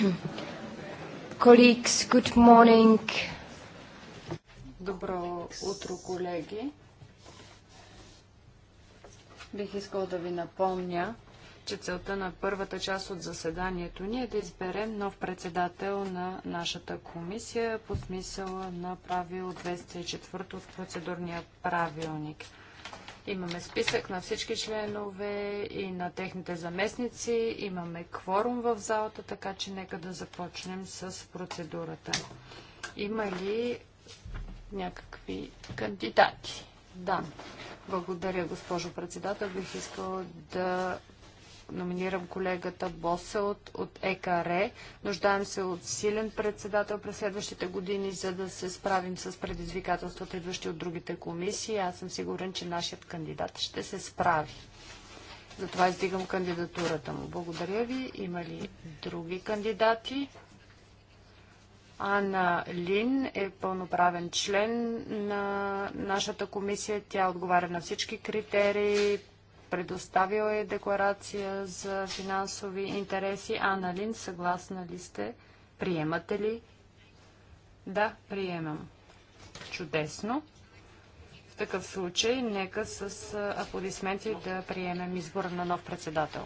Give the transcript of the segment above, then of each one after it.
Colleagues, good morning. Добро утро, колеги. Бих искал да ви напомня, че целта на първата част от заседанието ни е да изберем нов председател на нашата комисия по смисъла на правило 204 от процедурния правилник – Имаме списък на всички членове и на техните заместници. Имаме кворум в залата, така че нека да започнем с процедурата. Има ли някакви кандидати? Да. Благодаря, госпожо председател. Бих искала да номинирам колегата Босълт от ЕКРЕ. Нуждаем се от силен председател през следващите години, за да се справим с предизвикателствата, идващи от другите комисии. Аз съм сигурен, че нашият кандидат ще се справи. Затова издигам кандидатурата му. Благодаря ви. Има ли други кандидати? Анна Лин е пълноправен член на нашата комисия. Тя отговаря на всички критерии, Предоставил е декларация за финансови интереси. Аналин, съгласна ли сте? Приемате ли? Да, приемам. Чудесно. В такъв случай, нека с аплодисменти да приемем избора на нов председател.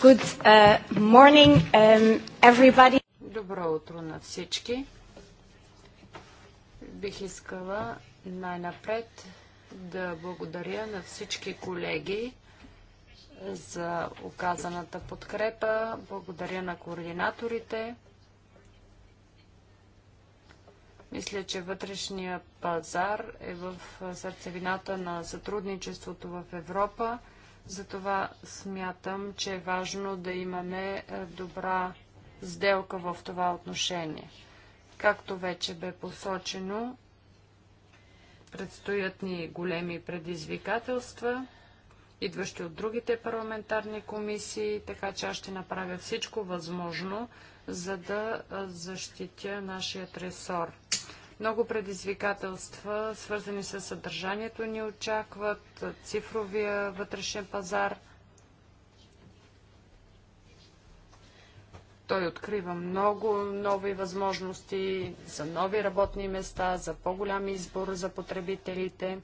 Good uh, morning, um, everybody. Добро утро на всички. Бих искала най-напред да благодаря на всички колеги за оказаната подкрепа. Благодаря на координаторите. Мисля, че вътрешният пазар е в сърцевината на сътрудничеството в Европа – затова смятам, че е важно да имаме е, добра сделка в това отношение. Както вече бе посочено, предстоят ни големи предизвикателства, идващи от другите парламентарни комисии, така че аз ще направя всичко възможно, за да е, защитя нашият ресор. Много предизвикателства, свързани с съдържанието, ни очакват, цифровия вътрешен пазар. Той открива много нови възможности за нови работни места, за по-голям избор за потребителите.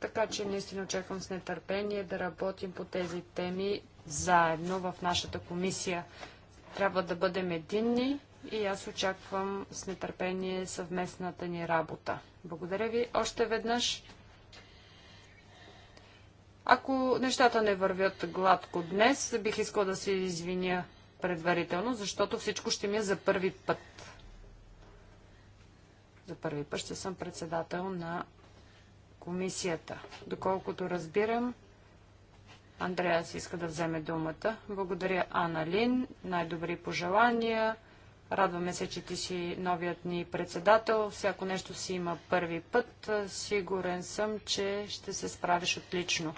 Така че наистина очаквам с нетърпение да работим по тези теми заедно в нашата комисия. Трябва да бъдем единни и аз очаквам с нетърпение съвместната ни работа. Благодаря ви още веднъж. Ако нещата не вървят гладко днес, бих искал да се извиня предварително, защото всичко ще ми е за първи път. За първи път ще съм председател на комисията. Доколкото разбирам, Андреас иска да вземе думата. Благодаря, Аналин. Най-добри пожелания. Радваме се, че ти си новият ни председател. Всяко нещо си има първи път. Сигурен съм, че ще се справиш отлично.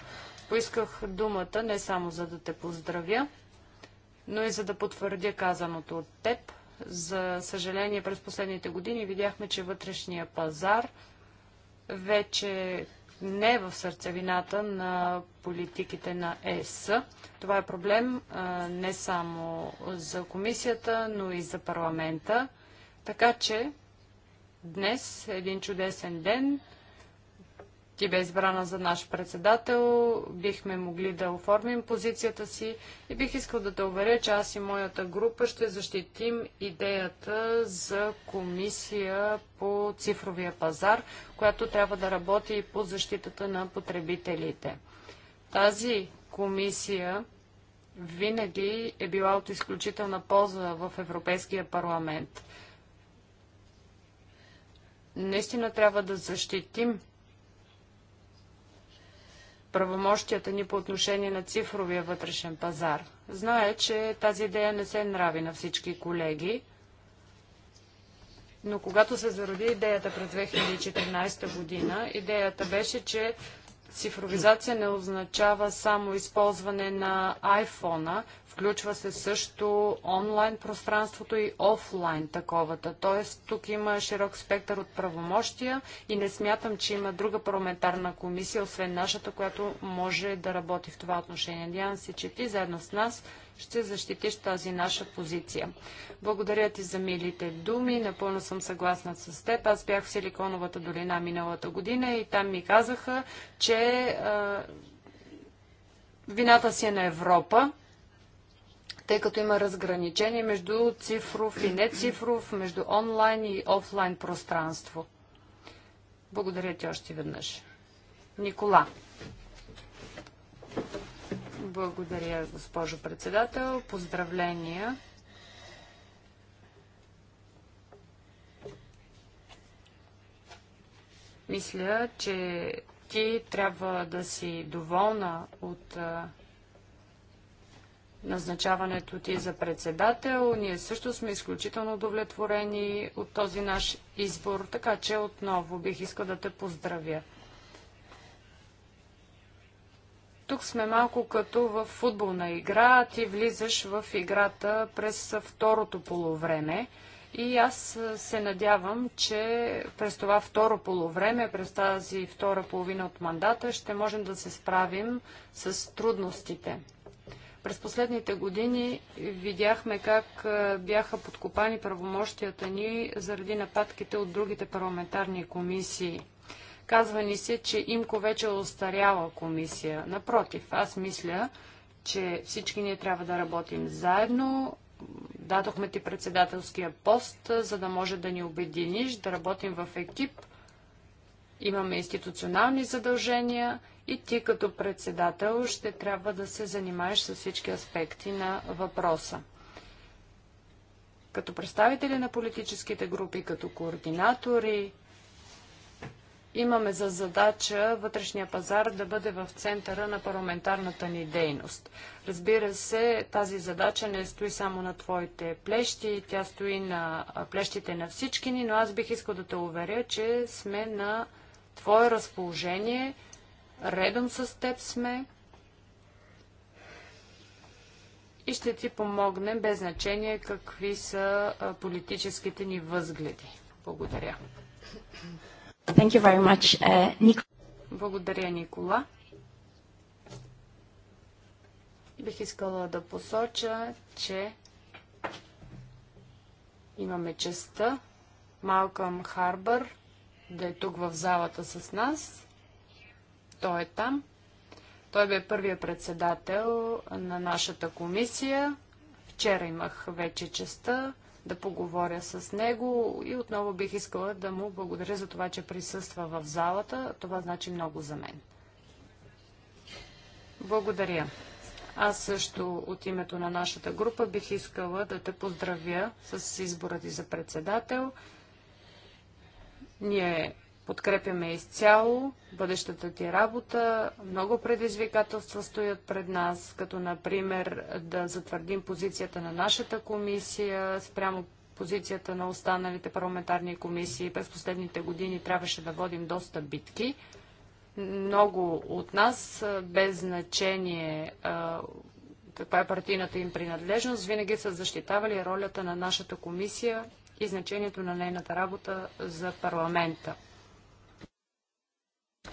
Поисках думата не само за да те поздравя, но и за да потвърдя казаното от теб. За съжаление, през последните години видяхме, че вътрешния пазар вече не в сърцевината на политиките на ЕС. Това е проблем не само за комисията, но и за парламента. Така че днес е един чудесен ден ти бе избрана за наш председател, бихме могли да оформим позицията си и бих искал да те уверя, че аз и моята група ще защитим идеята за комисия по цифровия пазар, която трябва да работи и по защитата на потребителите. Тази комисия винаги е била от изключителна полза в Европейския парламент. Наистина трябва да защитим правомощията ни по отношение на цифровия вътрешен пазар. Зная, че тази идея не се нрави на всички колеги, но когато се зароди идеята през 2014 година, идеята беше, че цифровизация не означава само използване на iPhone-а, Включва се също онлайн пространството и офлайн таковата. Тоест, тук има широк спектър от правомощия и не смятам, че има друга парламентарна комисия, освен нашата, която може да работи в това отношение. Надявам се, че ти заедно с нас ще защитиш тази наша позиция. Благодаря ти за милите думи. Напълно съм съгласна с теб. Аз бях в Силиконовата долина миналата година и там ми казаха, че а, вината си е на Европа тъй като има разграничение между цифров и нецифров, между онлайн и офлайн пространство. Благодаря ти още веднъж. Никола. Благодаря, госпожо председател. Поздравления. Мисля, че ти трябва да си доволна от назначаването ти за председател. Ние също сме изключително удовлетворени от този наш избор, така че отново бих искал да те поздравя. Тук сме малко като в футболна игра. Ти влизаш в играта през второто полувреме. И аз се надявам, че през това второ полувреме, през тази втора половина от мандата, ще можем да се справим с трудностите. През последните години видяхме как бяха подкопани правомощията ни заради нападките от другите парламентарни комисии. Казва ни се, че имко вече е остаряла комисия. Напротив, аз мисля, че всички ние трябва да работим заедно. Дадохме ти председателския пост, за да може да ни обединиш, да работим в екип. Имаме институционални задължения – и ти като председател ще трябва да се занимаеш с всички аспекти на въпроса. Като представители на политическите групи, като координатори, имаме за задача вътрешния пазар да бъде в центъра на парламентарната ни дейност. Разбира се, тази задача не стои само на твоите плещи, тя стои на плещите на всички ни, но аз бих искал да те уверя, че сме на твое разположение – Редом с теб сме и ще ти помогнем без значение какви са политическите ни възгледи. Благодаря. Thank you very much, uh, е, Ник... Благодаря, Никола. Бих искала да посоча, че имаме честа Малкъм Харбър да е тук в залата с нас. Той е там. Той бе първия председател на нашата комисия. Вчера имах вече честа да поговоря с него и отново бих искала да му благодаря за това, че присъства в залата. Това значи много за мен. Благодаря. Аз също от името на нашата група бих искала да те поздравя с избора ти за председател. Ние Подкрепяме изцяло бъдещата ти работа. Много предизвикателства стоят пред нас, като например да затвърдим позицията на нашата комисия спрямо позицията на останалите парламентарни комисии. През последните години трябваше да водим доста битки. Много от нас, без значение каква е партийната им принадлежност, винаги са защитавали ролята на нашата комисия и значението на нейната работа за парламента.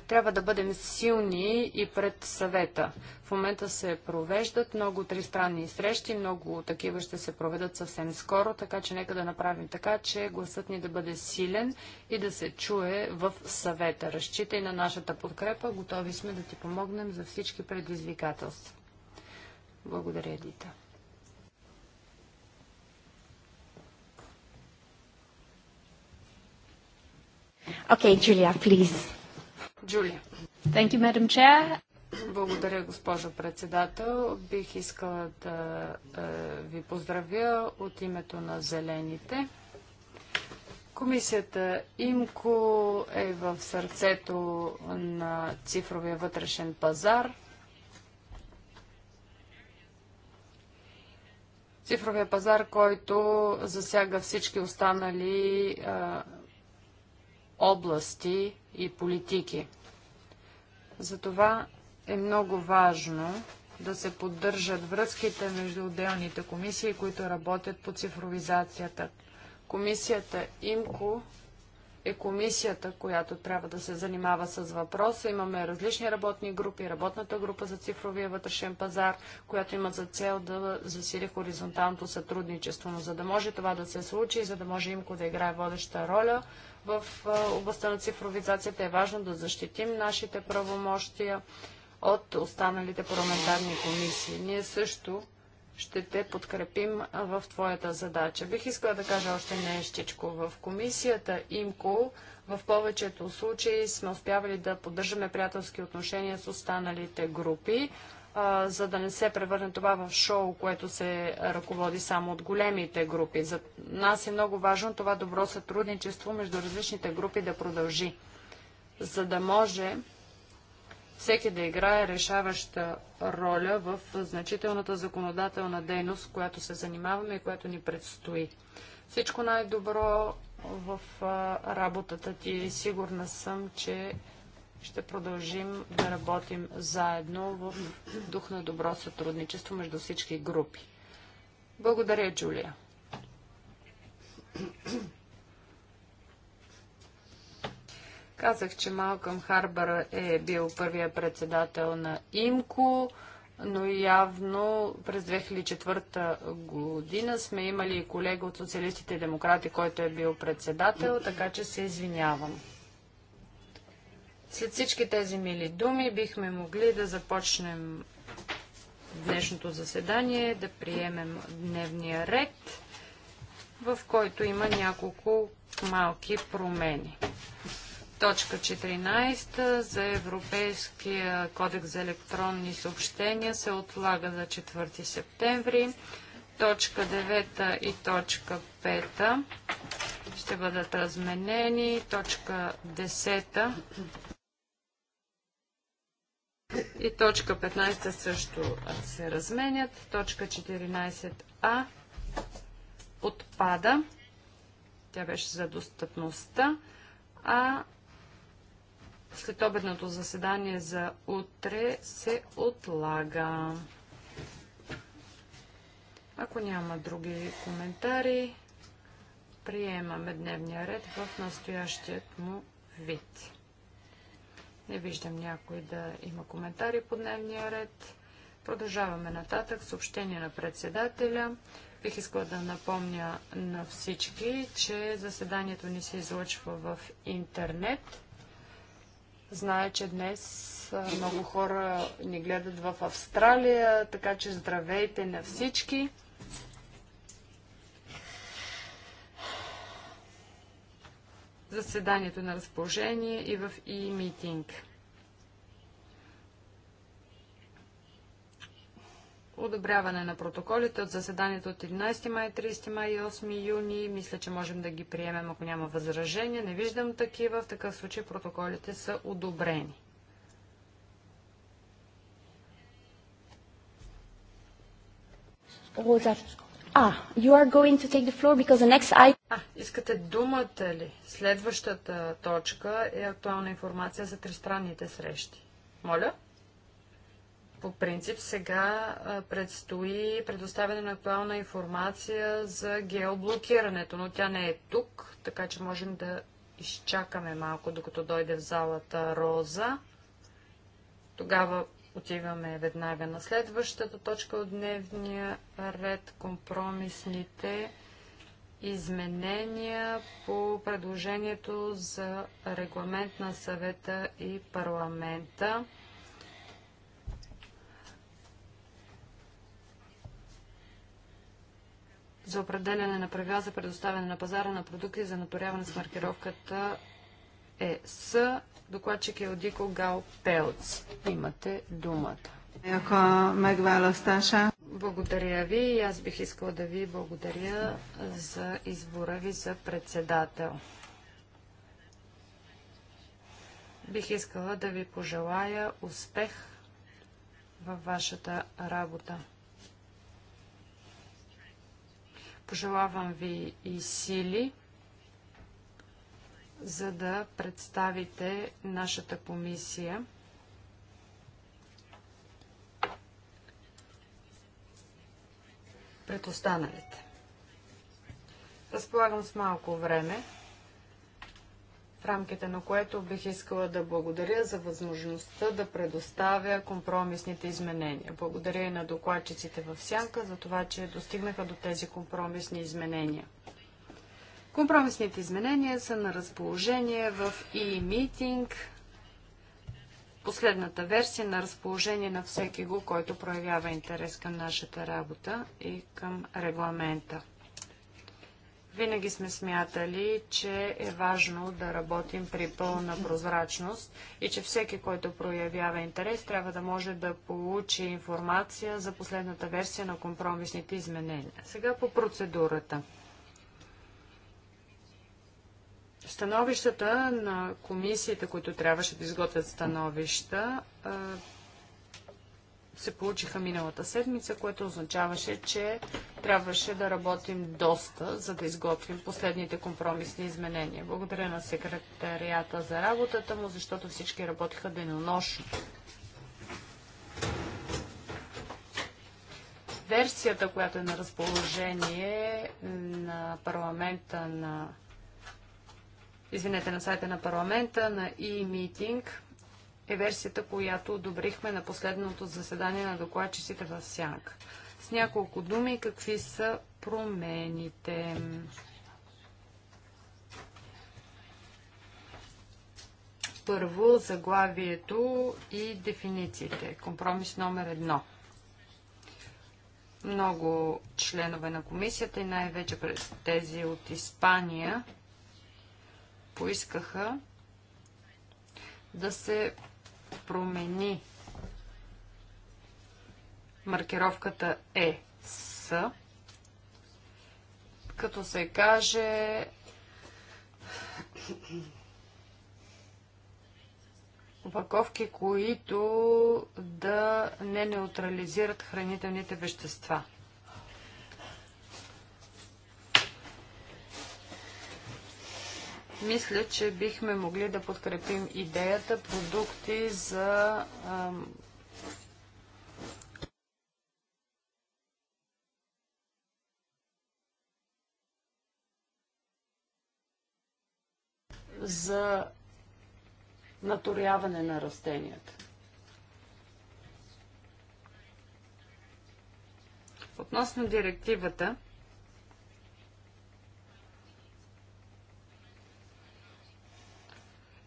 Трябва да бъдем силни и пред съвета. В момента се провеждат много тристранни срещи, много такива ще се проведат съвсем скоро, така че нека да направим така, че гласът ни да бъде силен и да се чуе в съвета. Разчитай на нашата подкрепа, готови сме да ти помогнем за всички предизвикателства. Благодаря, Дита. Okay, Julia, please. Джулия. Thank you, Madam Chair. Благодаря, госпожо председател. Бих искала да е, ви поздравя от името на Зелените. Комисията ИМКО е в сърцето на цифровия вътрешен пазар. Цифровия пазар, който засяга всички останали е, области и политики. Затова е много важно да се поддържат връзките между отделните комисии, които работят по цифровизацията. Комисията ИМКО е комисията, която трябва да се занимава с въпроса. Имаме различни работни групи, работната група за цифровия вътрешен пазар, която има за цел да засили хоризонталното сътрудничество. Но за да може това да се случи, за да може имко да играе водеща роля в областта на цифровизацията, е важно да защитим нашите правомощия от останалите парламентарни комисии. Ние също ще те подкрепим в твоята задача. Бих искала да кажа още нещичко. В комисията ИМКО в повечето случаи сме успявали да поддържаме приятелски отношения с останалите групи, за да не се превърне това в шоу, което се ръководи само от големите групи. За нас е много важно това добро сътрудничество между различните групи да продължи, за да може всеки да играе решаваща роля в значителната законодателна дейност, която се занимаваме и която ни предстои. Всичко най-добро в работата ти. Сигурна съм, че ще продължим да работим заедно в дух на добро сътрудничество между всички групи. Благодаря, Джулия. Казах, че Малкъм Харбър е бил първия председател на ИМКО, но явно през 2004 година сме имали и колега от социалистите и демократи, който е бил председател, така че се извинявам. След всички тези мили думи бихме могли да започнем днешното заседание, да приемем дневния ред, в който има няколко малки промени. Точка 14 за Европейския кодекс за електронни съобщения се отлага за 4 септември. Точка 9 и точка 5 ще бъдат разменени. Точка 10 и точка 15 също се разменят. Точка 14а отпада. Тя беше за достъпността. А Следобедното заседание за утре се отлага. Ако няма други коментари, приемаме дневния ред в настоящият му вид. Не виждам някой да има коментари по дневния ред. Продължаваме нататък. Съобщение на председателя. Бих искала да напомня на всички, че заседанието ни се излъчва в интернет. Зная, че днес много хора ни гледат в Австралия, така че здравейте на всички. Заседанието е на разположение и в e-meeting. Одобряване на протоколите от заседанието от 11 май, 30 май и 8 юни. Мисля, че можем да ги приемем, ако няма възражения. Не виждам такива. В такъв случай протоколите са одобрени. А, you are going to take the floor because the next I... А, искате думата ли? Следващата точка е актуална информация за тристранните срещи. Моля? по принцип сега предстои предоставяне на актуална информация за геоблокирането, но тя не е тук, така че можем да изчакаме малко, докато дойде в залата Роза. Тогава отиваме веднага на следващата точка от дневния ред компромисните изменения по предложението за регламент на съвета и парламента за определяне на правила за предоставяне на пазара на продукти за наторяване с маркировката ЕС. Докладчик е Одико Гал Пелц. Имате думата. Благодаря ви и аз бих искала да ви благодаря за избора ви за председател. Бих искала да ви пожелая успех във вашата работа. Пожелавам ви и сили, за да представите нашата комисия. пред останалите. Разполагам с малко време в рамките на което бих искала да благодаря за възможността да предоставя компромисните изменения. Благодаря и на докладчиците в Сянка за това, че достигнаха до тези компромисни изменения. Компромисните изменения са на разположение в e-meeting, последната версия на разположение на всеки го, който проявява интерес към нашата работа и към регламента. Винаги сме смятали, че е важно да работим при пълна прозрачност и че всеки, който проявява интерес, трябва да може да получи информация за последната версия на компромисните изменения. Сега по процедурата. Становищата на комисиите, които трябваше да изготвят становища, се получиха миналата седмица, което означаваше, че трябваше да работим доста, за да изготвим последните компромисни изменения. Благодаря на секретарията за работата му, защото всички работиха денонощно. Версията, която е на разположение на парламента на извинете, на сайта на парламента, на e-meeting, е версията, която одобрихме на последното заседание на докладчиците в Сянка. С няколко думи, какви са промените? Първо, заглавието и дефинициите. Компромис номер едно много членове на комисията и най-вече през тези от Испания поискаха да се промени маркировката Е с, като се каже опаковки, които да не неутрализират хранителните вещества. Мисля, че бихме могли да подкрепим идеята продукти за за наторяване на растенията. Относно директивата,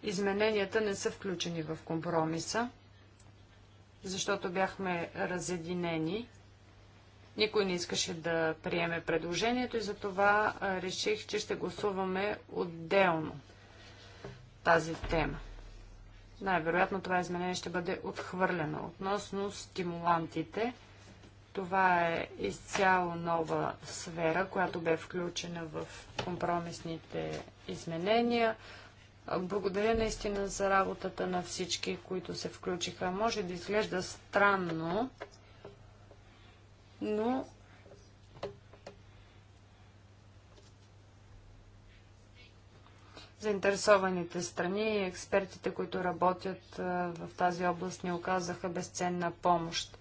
Измененията не са включени в компромиса, защото бяхме разединени. Никой не искаше да приеме предложението и затова реших, че ще гласуваме отделно тази тема. Най-вероятно това изменение ще бъде отхвърлено. Относно стимулантите, това е изцяло нова сфера, която бе включена в компромисните изменения. Благодаря наистина за работата на всички, които се включиха. Може да изглежда странно, но заинтересованите страни и експертите, които работят в тази област, ни оказаха безценна помощ.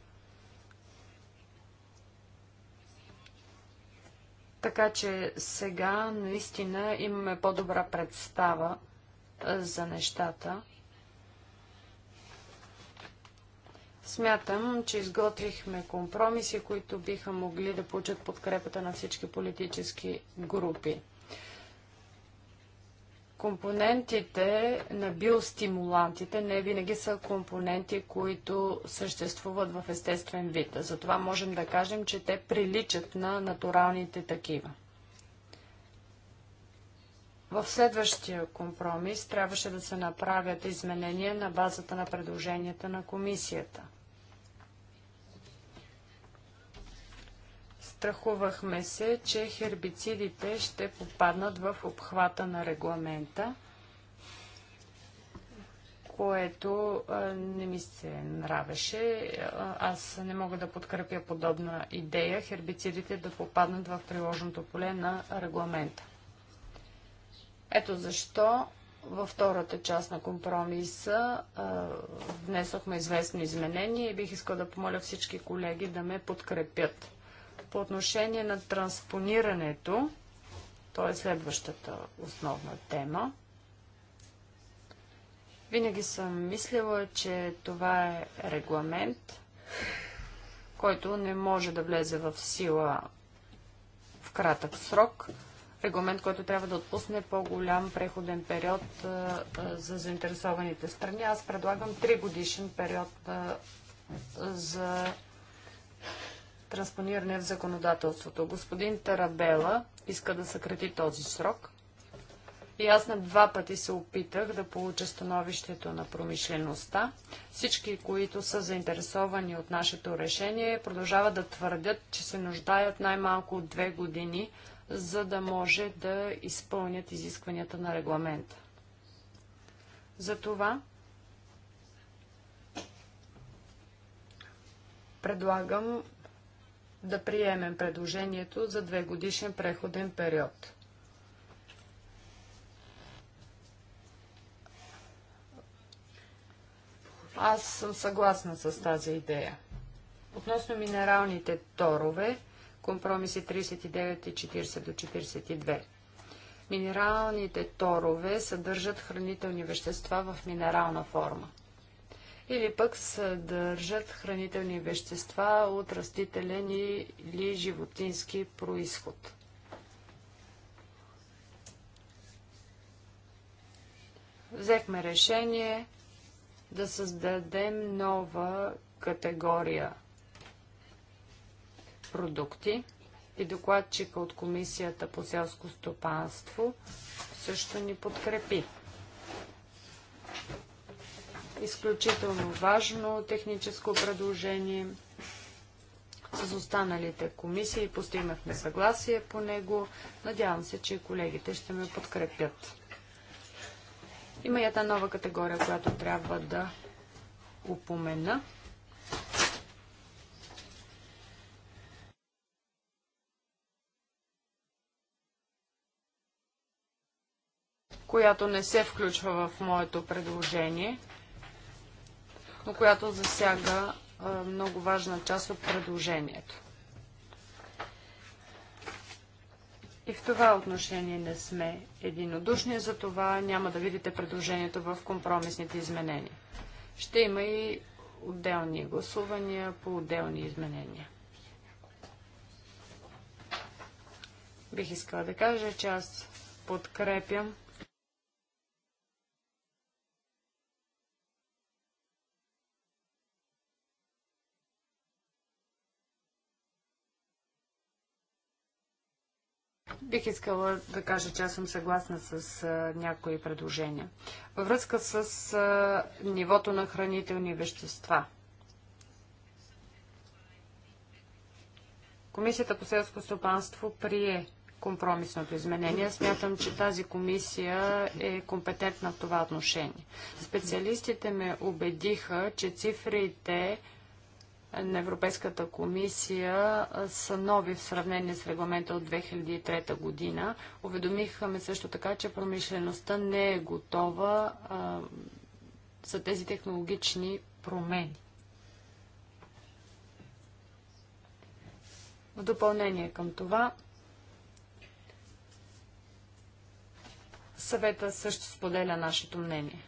Така че сега наистина имаме по-добра представа за нещата. Смятам, че изготвихме компромиси, които биха могли да получат подкрепата на всички политически групи. Компонентите на биостимулантите не винаги са компоненти, които съществуват в естествен вид. Затова можем да кажем, че те приличат на натуралните такива. В следващия компромис трябваше да се направят изменения на базата на предложенията на комисията. Страхувахме се, че хербицидите ще попаднат в обхвата на регламента, което не ми се нравеше. Аз не мога да подкрепя подобна идея хербицидите да попаднат в приложното поле на регламента. Ето защо във втората част на компромиса внесохме известно изменение и бих искал да помоля всички колеги да ме подкрепят. По отношение на транспонирането, то е следващата основна тема. Винаги съм мислила, че това е регламент, който не може да влезе в сила в кратък срок – регламент, който трябва да отпусне по-голям преходен период за заинтересованите страни. Аз предлагам 3 годишен период за транспониране в законодателството. Господин Тарабела иска да съкрати този срок. И аз на два пъти се опитах да получа становището на промишлеността. Всички, които са заинтересовани от нашето решение, продължават да твърдят, че се нуждаят най-малко от две години – за да може да изпълнят изискванията на регламента. Затова предлагам да приемем предложението за две годишен преходен период. Аз съм съгласна с тази идея. Относно минералните торове, компромиси 39 и 40 до 42. Минералните торове съдържат хранителни вещества в минерална форма или пък съдържат хранителни вещества от растителен или животински происход. Взехме решение да създадем нова категория продукти и докладчика от Комисията по селско стопанство също ни подкрепи. Изключително важно техническо предложение. С останалите комисии постигнахме съгласие по него. Надявам се, че колегите ще ме подкрепят. Има и една нова категория, която трябва да упомена. която не се включва в моето предложение, но която засяга много важна част от предложението. И в това отношение не сме единодушни, затова няма да видите предложението в компромисните изменения. Ще има и отделни гласувания по отделни изменения. Бих искала да кажа, че аз подкрепям Бих искала да кажа, че аз съм съгласна с а, някои предложения. Във връзка с а, нивото на хранителни вещества. Комисията по селско стопанство прие компромисното изменение. Смятам, че тази комисия е компетентна в това отношение. Специалистите ме убедиха, че цифрите на Европейската комисия са нови в сравнение с регламента от 2003 година. Уведомихме също така, че промишлеността не е готова а, за тези технологични промени. В допълнение към това, съвета също споделя нашето мнение.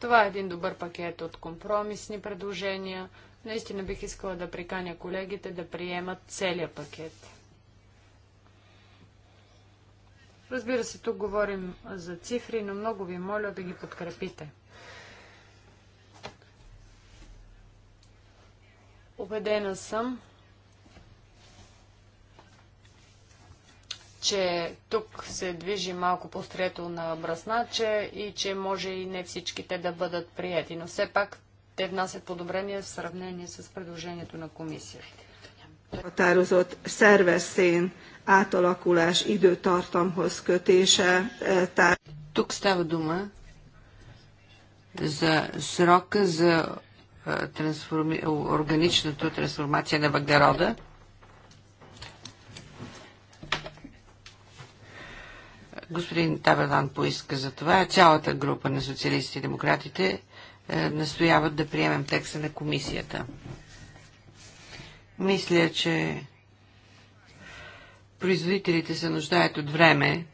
Това е един добър пакет от компромисни предложения. Наистина бих искала да приканя колегите да приемат целия пакет. Разбира се, тук говорим за цифри, но много ви моля да ги подкрепите. Обедена съм, че тук се движи малко по стрето на брасначе, и че може и не всички те да бъдат прияти, но все пак те внасят подобрение в сравнение с предложението на комисията. Határozott szerves szén átalakulás időtartamhoz kötése. Eh, тук става дума за срока за е, органичната трансформация на въглерода. Господин Табелан поиска за това. Цялата група на социалистите и демократите е, настояват да приемем текста на комисията. Мисля, че производителите се нуждаят от време,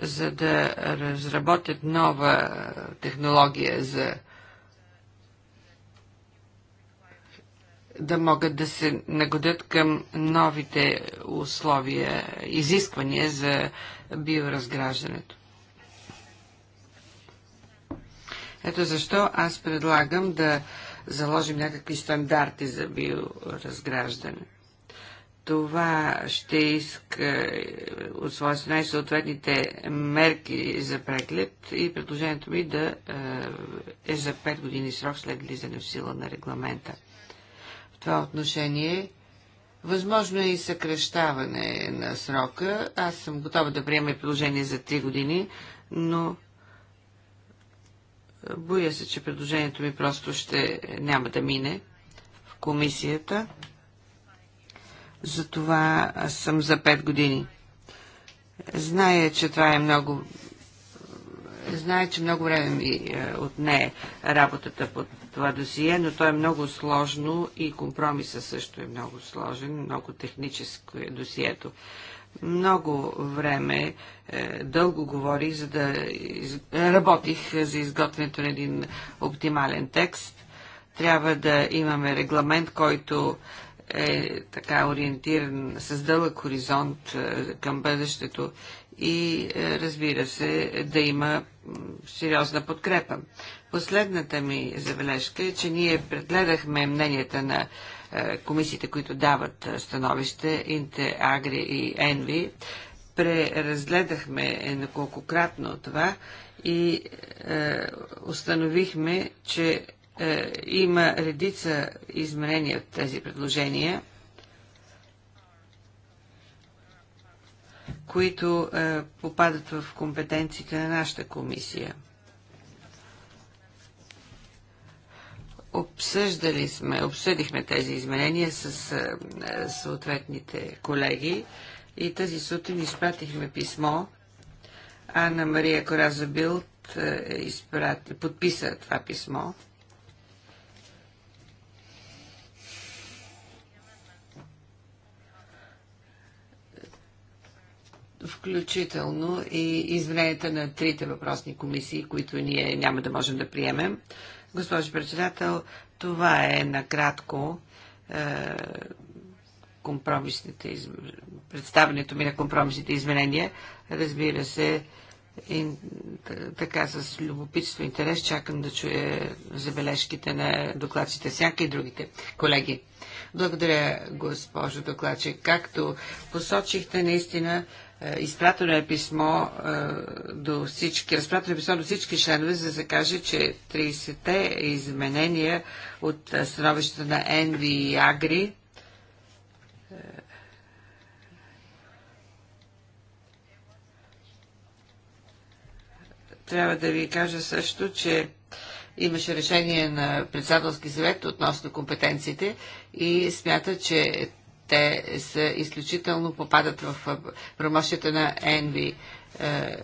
за да разработят нова е, технология за да могат да се нагодят към новите условия, изисквания за биоразграждането. Ето защо аз предлагам да заложим някакви стандарти за биоразграждане. Това ще иска е, от своя страна и съответните мерки за преглед и предложението ми да е, е за 5 години срок след влизане в сила на регламента това отношение. Възможно е и съкрещаване на срока. Аз съм готова да приема и предложение за 3 години, но боя се, че предложението ми просто ще няма да мине в комисията. Затова аз съм за 5 години. Зная, че това е много... Зная, че много време ми е, отне работата под това досие, но то е много сложно и компромиса също е много сложен, много техническо е досието. Много време, е, дълго говорих, за да работих за изготвянето на един оптимален текст. Трябва да имаме регламент, който е така ориентиран с дълъг хоризонт е, към бъдещето и е, разбира се да има сериозна подкрепа. Последната ми забележка е, че ние прегледахме мненията на е, комисиите, които дават е, становище, Инте, Агри и Енви. Преразгледахме е, неколкократно това и е, установихме, че е, има редица изменения от тези предложения, които е, попадат в компетенциите на нашата комисия – Обсъждали сме, обсъдихме тези изменения с е, е, съответните колеги и тази сутрин изпратихме писмо. Анна Мария Кораза Билт е, изпрати, подписа това писмо. включително и измененията на трите въпросни комисии, които ние няма да можем да приемем. Госпожо председател, това е накратко е, компромисните, из... представенето ми на компромисните изменения. Разбира се, и, така с любопитство и интерес чакам да чуя забележките на докладчите всяка и другите колеги. Благодаря, госпожо докладче. Както посочихте, наистина е, изпратено е писмо е, до всички, разпратено е писмо до всички членове, за да се каже, че 30-те изменения от е, становището на Енви и Агри трябва да ви кажа също, че имаше решение на председателски съвет относно компетенциите и смята, че те са изключително попадат в промощите на ЕНВИ, е,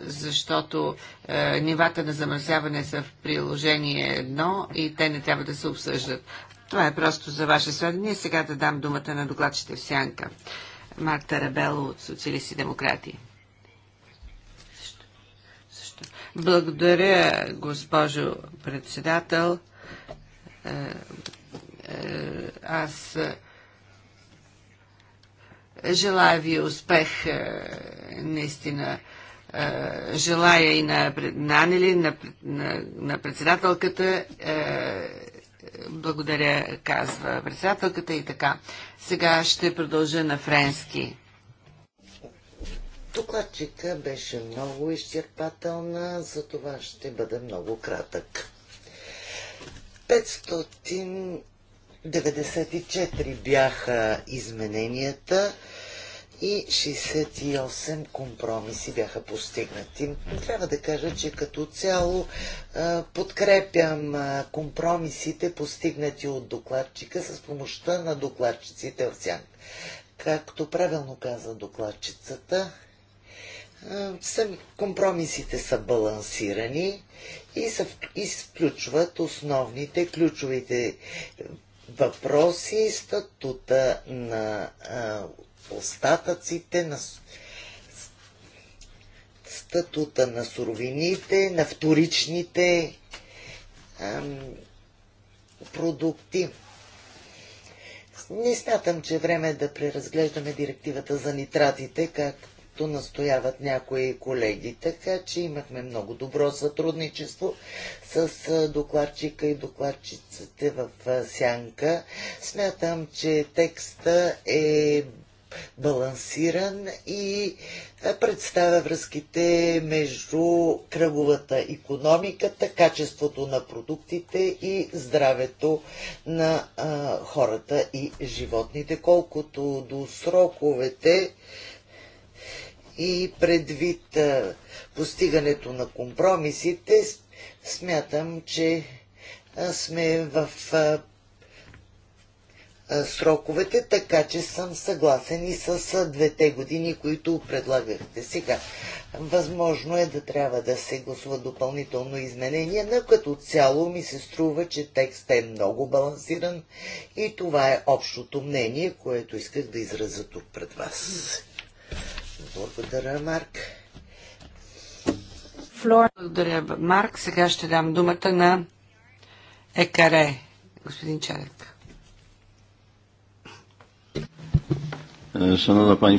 защото е, нивата на замърсяване са в приложение едно и те не трябва да се обсъждат. Това е просто за ваше сведение. Сега да дам думата на докладчите в Сянка. Марта Рабело от Социалисти демократи. Благодаря, госпожо председател. Е, аз Желая ви успех, е, наистина. Е, желая и на, на Анели, на, на, на председателката. Е, благодаря, казва председателката и така. Сега ще продължа на френски. Докладчика беше много изчерпателна, за това ще бъда много кратък. 594 бяха измененията и 68 компромиси бяха постигнати. Трябва да кажа, че като цяло подкрепям компромисите, постигнати от докладчика с помощта на докладчиците в сянка. Както правилно каза докладчицата, компромисите са балансирани и, са, изключват основните, ключовите въпроси, статута на остатъците, на статута на суровините, на вторичните ам, продукти. Не смятам, че е време да преразглеждаме директивата за нитратите, както настояват някои колеги. Така че имахме много добро сътрудничество с докладчика и докладчиците в Сянка. Смятам, че текста е балансиран и представя връзките между кръговата економиката, качеството на продуктите и здравето на а, хората и животните. Колкото до сроковете и предвид а, постигането на компромисите, смятам, че а, сме в а, сроковете, така че съм съгласен и с двете години, които предлагахте сега. Възможно е да трябва да се гласува допълнително изменение, но като цяло ми се струва, че текстът е много балансиран и това е общото мнение, което исках да изразя тук пред вас. Благодаря, Марк. Флора. благодаря, Марк. Сега ще дам думата на Екаре, господин Чарек. E, Szanowna Pani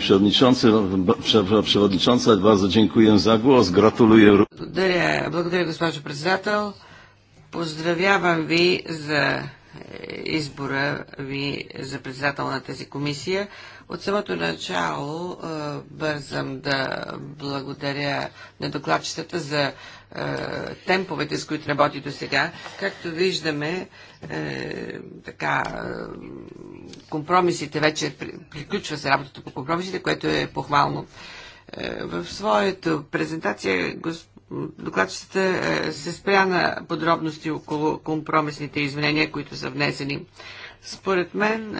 Przewodnicząca, bardzo dziękuję za głos. Gratuluję. Благодаря, благодаря госпожо председател. Поздравявам ви за е, избора ви за председател на тази комисия. От самото начало бързам да благодаря на докладчетата за темповете, с които работи до сега. Както виждаме, така, компромисите вече приключва се работата по компромисите, което е похвално. в своето презентация докладчетата се спря на подробности около компромисните изменения, които са внесени. Според мен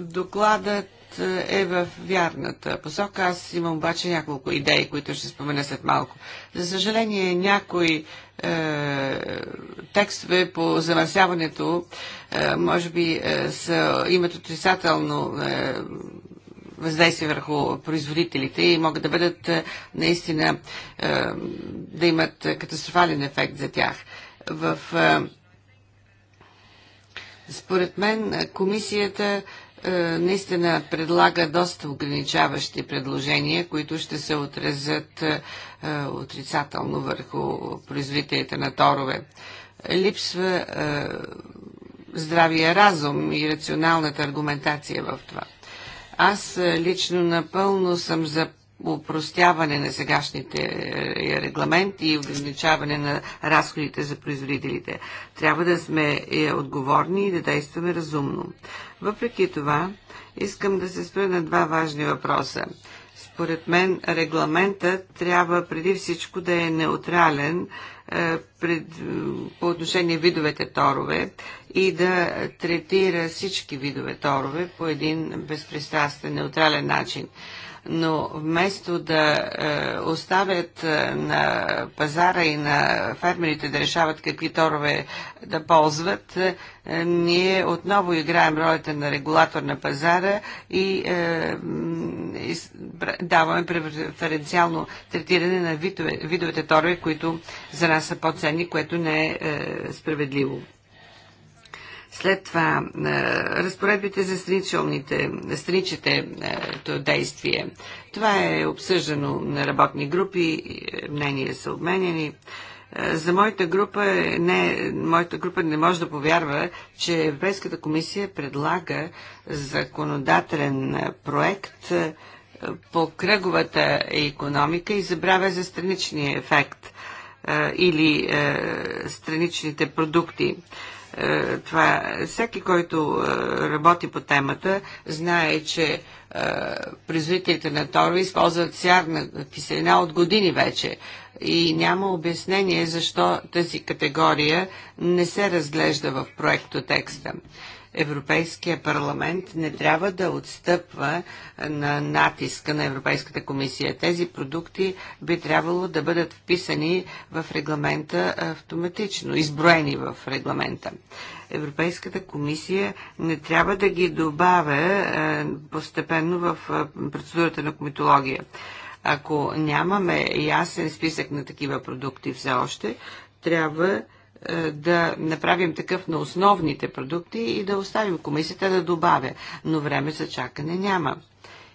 Докладът е, е в вярната посока. Аз имам обаче няколко идеи, които ще спомена след малко. За съжаление, някои е, текстове по замърсяването, е, може би, е, са, имат отрицателно е, въздействие върху производителите и могат да бъдат е, наистина е, да имат катастрофален ефект за тях. В е, според мен комисията наистина предлага доста ограничаващи предложения, които ще се отрезат отрицателно върху производителите на торове. Липсва здравия разум и рационалната аргументация в това. Аз лично напълно съм за упростяване на сегашните е, регламенти и ограничаване на разходите за производителите. Трябва да сме е, отговорни и да действаме разумно. Въпреки това, искам да се спра на два важни въпроса. Според мен регламентът трябва преди всичко да е неутрален е, пред, по отношение видовете торове и да третира всички видове торове по един безпристрастен, неутрален начин но вместо да е, оставят е, на пазара и на фермерите да решават какви торове да ползват, е, ние отново играем ролята на регулатор на пазара и, и даваме преференциално третиране на видове, видовете торове, които за нас са по-ценни, което не е справедливо. След това е, разпоредбите за страничните, страничите е, действие. Това е обсъждано на работни групи, е, мнения са обменени за моята група, не, моята група не може да повярва, че Европейската комисия предлага законодателен проект по кръговата економика и забравя за страничния ефект или страничните продукти. Е, това, всеки, който е, работи по темата, знае, че е, производителите на торо използват сярна киселина от години вече и няма обяснение защо тази категория не се разглежда в проекто текста. Европейския парламент не трябва да отстъпва на натиска на Европейската комисия. Тези продукти би трябвало да бъдат вписани в регламента автоматично, изброени в регламента. Европейската комисия не трябва да ги добавя е, постепенно в е, процедурата на комитология. Ако нямаме ясен списък на такива продукти все още, трябва е, да направим такъв на основните продукти и да оставим комисията да добавя, но време за чакане няма.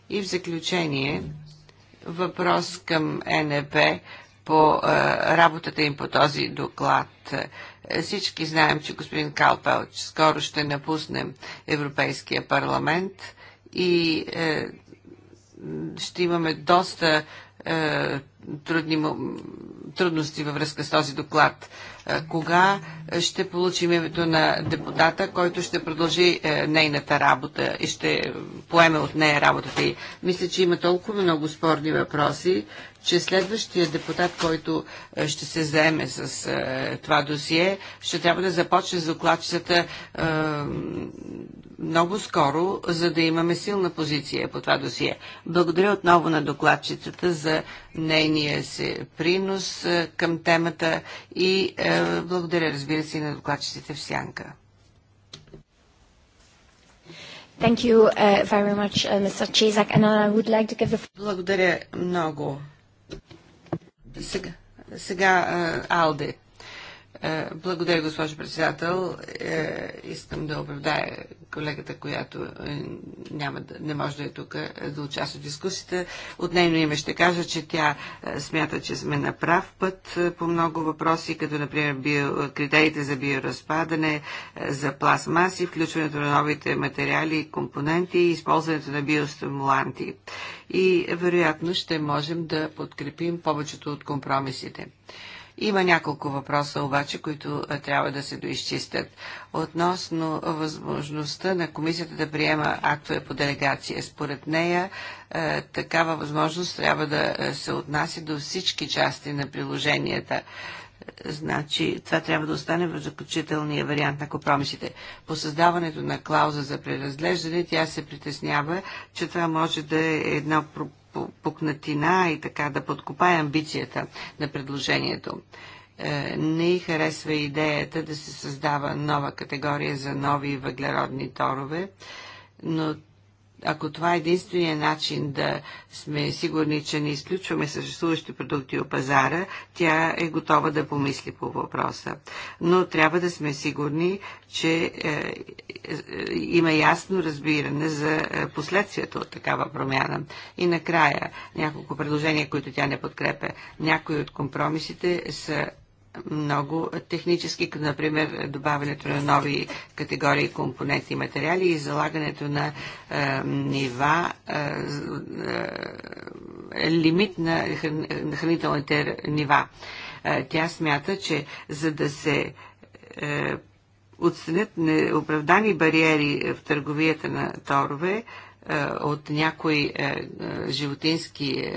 И в заключение, въпрос към НЕП по е, работата им по този доклад. Е, всички знаем, че господин Калпелч скоро ще напуснем Европейския парламент и ще имаме доста е, трудни, трудности във връзка с този доклад. Е, кога ще получим името на депутата, който ще продължи е, нейната работа и ще поеме от нея работата й? Мисля, че има толкова много спорни въпроси, че следващия депутат, който ще се заеме с това досие, ще трябва да започне с докладчицата много скоро, за да имаме силна позиция по това досие. Благодаря отново на докладчицата за нейния се принос е, към темата и е, благодаря, разбира се, и на докладчиците в Сянка. Thank you uh, very much, uh, Mr. Chizak, and I would like to give the... Благодаря много. Сега, сега uh, Алде. Е, благодаря, госпожо председател. Е, искам да оправдая колегата, която е, няма да, не може да е тук да участва в дискусията. От нейно име ще кажа, че тя смята, че сме на прав път по много въпроси, като например био, критериите за биоразпадане, за пластмаси, включването на новите материали и компоненти и използването на биостимуланти. И вероятно ще можем да подкрепим повечето от компромисите. Има няколко въпроса обаче, които трябва да се доизчистят. Относно възможността на комисията да приема актове по делегация. Според нея такава възможност трябва да се отнася до всички части на приложенията. Значи, това трябва да остане в заключителния вариант на компромисите. По създаването на клауза за преразглеждане, тя се притеснява, че това може да е едно пукнатина и така да подкопае амбицията на предложението. Е, не й харесва идеята да се създава нова категория за нови въглеродни торове, но ако това е единствения начин да сме сигурни, че не изключваме съществуващи продукти от пазара, тя е готова да помисли по въпроса. Но трябва да сме сигурни, че е, е, е има ясно разбиране за е, последствията от такава промяна. И накрая няколко предложения, които тя не подкрепя. Някои от компромисите са много технически, като например добавянето на нови категории компоненти и материали и залагането на е, нива, е, е, лимит на, хран, хранителните нива. Е, тя смята, че за да се е, отстранят неоправдани бариери в търговията на торове, е, от някои е, е, животински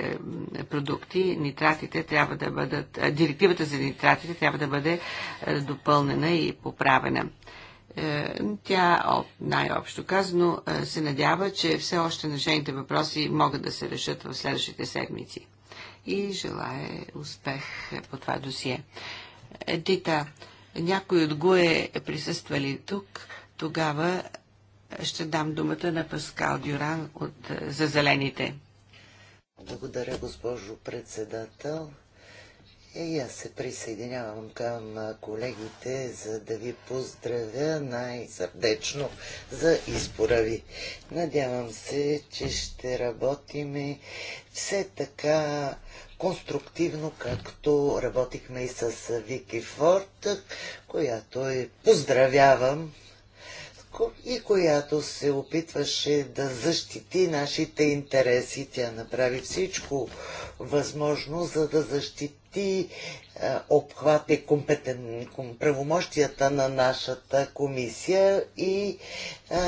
продукти, нитратите трябва да бъдат, директивата за нитратите трябва да бъде допълнена и поправена. Тя, най-общо казано, се надява, че все още нажените въпроси могат да се решат в следващите седмици. И желая успех по това досие. Дита, някой от ГУЕ присъствали тук, тогава ще дам думата на Паскал Дюран от, за зелените. Благодаря, госпожо председател. И аз се присъединявам към колегите, за да ви поздравя най-сърдечно за избора ви. Надявам се, че ще работиме все така конструктивно, както работихме и с Вики Форд, която е поздравявам и която се опитваше да защити нашите интереси. Тя направи всичко възможно, за да защити е, обхват и компетен, правомощията на нашата комисия и е,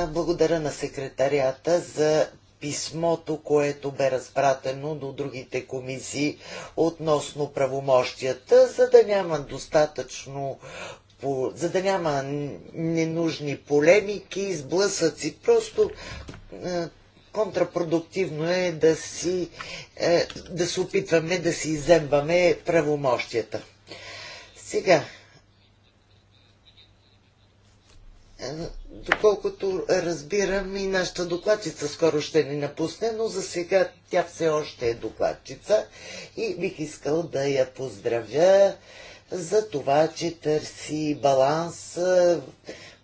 благодаря на секретарията за писмото, което бе разпратено до другите комисии относно правомощията, за да няма достатъчно по, за да няма ненужни полемики, сблъсъци. Просто е, контрапродуктивно е да, си, е, да се опитваме да си иземваме правомощията. Сега, е, доколкото разбирам и нашата докладчица скоро ще ни напусне, но за сега тя все още е докладчица и бих искал да я поздравя за това, че търси баланс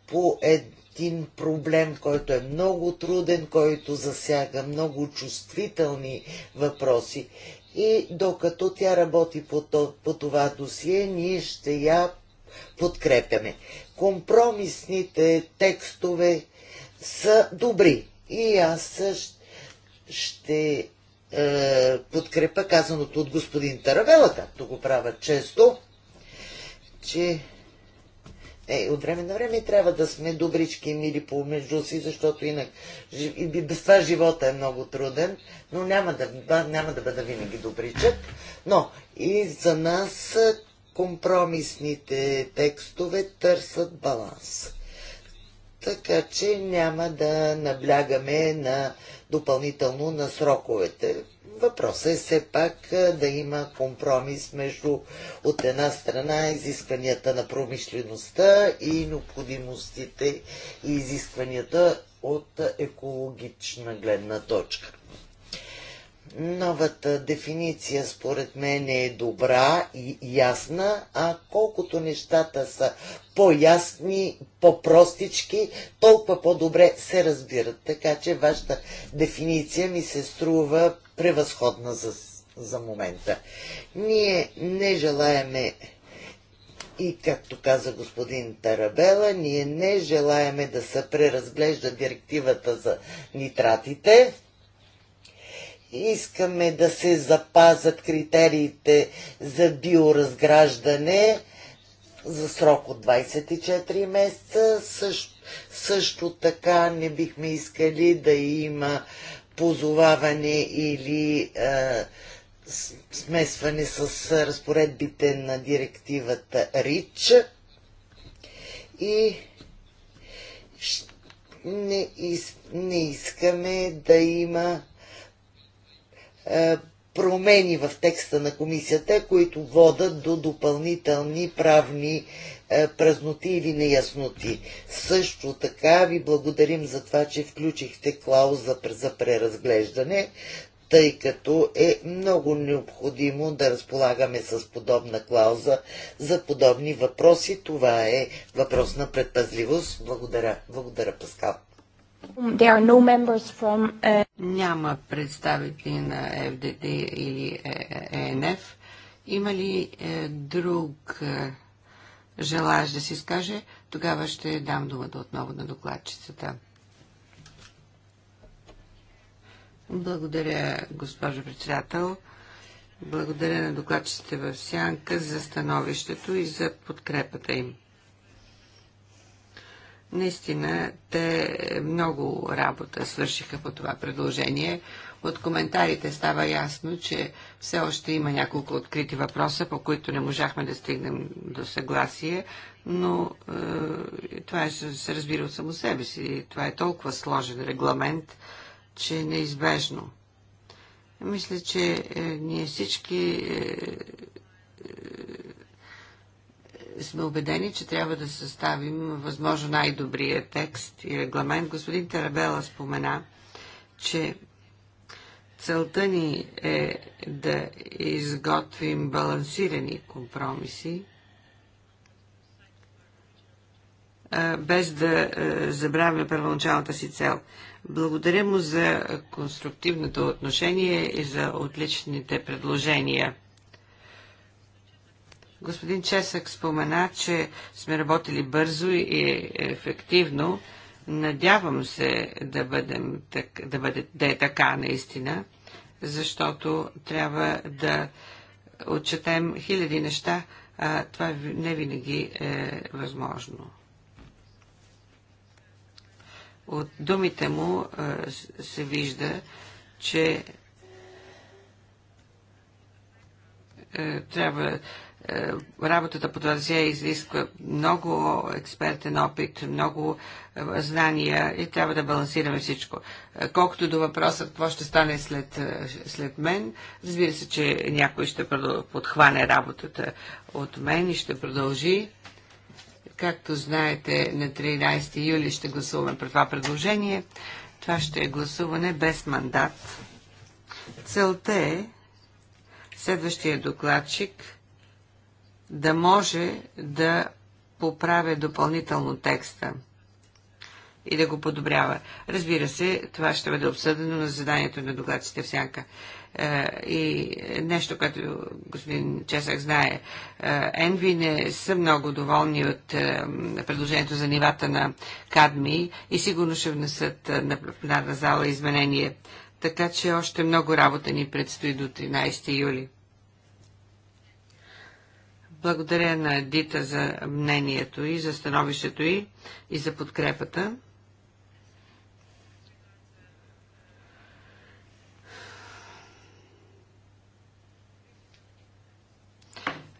по един проблем, който е много труден, който засяга много чувствителни въпроси. И докато тя работи по, то, по това досие, ние ще я подкрепяме. Компромисните текстове са добри и аз ще е, подкрепа казаното от господин Таравела, както го правя често че е, от време на време трябва да сме добрички и мили помежду си, защото инак и без това живота е много труден, но няма да, няма да бъда винаги добричък. Но и за нас компромисните текстове търсят баланс. Така че няма да наблягаме на допълнително на сроковете. Въпросът е все пак да има компромис между от една страна изискванията на промишлеността и необходимостите и изискванията от екологична гледна точка. Новата дефиниция според мен е добра и ясна, а колкото нещата са по-ясни, по-простички, толкова по-добре се разбират. Така че вашата дефиниция ми се струва превъзходна за, за момента. Ние не желаеме и както каза господин Тарабела, ние не желаеме да се преразглежда директивата за нитратите, искаме да се запазят критериите за биоразграждане за срок от 24 месеца. Също, също така не бихме искали да има позоваване или е, смесване с разпоредбите на директивата РИЧ и не, из, не искаме да има е, промени в текста на комисията, които водат до допълнителни правни е, празноти или неясноти. Също така ви благодарим за това, че включихте клауза за преразглеждане, тъй като е много необходимо да разполагаме с подобна клауза за подобни въпроси. Това е въпрос на предпазливост. Благодаря. Благодаря, Паскал. Uh, Няма представители на ФДД или ЕНФ. Е, Има ли е, друг е, да си скаже? Тогава ще дам думата отново на докладчицата. Благодаря, госпожо председател. Благодаря на докладчиците в Сянка за становището и за подкрепата им. Наистина, те много работа свършиха по това предложение. От коментарите става ясно, че все още има няколко открити въпроса, по които не можахме да стигнем до съгласие, но е, това е, се разбира от само себе си. Това е толкова сложен регламент, че е неизбежно. Мисля, че е, ние всички е, е сме убедени, че трябва да съставим възможно най-добрия текст и регламент. Господин Тарабела спомена, че целта ни е да изготвим балансирани компромиси, без да забравяме първоначалната си цел. Благодаря му за конструктивното отношение и за отличните предложения. Господин Чесък спомена, че сме работили бързо и е ефективно. Надявам се да, бъдем, да, бъде, да е така наистина, защото трябва да отчетем хиляди неща, а това не винаги е възможно. От думите му се вижда, че е, трябва е, работата по това изисква много експертен опит, много е, знания и трябва да балансираме всичко. Е, колкото до въпросът, какво ще стане след, след мен, разбира се, че някой ще подхване работата от мен и ще продължи. Както знаете, на 13 юли ще гласуваме при това предложение. Това ще е гласуване без мандат. Целта е следващия докладчик – да може да поправя допълнително текста и да го подобрява. Разбира се, това ще бъде обсъдено на заданието на докладците в сянка. Е, и нещо, което господин Чесък знае, е, Енви не са много доволни от е, предложението за нивата на кадми и сигурно ще внесат на пленарна зала изменение. Така че още много работа ни предстои до 13 юли. Благодаря на Едита за мнението и за становището и, и за подкрепата.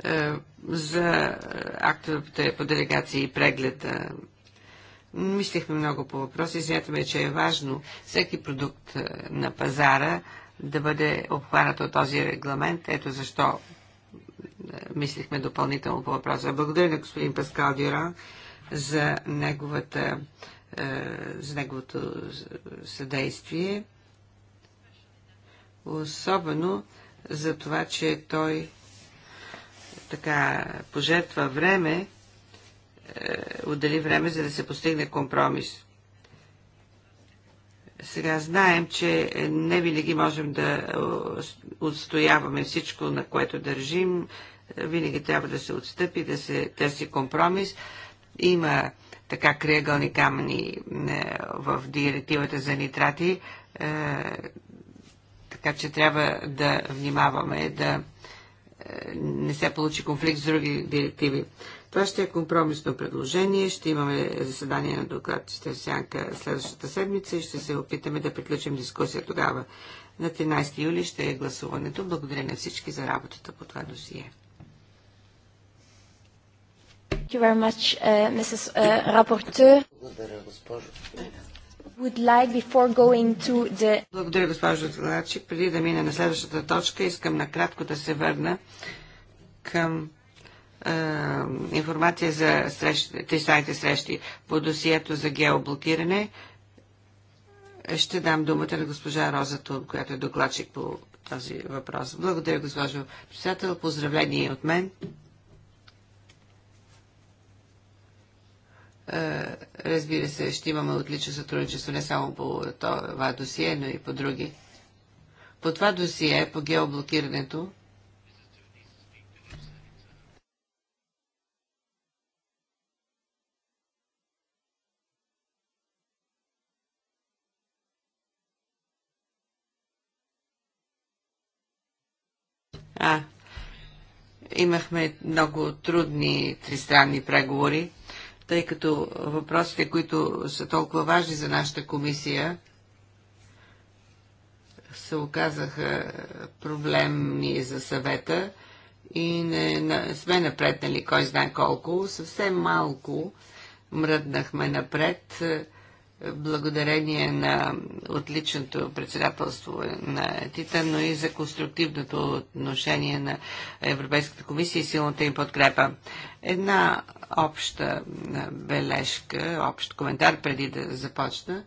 Е, за актовете по делегации и прегледа. Е, Мислихме много по въпроси. Смятаме, че е важно всеки продукт е, на пазара да бъде обхванат от този регламент. Ето защо мислихме допълнително по въпроса. Благодаря на господин Паскал Дюра за, неговата, е, за неговото съдействие. Особено за това, че той така пожертва време, е, отдели време, за да се постигне компромис. Сега знаем, че не винаги можем да е, отстояваме всичко, на което държим, винаги трябва да се отстъпи, да се търси компромис. Има така криъгълни камъни е, в директивата за нитрати, е, така че трябва да внимаваме да е, не се получи конфликт с други директиви. Това ще е компромисно предложение. Ще имаме заседание на доклад в Сянка следващата седмица и ще се опитаме да приключим дискусия тогава. На 13 юли ще е гласуването. Благодаря на всички за работата по това досие. Much, uh, Mrs, uh, Благодаря, госпожо. Like the... Благодаря, госпожо Преди да мина на следващата точка, искам накратко да се върна към информация за срещ, тристайните срещи по досието за геоблокиране. Ще дам думата на госпожа Роза която е докладчик по този въпрос. Благодаря, госпожо председател. Поздравление от мен. Е, разбира се, ще имаме отлично сътрудничество не само по това досие, но и по други. По това досие, по геоблокирането, А, имахме много трудни тристранни преговори тъй като въпросите, които са толкова важни за нашата комисия, се оказаха проблемни за съвета и не, не сме напреднали кой знае колко. Съвсем малко мръднахме напред благодарение на отличното председателство на Тита, но и за конструктивното отношение на Европейската комисия и силната им подкрепа. Една обща бележка, общ коментар преди да започна.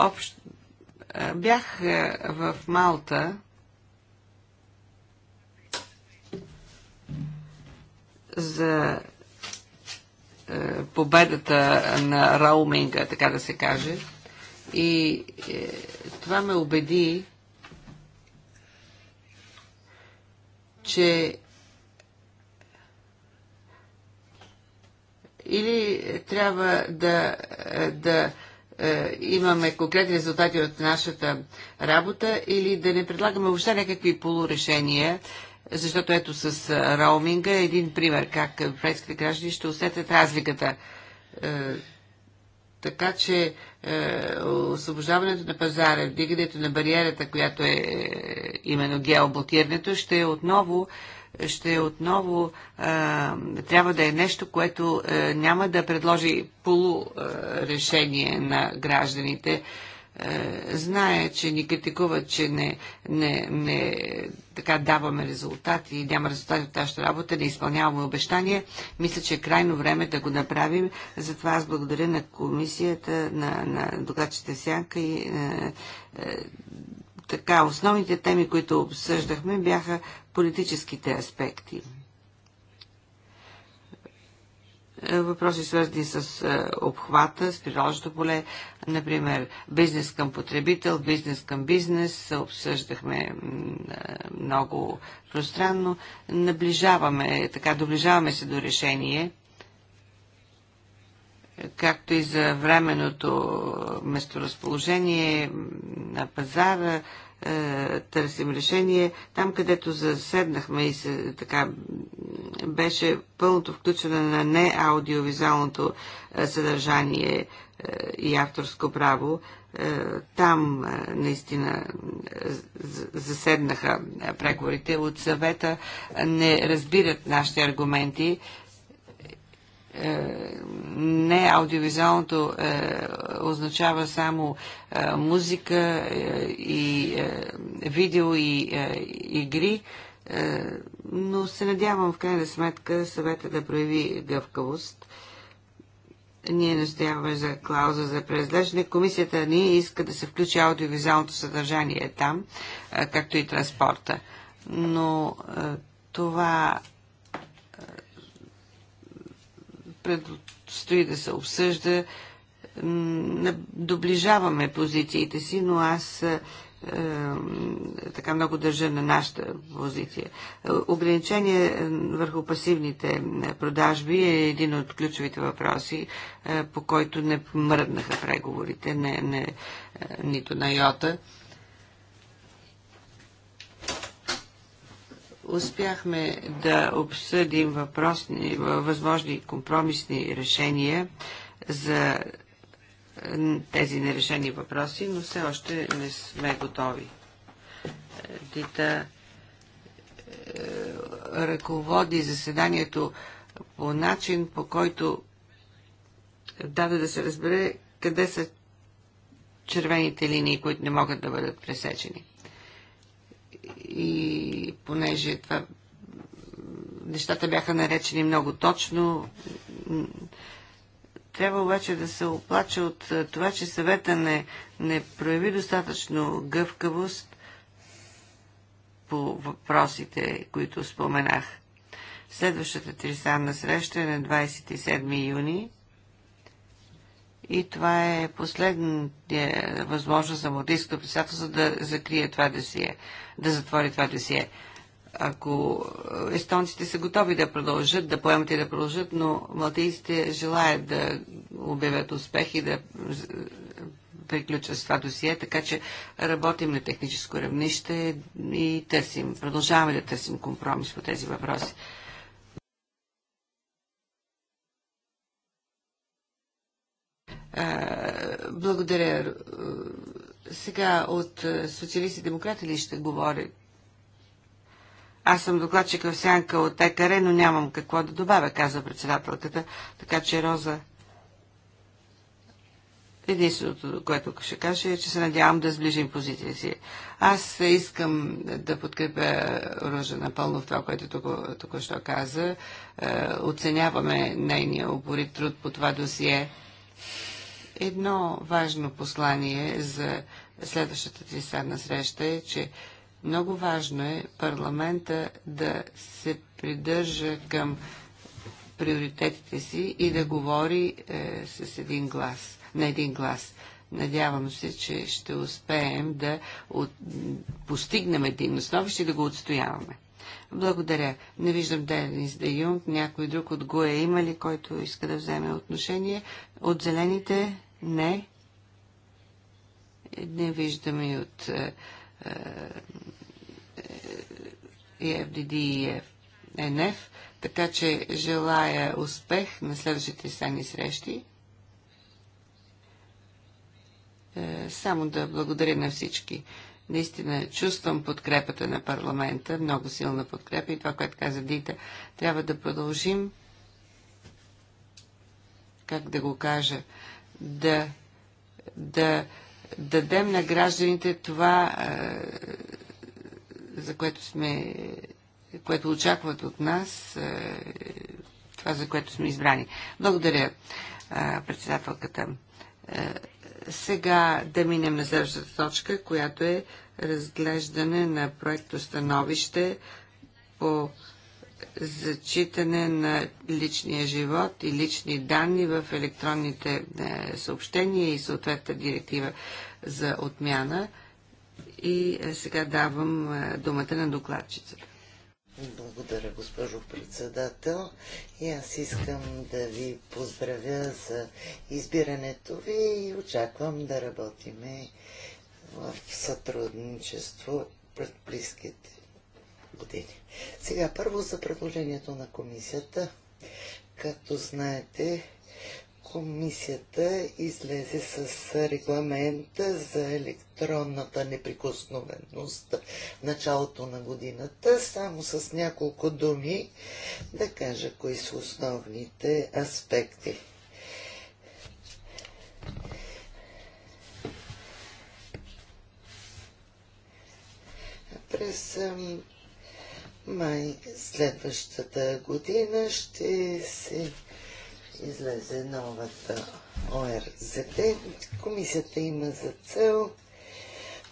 Общ Бях в Малта за победата на роуминга, така да се каже. И е, това ме убеди, че или трябва да, е, да е, имаме конкретни резултати от нашата работа или да не предлагаме въобще някакви полурешения, защото ето с е, роуминга е един пример как европейските граждани ще усетят разликата. Е, така че освобождаването на пазара, вдигането на бариерата, която е именно геоблокирането, ще е отново ще отново а, трябва да е нещо, което а, няма да предложи полурешение на гражданите. А, знае, че ни критикуват, че не, не, не така даваме резултати, и няма резултати от нашата работа, не изпълняваме обещания. Мисля, че е крайно време да го направим. Затова аз благодаря на комисията, на, на докладчите Сянка и е, е, така, основните теми, които обсъждахме, бяха политическите аспекти. Въпроси свързани с е, обхвата, с приложното поле, например, бизнес към потребител, бизнес към бизнес, обсъждахме е, много пространно. Наближаваме, така, доближаваме се до решение – както и за временното месторазположение на пазара, е, търсим решение. Там, където заседнахме и се, така, беше пълното включване на не аудиовизуалното е, съдържание е, и авторско право. Там наистина заседнаха преговорите от съвета, не разбират нашите аргументи. Е, не аудиовизуалното е, означава само е, музика и видео и игри, но се надявам в крайна сметка съвета да прояви гъвкавост. Ние настояваме за клауза за преразглеждане. Комисията ни иска да се включи аудиовизуалното съдържание там, както и транспорта. Но това предстои да се обсъжда. Доближаваме позициите си, но аз е, е, така много държа на нашата позиция. Е, ограничение върху пасивните продажби е един от ключовите въпроси, по който не мръднаха преговорите, не, не, нито на йота. успяхме да обсъдим въпросни, възможни компромисни решения за тези нерешени въпроси, но все още не сме готови. Дита е, ръководи заседанието по начин, по който даде да се разбере къде са червените линии, които не могат да бъдат пресечени и понеже това нещата бяха наречени много точно, трябва обаче да се оплача от това, че съвета не, не прояви достатъчно гъвкавост по въпросите, които споменах. Следващата тристранна среща е на 27 юни и това е последната възможност за младийското председателство да закрие това досие, да затвори това досие. Ако е, естонците са готови да продължат, да поемат и да продължат, но малтийците желаят да обявят успех и да е, приключат с това досие, така че работим на техническо равнище и търсим, продължаваме да търсим компромис по тези въпроси. Благодаря. Сега от социалисти демократи ли ще говори? Аз съм докладчик в сянка от ЕКР, но нямам какво да добавя, каза председателката. Така че, Роза, единственото, което ще кажа е, че се надявам да сближим позиция си. Аз искам да подкрепя Ружа напълно в това, което тук, току-що каза. Е, оценяваме нейния упорит труд по това досие. Едно важно послание за следващата тристранна среща е, че много важно е парламента да се придържа към приоритетите си и да говори е, с един глас, на един глас. Надявам се, че ще успеем да от... постигнем един основище и да го отстояваме. Благодаря. Не виждам Денис Де Юнг, някой друг от ГУЕ има ли, който иска да вземе отношение. От зелените не. Не виждаме и от е, е, е, ЕФДД и ЕНФ. Така че желая успех на следващите сани срещи. Само да благодаря на всички. Наистина чувствам подкрепата на парламента, много силна подкрепа и това, което каза Дита, трябва да продължим, как да го кажа, да, да дадем на гражданите това, за което сме, което очакват от нас, това, за което сме избрани. Благодаря, председателката. Сега да минем на следващата точка, която е разглеждане на проекто становище по зачитане на личния живот и лични данни в електронните е, съобщения и съответна директива за отмяна. И е, сега давам е, думата на докладчицата. Благодаря, госпожо председател. И аз искам да ви поздравя за избирането ви и очаквам да работиме в сътрудничество пред близките години. Сега първо за предложението на комисията. Както знаете, комисията излезе с регламента за електронната неприкосновеност началото на годината. Само с няколко думи да кажа кои са основните аспекти. През май следващата година ще се излезе новата ОРЗТ. Комисията има за цел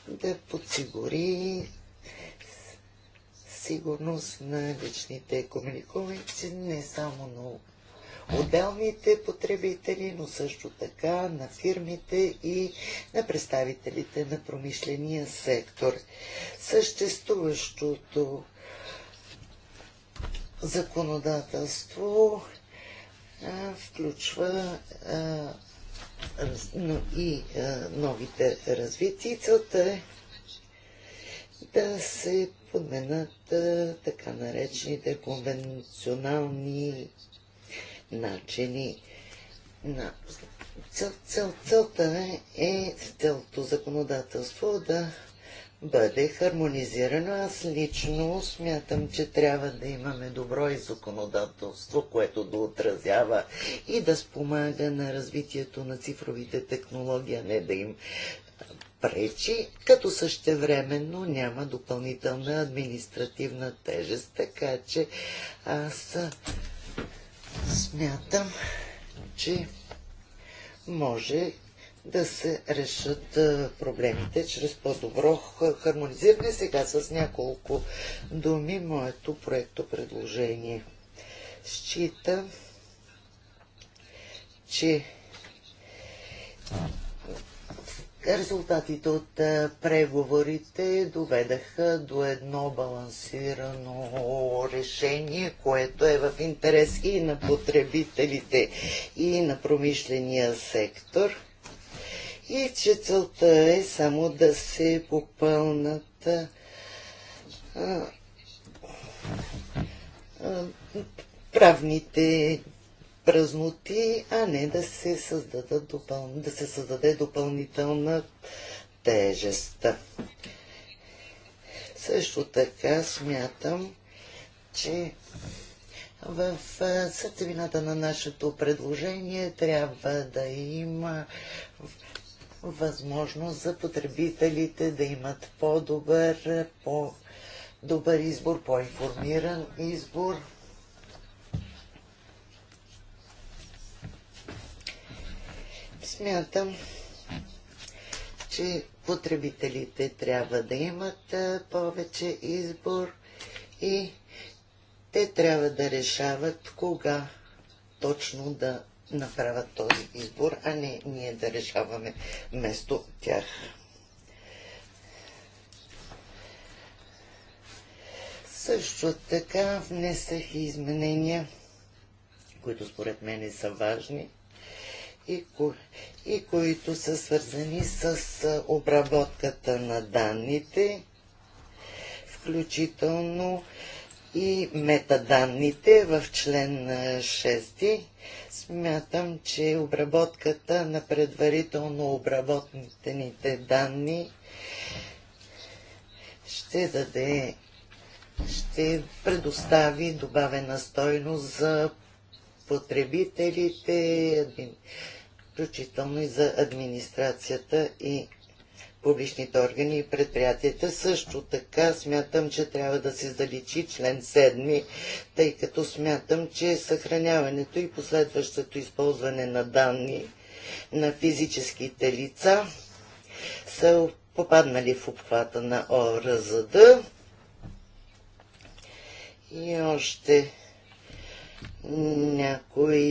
да подсигури сигурност на личните комуникации, не само на отделните потребители, но също така на фирмите и на представителите на промишления сектор. Съществуващото законодателство а, включва а, раз, но и а, новите развития. Целта е да се подменят а, така наречените конвенционални начини на цел, цел, целта е, е целото законодателство да бъде хармонизирано. Аз лично смятам, че трябва да имаме добро и законодателство, което да отразява и да спомага на развитието на цифровите технологии, а не да им пречи, като същевременно няма допълнителна административна тежест, така че аз смятам, че може да се решат проблемите чрез по-добро хармонизиране. Сега с няколко думи моето проекто предложение. Считам, че резултатите от преговорите доведаха до едно балансирано решение, което е в интерес и на потребителите, и на промишления сектор и че целта е само да се попълнат а, а, правните празноти, а не да се, създадат допъл... да се създаде допълнителна тежест. Също така смятам, че в сърцевината на нашето предложение трябва да има възможност за потребителите да имат по-добър, по-добър избор, по-информиран избор. Смятам, че потребителите трябва да имат повече избор и те трябва да решават кога точно да направят този избор, а не ние да решаваме вместо тях. Също така внесах и изменения, които според мен са важни и, ко... и които са свързани с обработката на данните, включително и метаданните в член 6. Смятам, че обработката на предварително обработните данни ще даде, ще предостави добавена стойност за потребителите, включително и за администрацията и публичните органи и предприятията. Също така смятам, че трябва да се заличи член 7, тъй като смятам, че съхраняването и последващото използване на данни на физическите лица са попаднали в обхвата на ОРЗД. И още някои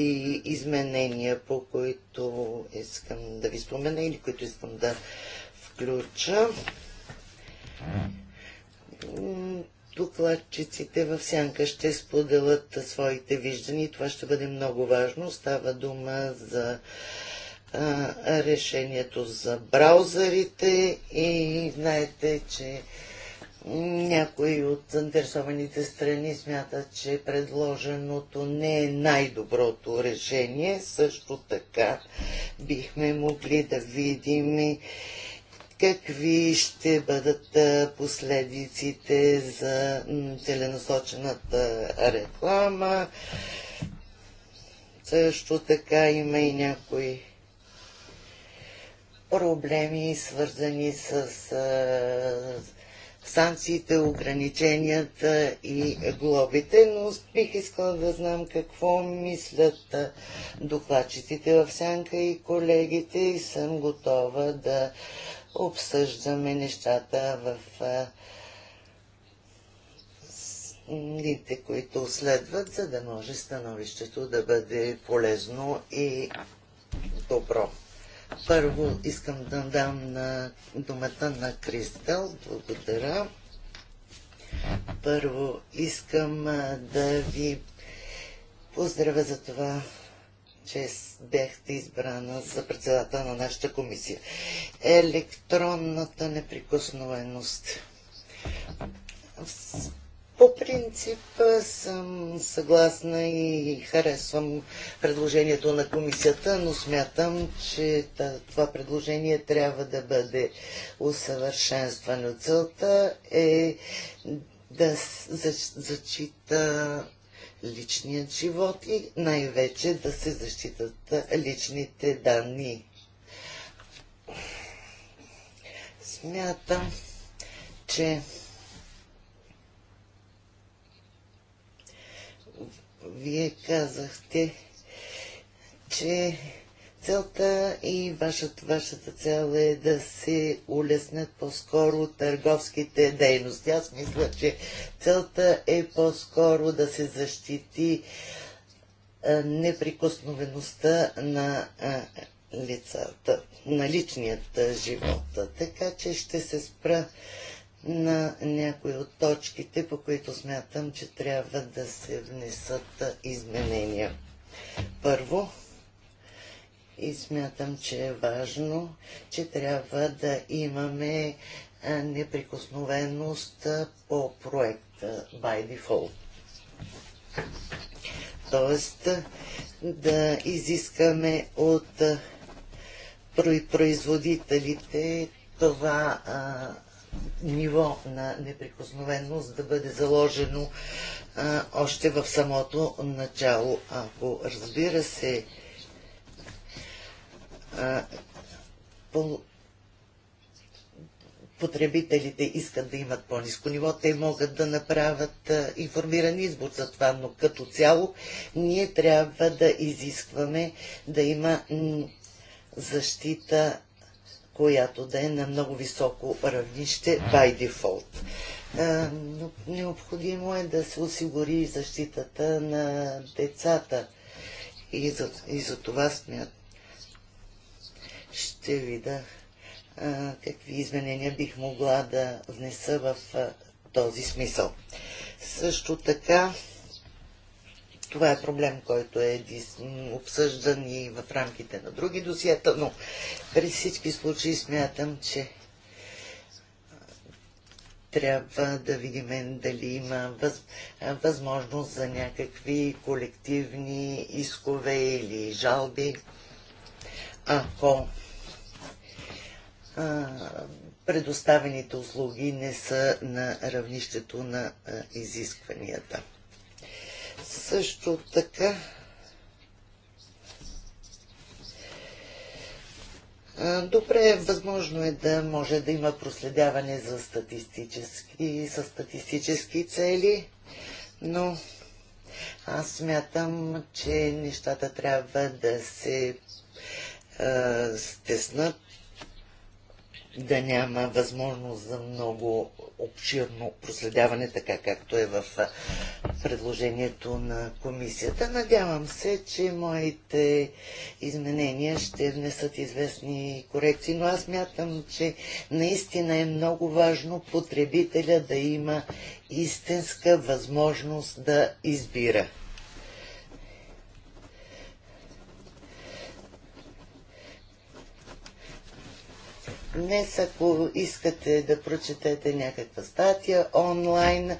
изменения, по които искам да ви спомена или които искам да ключа. докладчиците в сянка ще споделят своите виждания. Това ще бъде много важно. Става дума за а, решението за браузърите и знаете, че някои от заинтересованите страни смятат, че предложеното не е най-доброто решение. Също така бихме могли да видим и какви ще бъдат последиците за целенасочената реклама. Също така има и някои проблеми, свързани с санкциите, ограниченията и глобите, но бих искала да знам какво мислят докладчиците в сянка и колегите и съм готова да обсъждаме нещата в дните, които следват, за да може становището да бъде полезно и добро. Първо искам да дам на думата на Кристал. Благодаря. Първо искам да ви поздравя за това, че бяхте избрана за председател на нашата комисия. Електронната неприкосновеност. По принцип съм съгласна и харесвам предложението на комисията, но смятам, че това предложение трябва да бъде усъвършенствано. Целта е да зачита личният живот и най-вече да се защитат личните данни. Смятам, че вие казахте, че целта и вашата, вашата цел е да се улеснят по-скоро търговските дейности. Аз мисля, че целта е по-скоро да се защити неприкосновеността на лицата, на личният живот. Така че ще се спра на някои от точките, по които смятам, че трябва да се внесат изменения. Първо, и смятам, че е важно, че трябва да имаме неприкосновеност по проекта by default. Тоест да изискаме от производителите това а, ниво на неприкосновеност да бъде заложено а, още в самото начало. Ако разбира се, потребителите искат да имат по-низко ниво, те могат да направят информиран избор за това, но като цяло ние трябва да изискваме да има защита, която да е на много високо равнище by default. Необходимо е да се осигури защитата на децата. И за, и за това смят, ще видя а, какви изменения бих могла да внеса в а, този смисъл. Също така, това е проблем, който е обсъждан и в рамките на други досиета, но при всички случаи смятам, че трябва да видим дали има въз, възможност за някакви колективни искове или жалби, ако предоставените услуги не са на равнището на изискванията. Също така Добре, възможно е да може да има проследяване за статистически, за статистически цели, но аз смятам, че нещата трябва да се е, стеснат да няма възможност за много обширно проследяване, така както е в предложението на комисията. Надявам се, че моите изменения ще внесат известни корекции, но аз мятам, че наистина е много важно потребителя да има истинска възможност да избира. Днес, ако искате да прочетете някаква статия онлайн,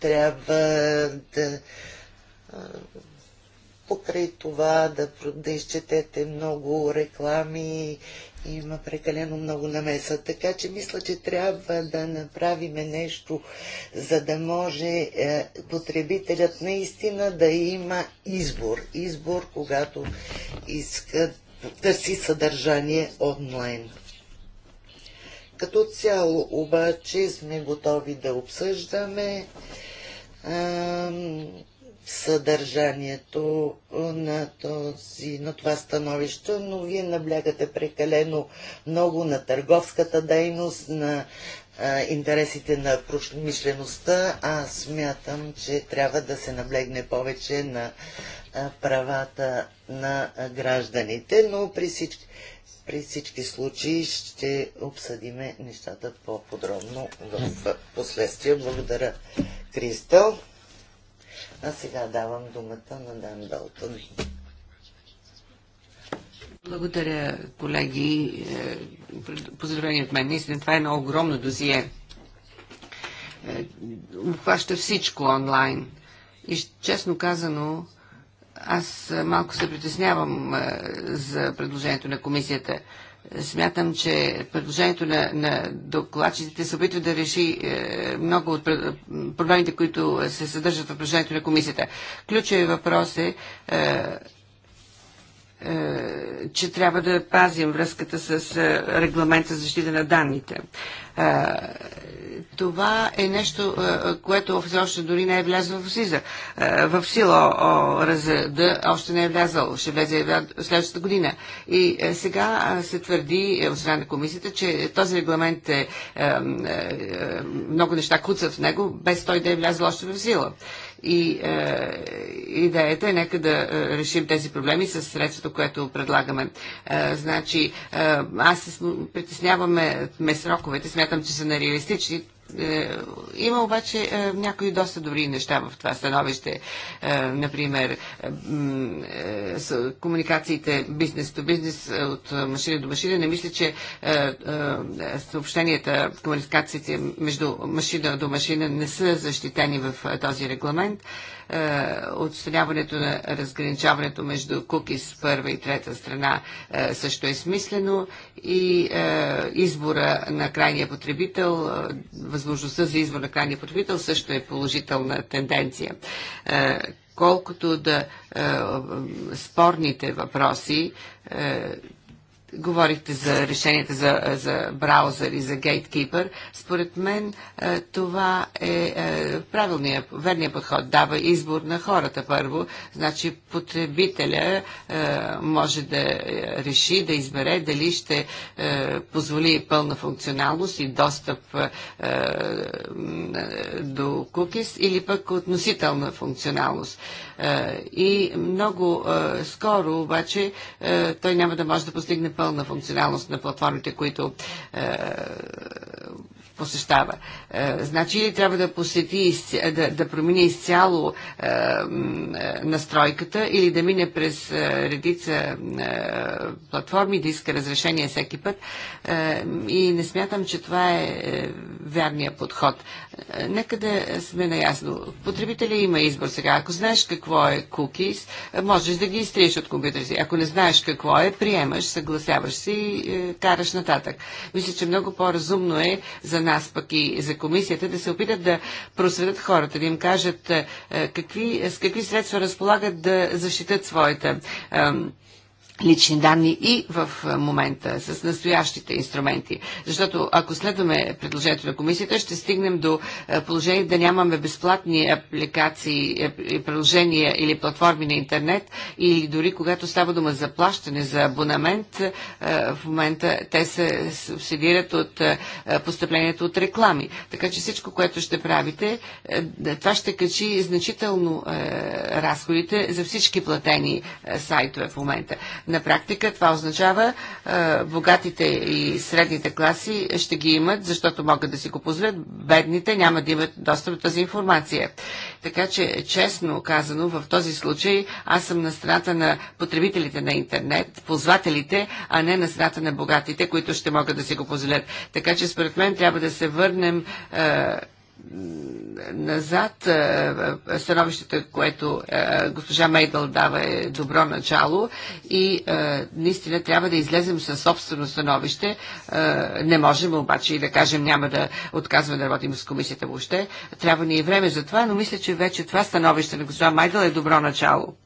трябва да покрай това да, да изчетете много реклами, има прекалено много намеса. Така че мисля, че трябва да направиме нещо, за да може е, потребителят наистина да има избор. Избор, когато иска да търси съдържание онлайн. Като цяло обаче сме готови да обсъждаме а, съдържанието на, този, на това становище, но вие наблягате прекалено много на търговската дейност, на а, интересите на промишлеността. Аз смятам, че трябва да се наблегне повече на а, правата на гражданите, но при всички при всички случаи ще обсъдиме нещата по-подробно в последствие. Благодаря, Кристал. А сега давам думата на Дан Далтън. Благодаря, колеги. Е, Поздравление от мен. Наистина, това е едно огромно дозие. Е, обхваща всичко онлайн. И честно казано, аз малко се притеснявам за предложението на комисията. Смятам, че предложението на, на докладчиците се опитва да реши е, много от проблемите, които се съдържат в предложението на комисията. Ключовият въпрос е, е е, че трябва да пазим връзката с е, регламента за защита на данните. Е, това е нещо, което все още дори не е влязло в СИЗА. В сила РЗД, още не е влязал, Ще влезе следващата година. И сега се твърди от страна на комисията, че този регламент е много неща куцат в него, без той да е влязъл още в сила. И е, идеята е нека да е, решим тези проблеми с средството, което предлагаме. Е, значи, е, аз притесняваме ме сроковете, смятам, че са нереалистични. Е, има обаче е, някои доста добри неща в това становище. Е, например, комуникациите бизнес до бизнес от машина до машина. Не мисля, че съобщенията, комуникациите между машина до машина не са защитени в този регламент. Е, отстраняването на разграничаването между кукис първа и трета страна е, също е смислено и е, избора на крайния потребител, възможността за избор на крайния потребител също е положителна тенденция колкото да спорните въпроси, Говорихте за решенията за, за браузър и за гейткипър. Според мен е, това е, е правилният, верният подход. Дава избор на хората първо. Значи потребителя е, може да реши, да избере дали ще позволи пълна функционалност и достъп до кукис или пък относителна функционалност. И много скоро обаче той няма да може да постигне пълна функционалност на платформите, които е, посещава. Е, значи трябва да посети, да, да промени изцяло е, настройката или да мине през е, редица е, платформи, да иска разрешение всеки път. Е, и не смятам, че това е, е вярният подход нека да сме наясно. Потребителя има избор сега. Ако знаеш какво е cookies, можеш да ги изтриеш от компютъра си. Ако не знаеш какво е, приемаш, съгласяваш се и е, караш нататък. Мисля, че много по-разумно е за нас пък и за комисията да се опитат да просветят хората, да им кажат е, е какви, с какви средства разполагат да защитат своята е, лични данни и в момента с настоящите инструменти. Защото ако следваме предложението на комисията, ще стигнем до положение да нямаме безплатни апликации, е, приложения или платформи на интернет или дори когато става дума за плащане, за абонамент, в момента те се субсидират от постъплението от реклами. Така че всичко, което ще правите, е, това ще качи значително е, разходите за всички платени сайтове в момента. На практика това означава а, е, богатите и средните класи ще ги имат, защото могат да си го позволят, бедните няма да имат достъп до тази информация. Така че, честно казано, в този случай аз съм на страната на потребителите на интернет, ползвателите, а не на страната на богатите, които ще могат да си го позволят. Така че, според мен, трябва да се върнем е, назад. Е, е, становището, което е, госпожа Мейдъл дава е добро начало и наистина трябва да излезем със собствено становище. Не можем обаче и да кажем няма да отказваме да работим с комисията въобще. Трябва ни и време за това, но мисля, че вече това становище на госпожа Майдъл е добро начало.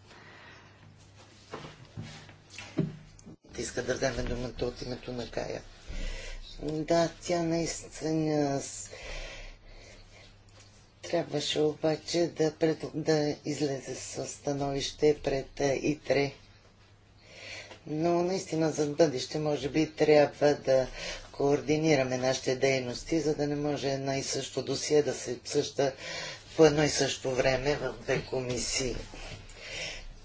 Иска да вземе думата от името на Кая. Да, тя наистина Трябваше обаче да, пред, да излезе с становище пред ИТРЕ. Но наистина за бъдеще може би трябва да координираме нашите дейности, за да не може едно и също досие да се обсъжда по едно и също време в две комисии.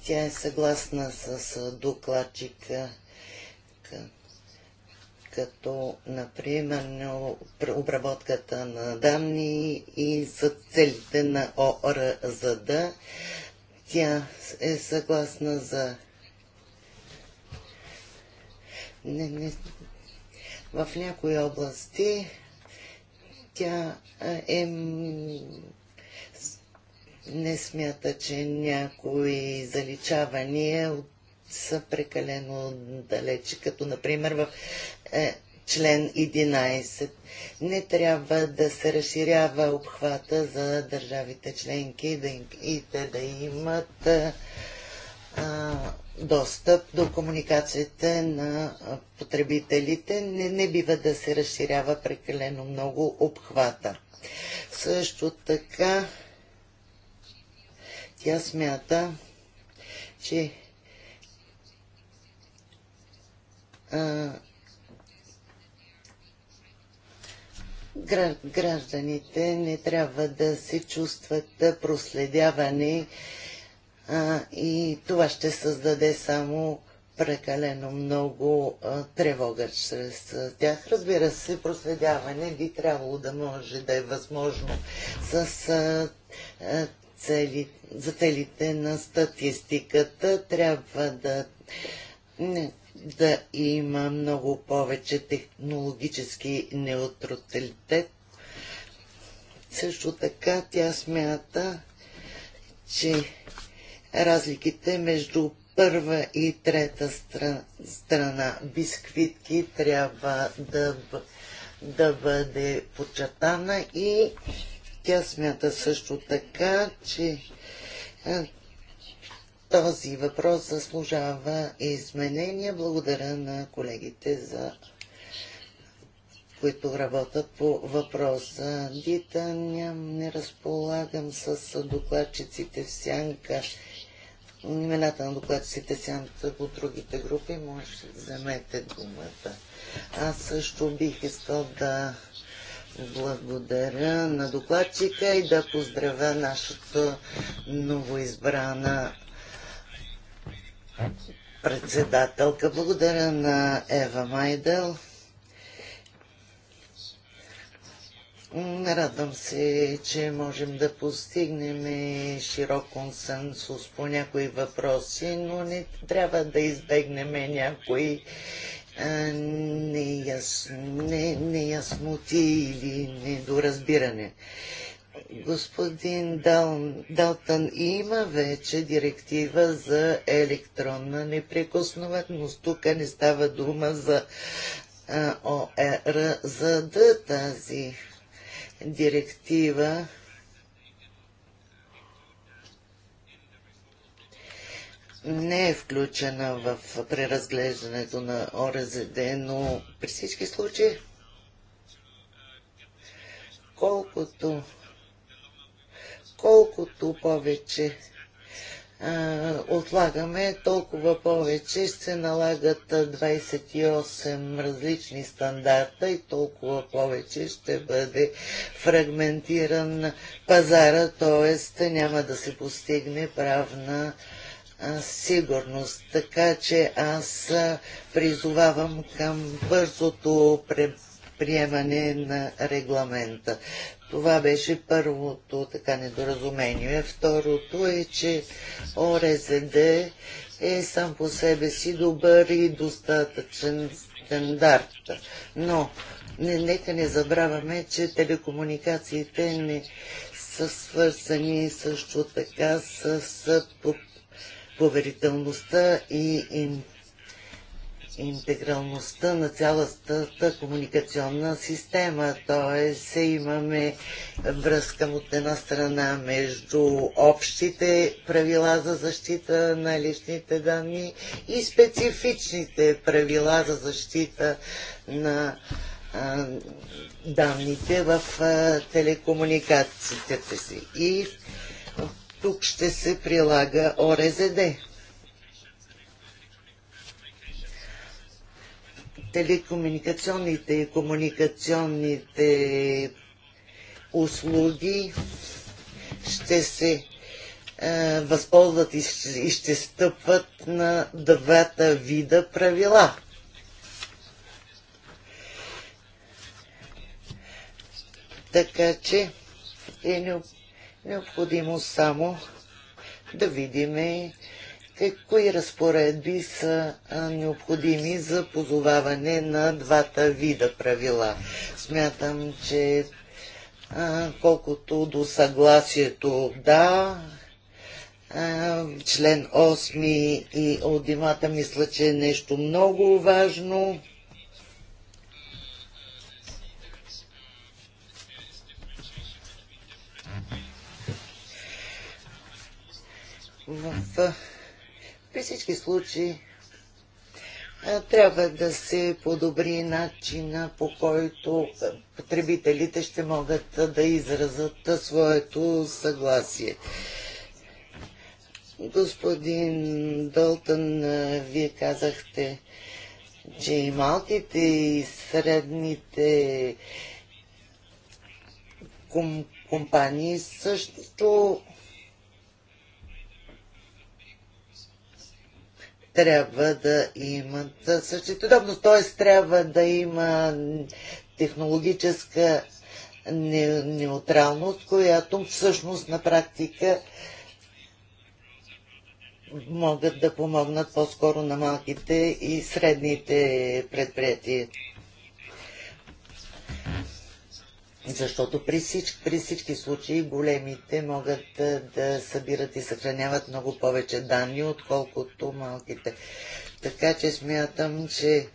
Тя е съгласна с докладчика като, например, обработката на данни и за целите на ОРЗД. Тя е съгласна за... Не, не... В някои области тя е не смята, че някои заличавания са прекалено далече, като например в е член 11. Не трябва да се разширява обхвата за държавите членки да и те да имат а, достъп до комуникацията на потребителите. Не, не бива да се разширява прекалено много обхвата. Също така тя смята, че а, гражданите не трябва да се чувстват проследявани а, и това ще създаде само прекалено много а, тревога чрез тях. Разбира се, проследяване би трябвало да може да е възможно с а, цели, за целите на статистиката. Трябва да не, да има много повече технологически неутралитет. Също така тя смята, че разликите между първа и трета страна, страна бисквитки трябва да, да бъде подчертана и тя смята също така, че този въпрос заслужава изменения. Благодаря на колегите за които работят по въпроса. Дита, ням, не разполагам с докладчиците в сянка. Имената на докладчиците в сянка по другите групи, може да вземете думата. Аз също бих искал да благодаря на докладчика и да поздравя нашата новоизбрана председателка. Благодаря на Ева Майдел. Радвам се, че можем да постигнем широк консенсус по някои въпроси, но не трябва да избегнем някои не, неясноти или недоразбиране господин Далтан Далтън има вече директива за електронна неприкосновеност. Тук не става дума за ОР, за да тази директива не е включена в преразглеждането на ОРЗД, но при всички случаи, колкото колкото повече а, отлагаме, толкова повече се налагат 28 различни стандарта и толкова повече ще бъде фрагментиран пазара, т.е. няма да се постигне правна сигурност. Така че аз призовавам към бързото приемане на регламента. Това беше първото така недоразумение. Второто е, че ОРЗД е сам по себе си добър и достатъчен стандарт. Но не, нека не забравяме, че телекомуникациите не са свързани също така с, поверителността и интернет интегралността на цялата комуникационна система. Тоест имаме връзка от една страна между общите правила за защита на личните данни и специфичните правила за защита на а, данните в а, телекомуникациите си. И тук ще се прилага ОРЗД телекомуникационните и комуникационните услуги ще се е, възползват и ще, и ще стъпват на двата вида правила. Така че е необходимо само да видиме е, кои разпоредби са необходими за позоваване на двата вида правила. Смятам, че колкото до съгласието да, член 8 и димата, мисля, че е нещо много важно. В при всички случаи трябва да се подобри начина по който потребителите ще могат да изразат своето съгласие. Господин Дълтън, вие казахте, че и малките и средните компании също трябва да имат същитодобност, т.е. трябва да има технологическа неутралност, която всъщност на практика могат да помогнат по-скоро на малките и средните предприятия. Защото при всички, при всички случаи големите могат да събират и съхраняват много повече данни, отколкото малките. Така че смятам, че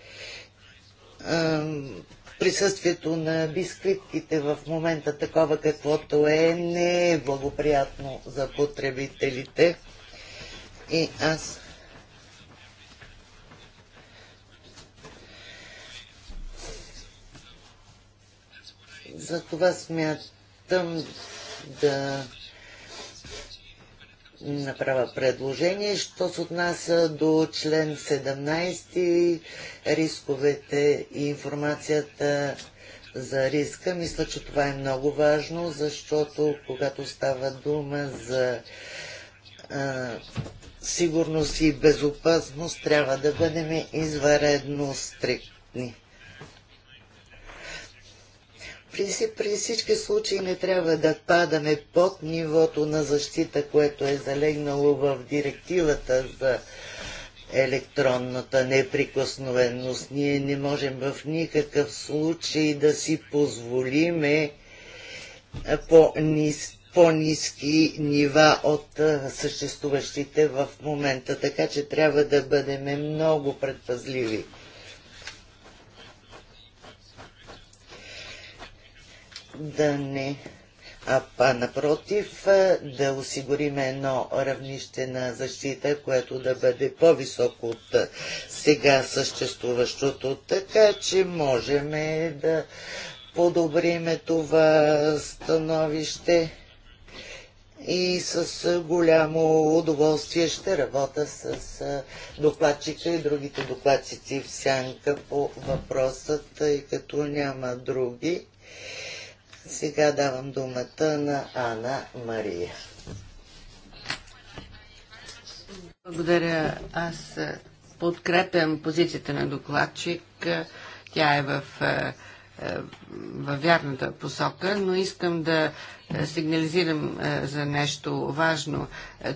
присъствието на бисквитките в момента такова каквото е, не е благоприятно за потребителите. И аз Затова смятам да направя предложение. Що се отнася до член 17, рисковете и информацията за риска, мисля, че това е много важно, защото когато става дума за а, сигурност и безопасност, трябва да бъдем изваредно стриктни. При, при всички случаи не трябва да падаме под нивото на защита, което е залегнало в директивата за електронната неприкосновеност. Ние не можем в никакъв случай да си позволиме по-ниски по-низки нива от съществуващите в момента, така че трябва да бъдем много предпазливи. да не а, па напротив да осигурим едно равнище на защита, което да бъде по-високо от сега съществуващото, така че можем да подобриме това становище и с голямо удоволствие ще работя с докладчика и другите докладчици в сянка по въпросът, тъй като няма други. Сега давам думата на Ана Мария. Благодаря. Аз подкрепям позицията на докладчик. Тя е в, във вярната посока, но искам да сигнализирам за нещо важно.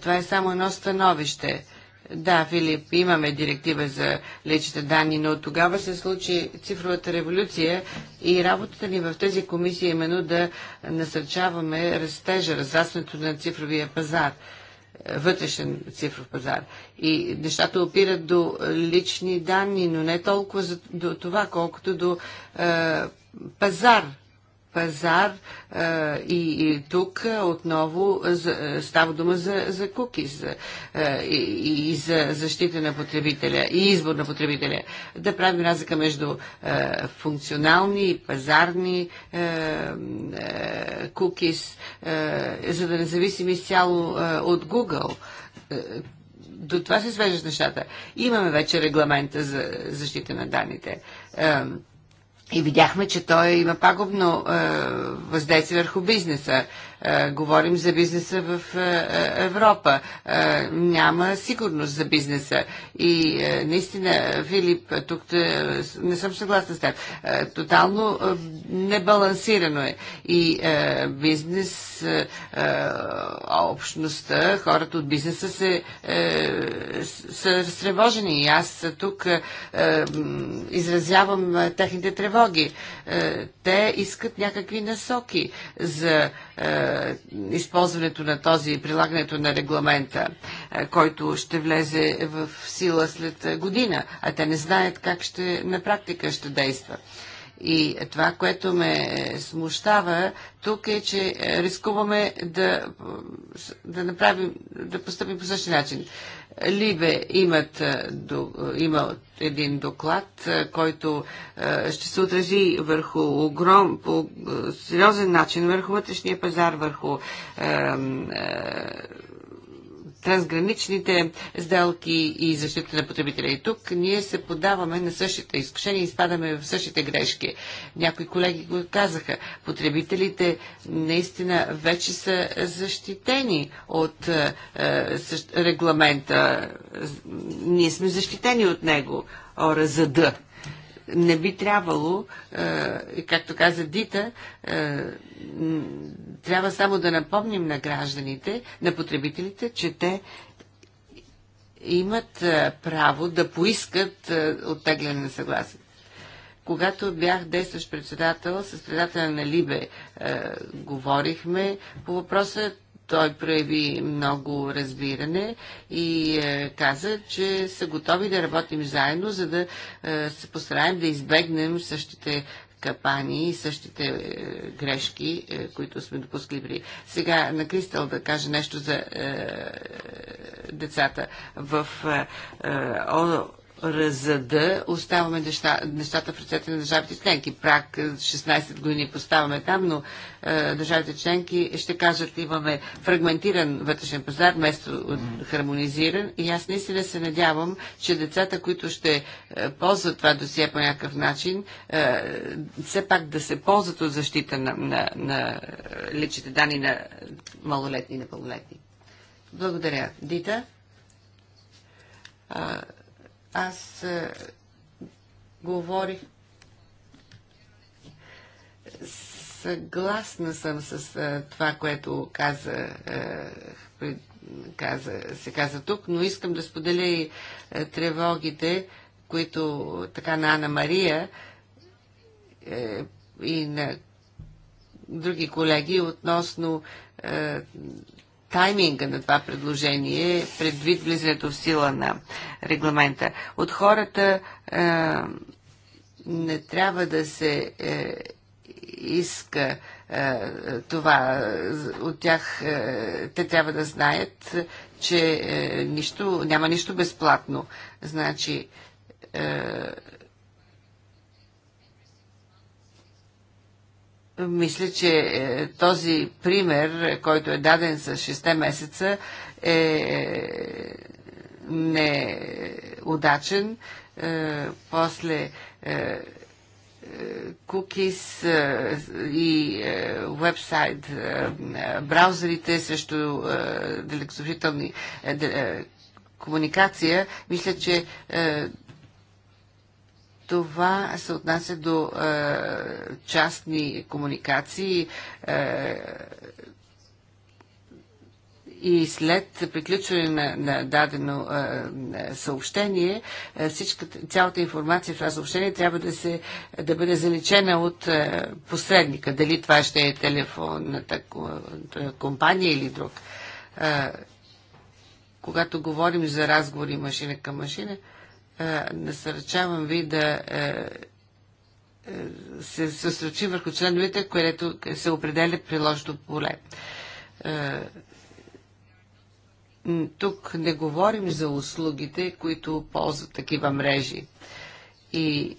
Това е само едно становище. Да, Филип, имаме директива за личните данни, но тогава се случи цифровата революция и работата ни в тези комисии е именно да насърчаваме растежа, разрастването на цифровия пазар вътрешен цифров пазар. И нещата опират до лични данни, но не толкова до това, колкото до е, пазар пазар и, и тук отново за, става дума за, за куки за, и, и за защита на потребителя и избор на потребителя. Да правим разлика между функционални и пазарни куки, за да не зависим изцяло от Google до това се свежат нещата. Имаме вече регламента за защита на данните. И видяхме, че той има пагубно е, въздействие върху бизнеса. Е, говорим за бизнеса в е, е, Европа. Няма сигурност за бизнеса. И наистина, Филип, тук не съм съгласна с теб. Тотално небалансирано е. И бизнес, общността, хората от бизнеса се, са разтревожени. И аз тук изразявам техните тревоги. Те искат някакви насоки за е, използването на този, прилагането на регламента, е, който ще влезе в сила след година, а те не знаят как ще на практика ще действа. И това, което ме смущава тук е, че рискуваме да, да направим, да поступим по същия начин. Либе имат, има един доклад, който ще се отрази върху огром, по сериозен начин върху вътрешния пазар, върху е, е, трансграничните сделки и защита на потребителя. И тук ние се подаваме на същите изкушения и спадаме в същите грешки. Някои колеги го казаха. Потребителите наистина вече са защитени от е, е регламента. Ние сме защитени от него. ОРЗД не би трябвало, е, както каза Дита, е, трябва само да напомним на гражданите, на потребителите, че те имат е, право да поискат оттегляне на съгласие. Когато бях действащ председател, с председателя на Либе говорихме по въпроса той прояви много разбиране и е, каза, че са готови да работим заедно, за да е, се постараем да избегнем същите капани и същите е, грешки, които сме допускали при. Сега на Кристал да каже нещо за децата в разъда, оставаме неща, нещата в ръцете на държавите членки. Прак 16 е, години поставяме там, но е, държавите членки ще кажат, имаме фрагментиран вътрешен пазар, вместо хармонизиран. И аз наистина се надявам, че децата, които ще е, ползват това досие по някакъв начин, е, все пак да се ползват от защита на, на, на личните данни на малолетни и непълнолетни. Благодаря. Дита? Аз а, е, говорих. Съгласна съм с а, е, това, което каза, пред, каза, се каза тук, но искам да споделя и а, е, тревогите, които така на Ана Мария е, и на други колеги относно е, тайминга на това предложение предвид влизането в сила на регламента. От хората е, не трябва да се е, иска е, това от тях. Е, те трябва да знаят, че е, нищо, няма нищо безплатно. Значи, е, Мисля, че е, този пример, който е даден с 6 месеца, е неудачен. Е, после е, кукис и вебсайт браузерите срещу далекосъобщителни комуникация, мисля, че това се отнася до е, частни комуникации е, и след приключване на, на дадено е, е съобщение, е, всичка, цялата информация в това съобщение трябва да, се, да бъде заличена от е, посредника, дали това ще е телефонната компания или друг. Е, когато говорим за разговори машина към машина, е, е, насърчавам ви да е, е, се съсредоточи върху членовете, където се определя приложното поле. Тук не говорим за услугите, които ползват такива мрежи. И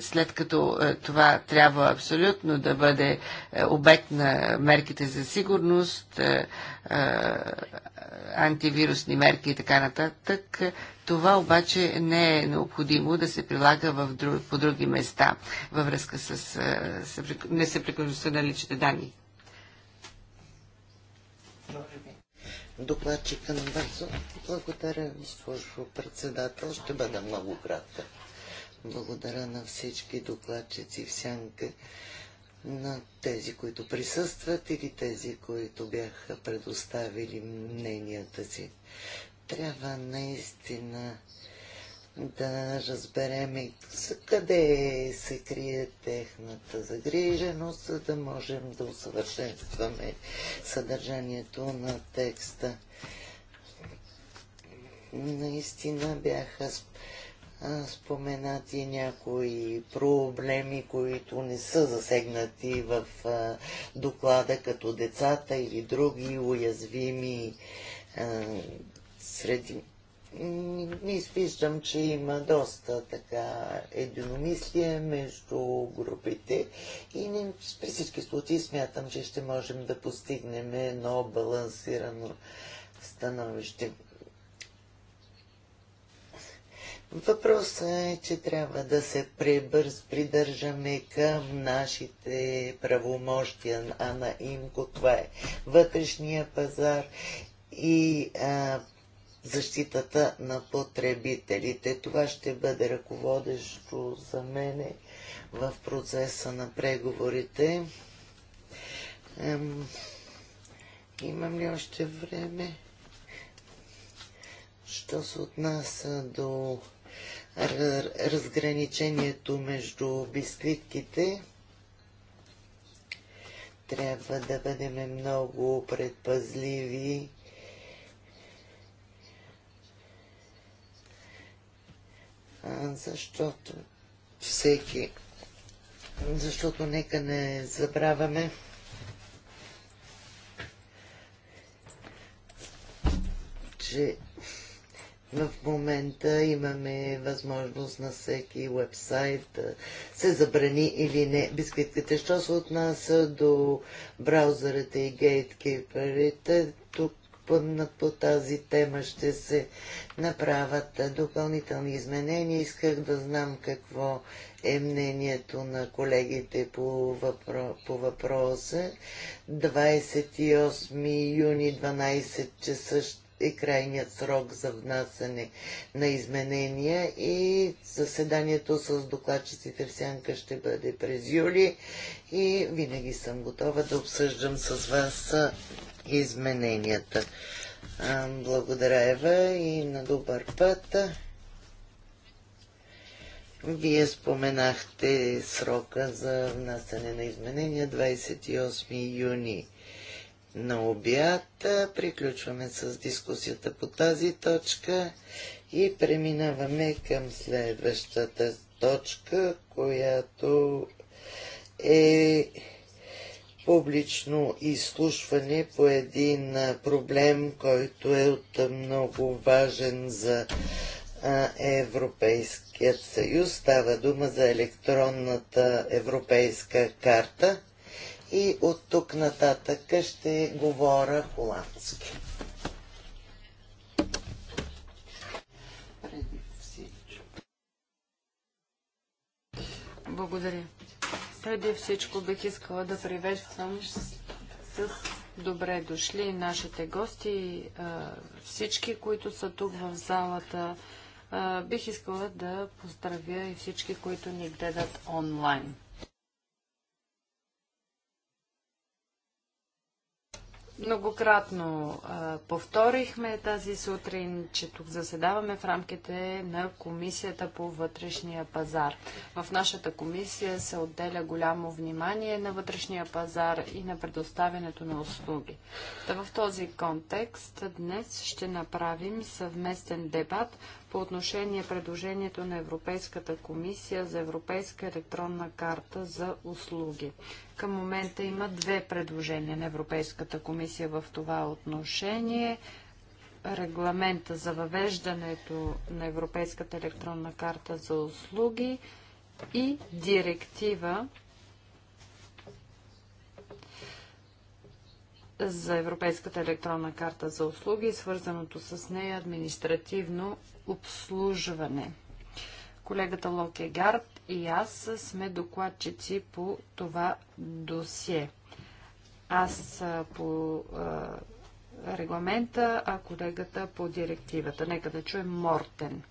след като е, това трябва абсолютно да бъде е, обект на мерките за сигурност, е, антивирусни мерки и така нататък, това обаче не е необходимо да се прилага в друг, по други места във връзка с несъприкосновеността на личните данни. Докладчика на Базо. Благодаря, госпожо председател. Ще бъда много кратка. Благодаря на всички докладчици в сянка, на тези, които присъстват или тези, които бяха предоставили мненията си. Трябва наистина да разберем къде се крие техната загриженост, за да можем да усъвършенстваме съдържанието на текста. Наистина бяха споменати някои проблеми, които не са засегнати в доклада, като децата или други уязвими среди. Не изпиждам, че има доста така единомислие между групите и не, при всички случаи смятам, че ще можем да постигнем едно балансирано становище. Въпросът е, че трябва да се прибърз, придържаме към нашите правомощия, а на имко това е вътрешния пазар и а, защитата на потребителите. Това ще бъде ръководещо за мене в процеса на преговорите. Ем, имам ли още време? Що се отнася до разграничението между бисквитките. Трябва да бъдем много предпазливи. Защото всеки. Защото нека не забравяме. че в момента имаме възможност на всеки вебсайт да се забрани или не бисквитките. Що се отнася до браузърите и гейткиперите, тук по, тази тема ще се направят допълнителни изменения. Исках да знам какво е мнението на колегите по, въпро, по въпроса. 28 юни 12 часа ще е крайният срок за внасяне на изменения и заседанието с докладчиците в Сянка ще бъде през юли и винаги съм готова да обсъждам с вас измененията. Благодаря Ева и на добър път. Вие споменахте срока за внасяне на изменения 28 юни на обяд. Приключваме с дискусията по тази точка и преминаваме към следващата точка, която е публично изслушване по един проблем, който е от много важен за Европейският съюз. Става дума за електронната европейска карта и от тук нататък ще говоря холандски. Благодаря. Преди всичко бих искала да приветствам с добре дошли нашите гости, и всички, които са тук в залата. Бих искала да поздравя и всички, които ни гледат онлайн. Многократно а, повторихме тази сутрин, че тук заседаваме в рамките на Комисията по вътрешния пазар. В нашата комисия се отделя голямо внимание на вътрешния пазар и на предоставянето на услуги. Та в този контекст днес ще направим съвместен дебат по отношение предложението на Европейската комисия за Европейска електронна карта за услуги. Към момента има две предложения на Европейската комисия в това отношение. Регламента за въвеждането на Европейската електронна карта за услуги и директива за Европейската електронна карта за услуги и свързаното с нея административно обслужване. Колегата Локегард и аз сме докладчици по това досие. Аз по регламента, а колегата по директивата. Нека да чуем Мортен.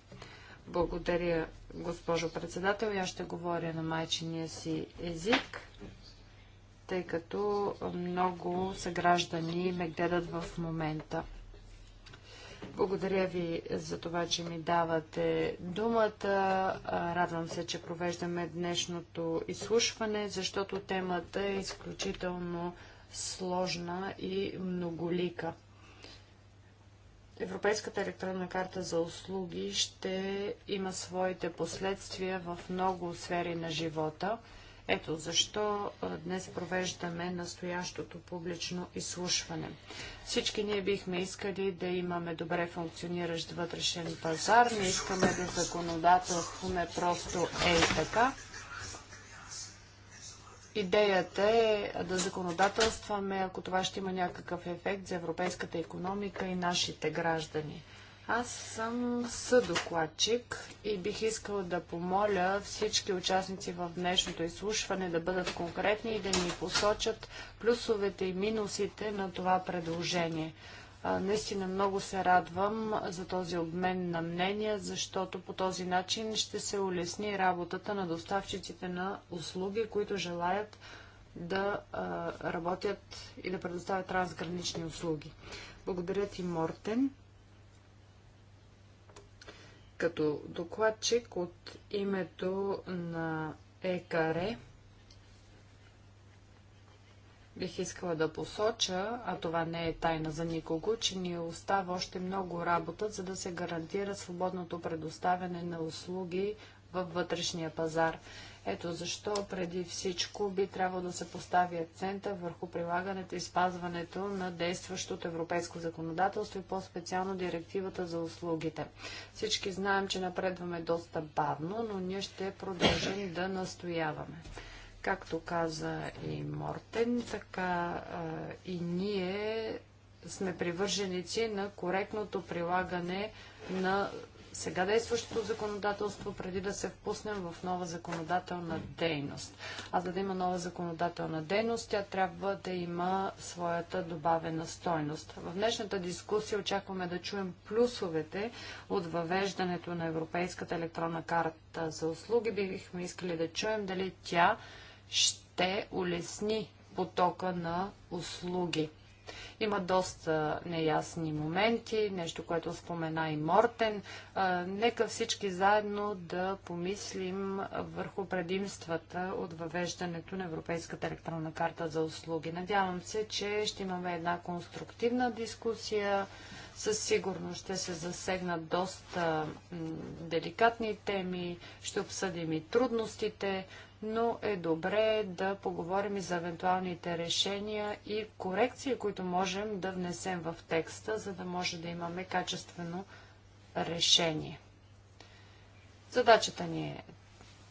Благодаря, госпожо председател. Я ще говоря на майчиния си език, тъй като много съграждани ме гледат в момента. Благодаря ви за това, че ми давате думата. Радвам се, че провеждаме днешното изслушване, защото темата е изключително сложна и многолика. Европейската електронна карта за услуги ще има своите последствия в много сфери на живота – ето защо днес провеждаме настоящото публично изслушване. Всички ние бихме искали да имаме добре функциониращ вътрешен пазар, не искаме да законодателстваме просто ей така. Идеята е да законодателстваме, ако това ще има някакъв ефект за европейската економика и нашите граждани. Аз съм съдокладчик и бих искал да помоля всички участници в днешното изслушване да бъдат конкретни и да ни посочат плюсовете и минусите на това предложение. наистина много се радвам за този обмен на мнения, защото по този начин ще се улесни работата на доставчиците на услуги, които желаят да работят и да предоставят трансгранични услуги. Благодаря ти, Мортен. Като докладчик от името на ЕКАРЕ бих искала да посоча, а това не е тайна за никого, че ни остава още много работа, за да се гарантира свободното предоставяне на услуги във вътрешния пазар. Ето защо преди всичко би трябвало да се постави акцента върху прилагането и спазването на действащото европейско законодателство и по-специално директивата за услугите. Всички знаем, че напредваме доста бавно, но ние ще продължим да настояваме. Както каза и Мортен, така а, и ние сме привърженици на коректното прилагане на сега действащото законодателство, преди да се впуснем в нова законодателна дейност. А за да има нова законодателна дейност, тя трябва да има своята добавена стойност. В днешната дискусия очакваме да чуем плюсовете от въвеждането на Европейската електронна карта за услуги. Бихме искали да чуем дали тя ще улесни потока на услуги има доста неясни моменти, нещо, което спомена и Мортен. Нека всички заедно да помислим върху предимствата от въвеждането на Европейската електронна карта за услуги. Надявам се, че ще имаме една конструктивна дискусия със сигурност ще се засегнат доста деликатни теми, ще обсъдим и трудностите, но е добре да поговорим и за евентуалните решения и корекции, които можем да внесем в текста, за да може да имаме качествено решение. Задачата ни е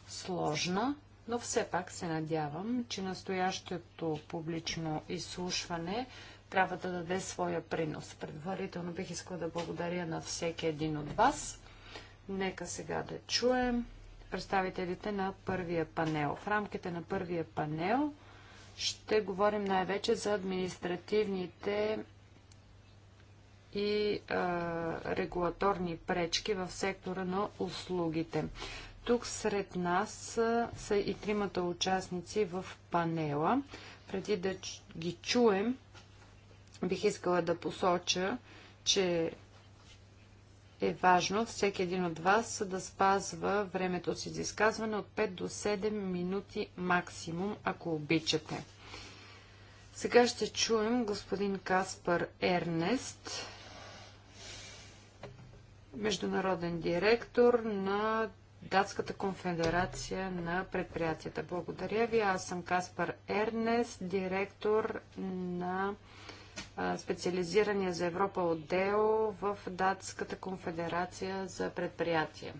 сложна, но все пак се надявам, че настоящето публично изслушване трябва да даде своя принос. Предварително бих искала да благодаря на всеки един от вас. Нека сега да чуем представителите на първия панел. В рамките на първия панел ще говорим най-вече за административните и а, регулаторни пречки в сектора на услугите. Тук сред нас а, са и тримата участници в панела. Преди да ги чуем, бих искала да посоча, че е важно всеки един от вас да спазва времето си за изказване от 5 до 7 минути максимум, ако обичате. Сега ще чуем господин Каспар Ернест, международен директор на Датската конфедерация на предприятията. Благодаря ви. Аз съм Каспар Ернест, директор на специализирания за Европа отдел в Датската конфедерация за предприятия.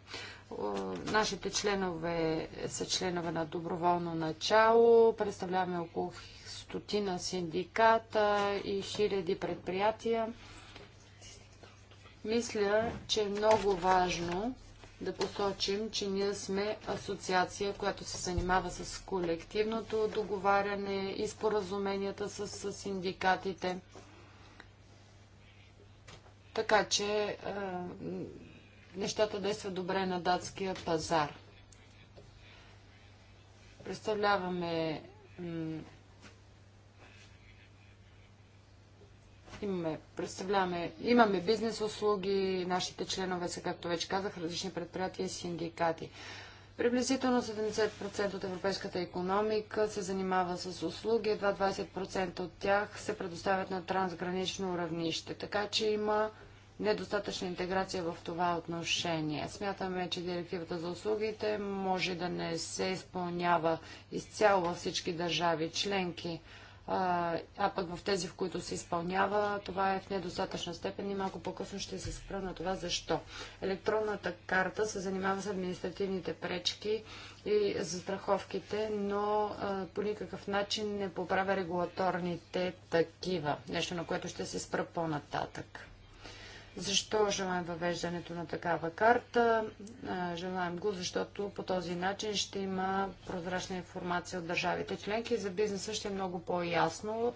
Нашите членове са членове на доброволно начало, представляваме около стотина синдиката и хиляди предприятия. Мисля, че е много важно да посочим, че ние сме асоциация, която се занимава с колективното договаряне и споразуменията с, с синдикатите. Така че е, нещата действат добре на датския пазар. Представляваме Имаме, представляваме, имаме бизнес услуги, нашите членове са, както вече казах, различни предприятия и синдикати. Приблизително 70% от европейската економика се занимава с услуги, едва 20% от тях се предоставят на трансгранично равнище. Така че има недостатъчна интеграция в това отношение. Смятаме, че директивата за услугите може да не се изпълнява изцяло във всички държави членки а, а пък в тези, в които се изпълнява, това е в недостатъчна степен и малко по-късно ще се спра на това защо. Електронната карта се занимава с административните пречки и застраховките, но а, по никакъв начин не поправя регулаторните такива. Нещо, на което ще се спра по-нататък. Защо желаем въвеждането на такава карта? Желаем го, защото по този начин ще има прозрачна информация от държавите членки. За бизнеса ще е много по-ясно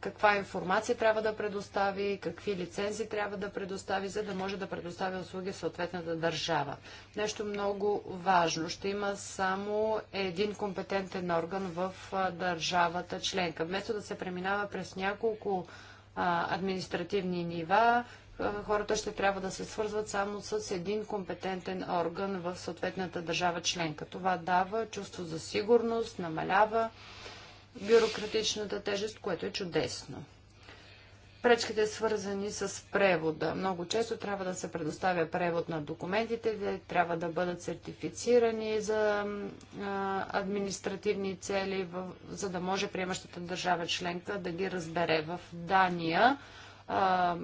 каква информация трябва да предостави, какви лицензи трябва да предостави, за да може да предостави услуги в съответната държава. Нещо много важно. Ще има само един компетентен орган в държавата членка. Вместо да се преминава през няколко административни нива, хората ще трябва да се свързват само с един компетентен орган в съответната държава членка. Това дава чувство за сигурност, намалява бюрократичната тежест, което е чудесно пречките свързани с превода. Много често трябва да се предоставя превод на документите, трябва да бъдат сертифицирани за а, административни цели, в, за да може приемащата държава членка да ги разбере. В Дания а,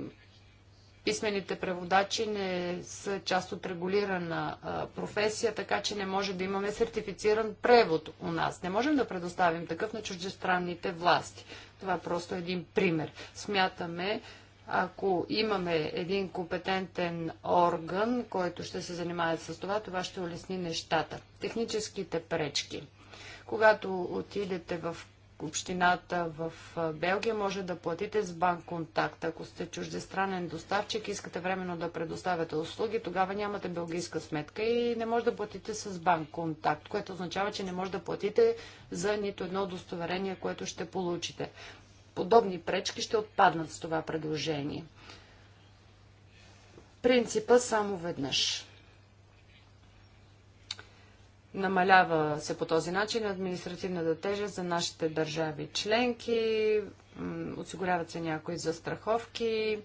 Писмените преводачи не са част от регулирана професия, така че не може да имаме сертифициран превод у нас. Не можем да предоставим такъв на чуждестранните власти. Това е просто един пример. Смятаме, ако имаме един компетентен орган, който ще се занимава с това, това ще улесни нещата. Техническите пречки. Когато отидете в общината в Белгия, може да платите с банк контакт. Ако сте чуждестранен доставчик и искате временно да предоставяте услуги, тогава нямате белгийска сметка и не може да платите с банк контакт, което означава, че не може да платите за нито едно удостоверение, което ще получите. Подобни пречки ще отпаднат с това предложение. Принципа само веднъж. Намалява се по този начин административната тежест за нашите държави членки, осигуряват се някои застраховки,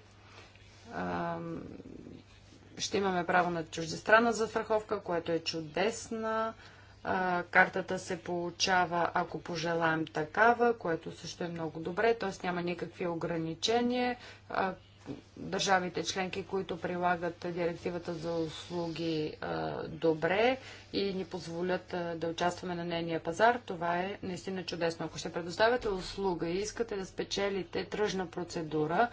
ще имаме право на чуждестранна застраховка, което е чудесна. Картата се получава, ако пожелаем такава, което също е много добре, т.е. няма никакви ограничения държавите членки, които прилагат директивата за услуги добре и ни позволят да участваме на нейния пазар, това е наистина чудесно. Ако ще предоставяте услуга и искате да спечелите тръжна процедура,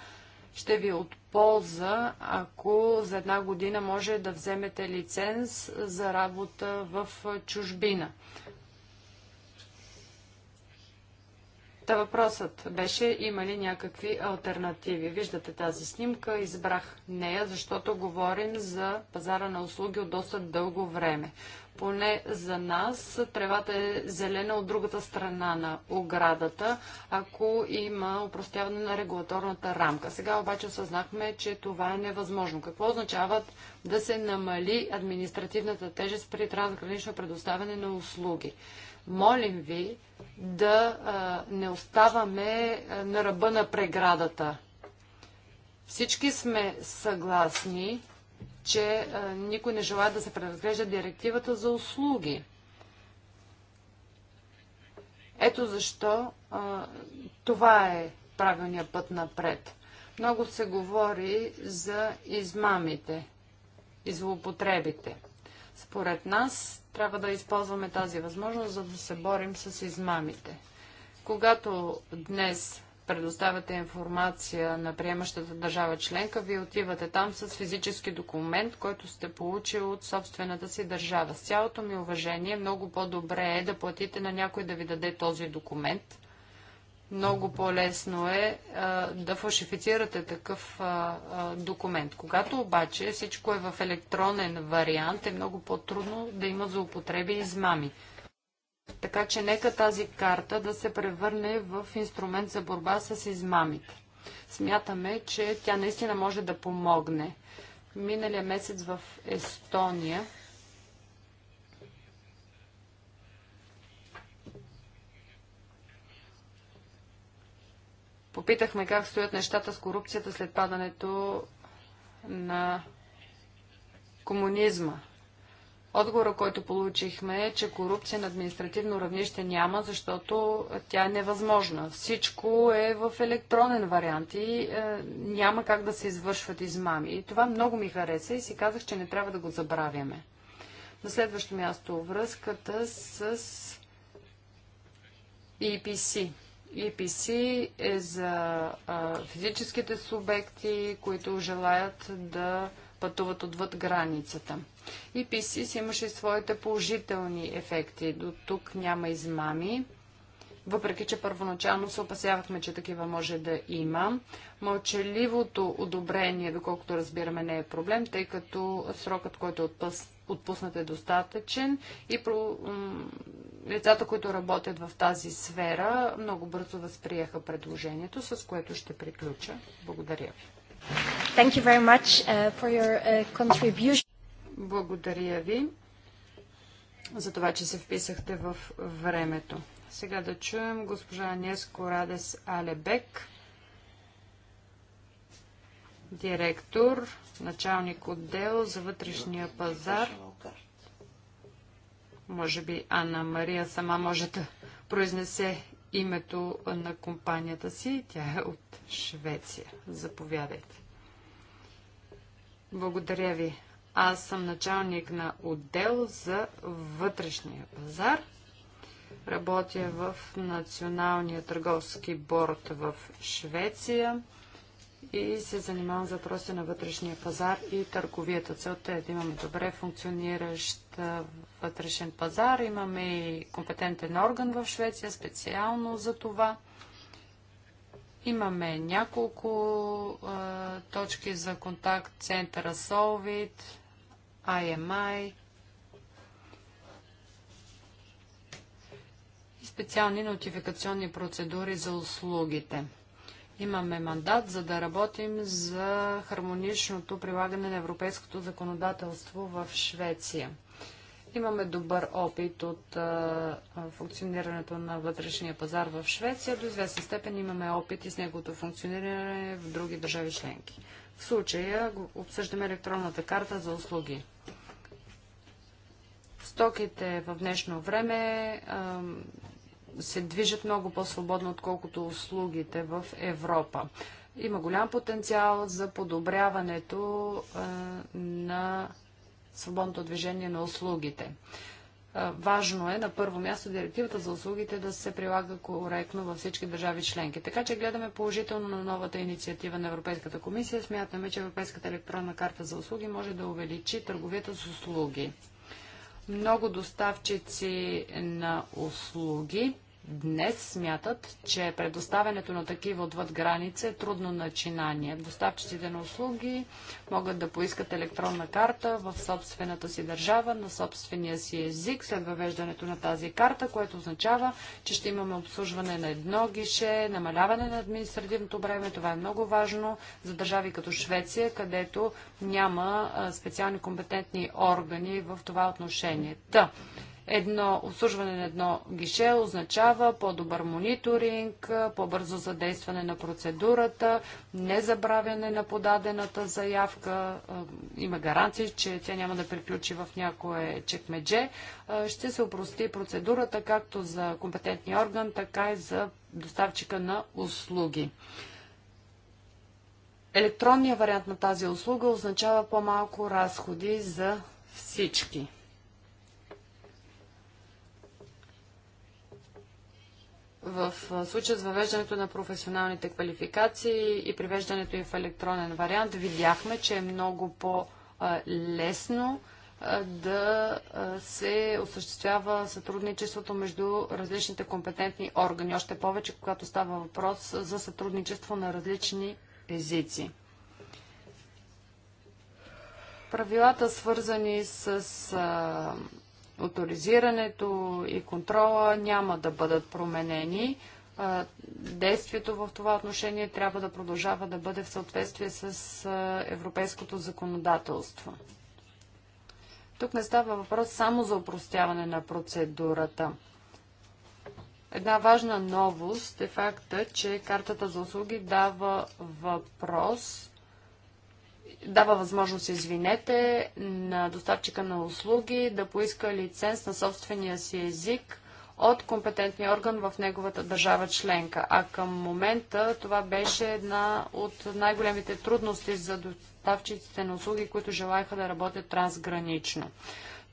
ще ви от полза, ако за една година може да вземете лиценз за работа в чужбина. Та въпросът беше има ли някакви альтернативи. Виждате тази снимка, избрах нея, защото говорим за пазара на услуги от доста дълго време. Поне за нас тревата е зелена от другата страна на оградата, ако има упростяване на регулаторната рамка. Сега обаче осъзнахме, че това е невъзможно. Какво означават да се намали административната тежест при трансгранично предоставяне на услуги? Молим ви да не оставаме на ръба на преградата. Всички сме съгласни, че никой не желая да се преразглежда директивата за услуги. Ето защо а, това е правилният път напред. Много се говори за измамите и злоупотребите. Според нас трябва да използваме тази възможност, за да се борим с измамите. Когато днес предоставяте информация на приемащата държава членка, вие отивате там с физически документ, който сте получили от собствената си държава. С цялото ми уважение, много по-добре е да платите на някой да ви даде този документ, много по-лесно е а, да фалшифицирате такъв а, а, документ. Когато обаче всичко е в електронен вариант, е много по-трудно да има злоупотреби и измами. Така че нека тази карта да се превърне в инструмент за борба с измамите. Смятаме, че тя наистина може да помогне. Миналия месец в Естония Попитахме как стоят нещата с корупцията след падането на комунизма. Отговора, който получихме е, че корупция на административно равнище няма, защото тя е невъзможна. Всичко е в електронен вариант и е, няма как да се извършват измами. И това много ми хареса и си казах, че не трябва да го забравяме. На следващо място връзката с EPC EPC е, е за а, физическите субекти, които желаят да пътуват отвъд границата. EPC си имаше и своите положителни ефекти. До тук няма измами. Въпреки, че първоначално се опасявахме, че такива може да има. Мълчаливото одобрение, доколкото разбираме, не е проблем, тъй като срокът, който е отпъст отпуснат е достатъчен и про, лицата, които работят в тази сфера, много бързо възприеха предложението, с което ще приключа. Благодаря ви. Thank you very much uh, for your uh, contribution. Благодаря ви за това, че се вписахте в времето. Сега да чуем госпожа Неско Радес Алебек директор, началник отдел за вътрешния пазар. Може би Анна Мария сама може да произнесе името на компанията си. Тя е от Швеция. Заповядайте. Благодаря ви. Аз съм началник на отдел за вътрешния пазар. Работя в Националния търговски борт в Швеция и се занимавам с въпроси на вътрешния пазар и търговията. Целта е да имаме добре функциониращ вътрешен пазар. Имаме и компетентен орган в Швеция специално за това. Имаме няколко а, точки за контакт, центъра Solvit, IMI и специални нотификационни процедури за услугите. Имаме мандат, за да работим за хармоничното прилагане на европейското законодателство в Швеция. Имаме добър опит от а, функционирането на вътрешния пазар в Швеция. До известна степен имаме опит и с неговото функциониране в други държави членки. В случая обсъждаме електронната карта за услуги. Стоките в днешно време а, се движат много по-свободно, отколкото услугите в Европа. Има голям потенциал за подобряването на свободното движение на услугите. Важно е на първо място директивата за услугите да се прилага коректно във всички държави членки. Така че гледаме положително на новата инициатива на Европейската комисия. Смятаме, че Европейската електронна карта за услуги може да увеличи търговията с услуги. Много доставчици на услуги днес смятат, че предоставянето на такива отвъд граница е трудно начинание. Доставчиците на услуги могат да поискат електронна карта в собствената си държава, на собствения си език след въвеждането на тази карта, което означава, че ще имаме обслужване на едно гише, намаляване на административното време. Това е много важно за държави като Швеция, където няма специални компетентни органи в това отношение. Та, Едно обслужване на едно гише означава по-добър мониторинг, по-бързо задействане на процедурата, незабравяне на подадената заявка. Е, има гаранции, че тя няма да приключи в някое чекмедже. Е, ще се опрости процедурата както за компетентния орган, така и за доставчика на услуги. Електронният вариант на тази услуга означава по-малко разходи за всички. в случая с въвеждането на професионалните квалификации и привеждането им в електронен вариант, видяхме, че е много по-лесно да се осъществява сътрудничеството между различните компетентни органи. Още повече, когато става въпрос за сътрудничество на различни езици. Правилата, свързани с авторизирането и контрола няма да бъдат променени. Действието в това отношение трябва да продължава да бъде в съответствие с европейското законодателство. Тук не става въпрос само за упростяване на процедурата. Една важна новост е факта, че картата за услуги дава въпрос дава възможност, извинете, на доставчика на услуги да поиска лиценз на собствения си език от компетентния орган в неговата държава членка. А към момента това беше една от най-големите трудности за доставчиците на услуги, които желаяха да работят трансгранично.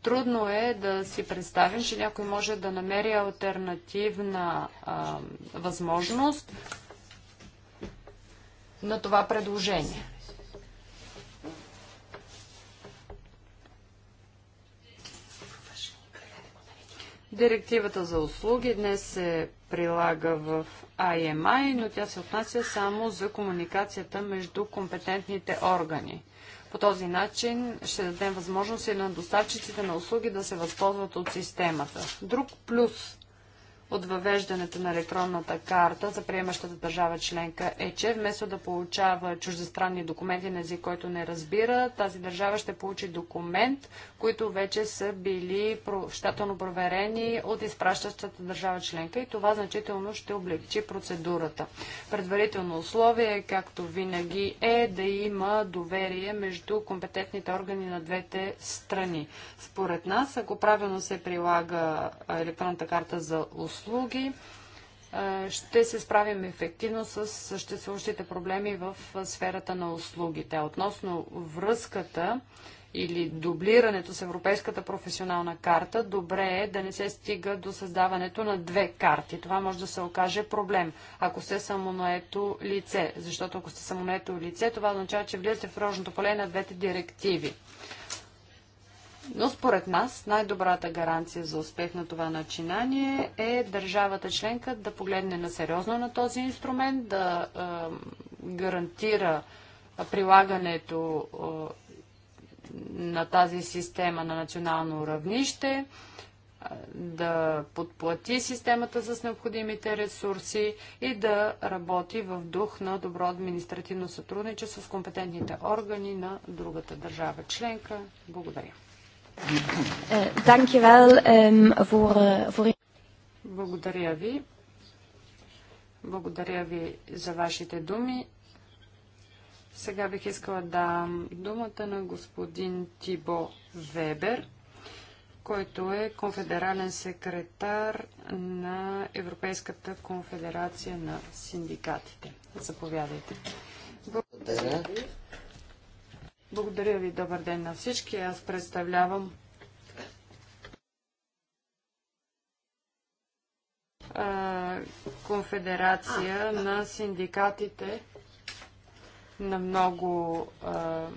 Трудно е да си представим, че някой може да намери альтернативна а, възможност на това предложение. Директивата за услуги днес се прилага в IMI, но тя се отнася само за комуникацията между компетентните органи. По този начин ще дадем възможност и на доставчиците на услуги да се възползват от системата. Друг плюс от въвеждането на електронната карта за приемащата държава членка е, че вместо да получава чуждестранни документи на език, който не разбира, тази държава ще получи документ, които вече са били щателно проверени от изпращащата държава членка и това значително ще облегчи процедурата. Предварително условие, както винаги, е да има доверие между компетентните органи на двете страни. Според нас, ако правилно се прилага електронната карта за услуги, услуги, ще се справим ефективно с съществуващите проблеми в сферата на услугите. Относно връзката или дублирането с Европейската професионална карта, добре е да не се стига до създаването на две карти. Това може да се окаже проблем, ако сте самонаето лице. Защото ако сте самонаето лице, това означава, че влизате в рожното поле на двете директиви. Но според нас най-добрата гаранция за успех на това начинание е държавата членка да погледне на сериозно на този инструмент, да е, гарантира прилагането е, на тази система на национално равнище, да подплати системата с необходимите ресурси и да работи в дух на добро административно сътрудничество с компетентните органи на другата държава членка. Благодаря. Eh, ehm, eh, Благодаря ви. Благодаря ви за вашите думи. Сега бих искала да дам думата на господин Тибо Вебер, който е конфедерален секретар на Европейската конфедерация на синдикатите. Заповядайте. Благодаря. Благодаря ви, добър ден на всички. Аз представлявам а, конфедерация на синдикатите на много а,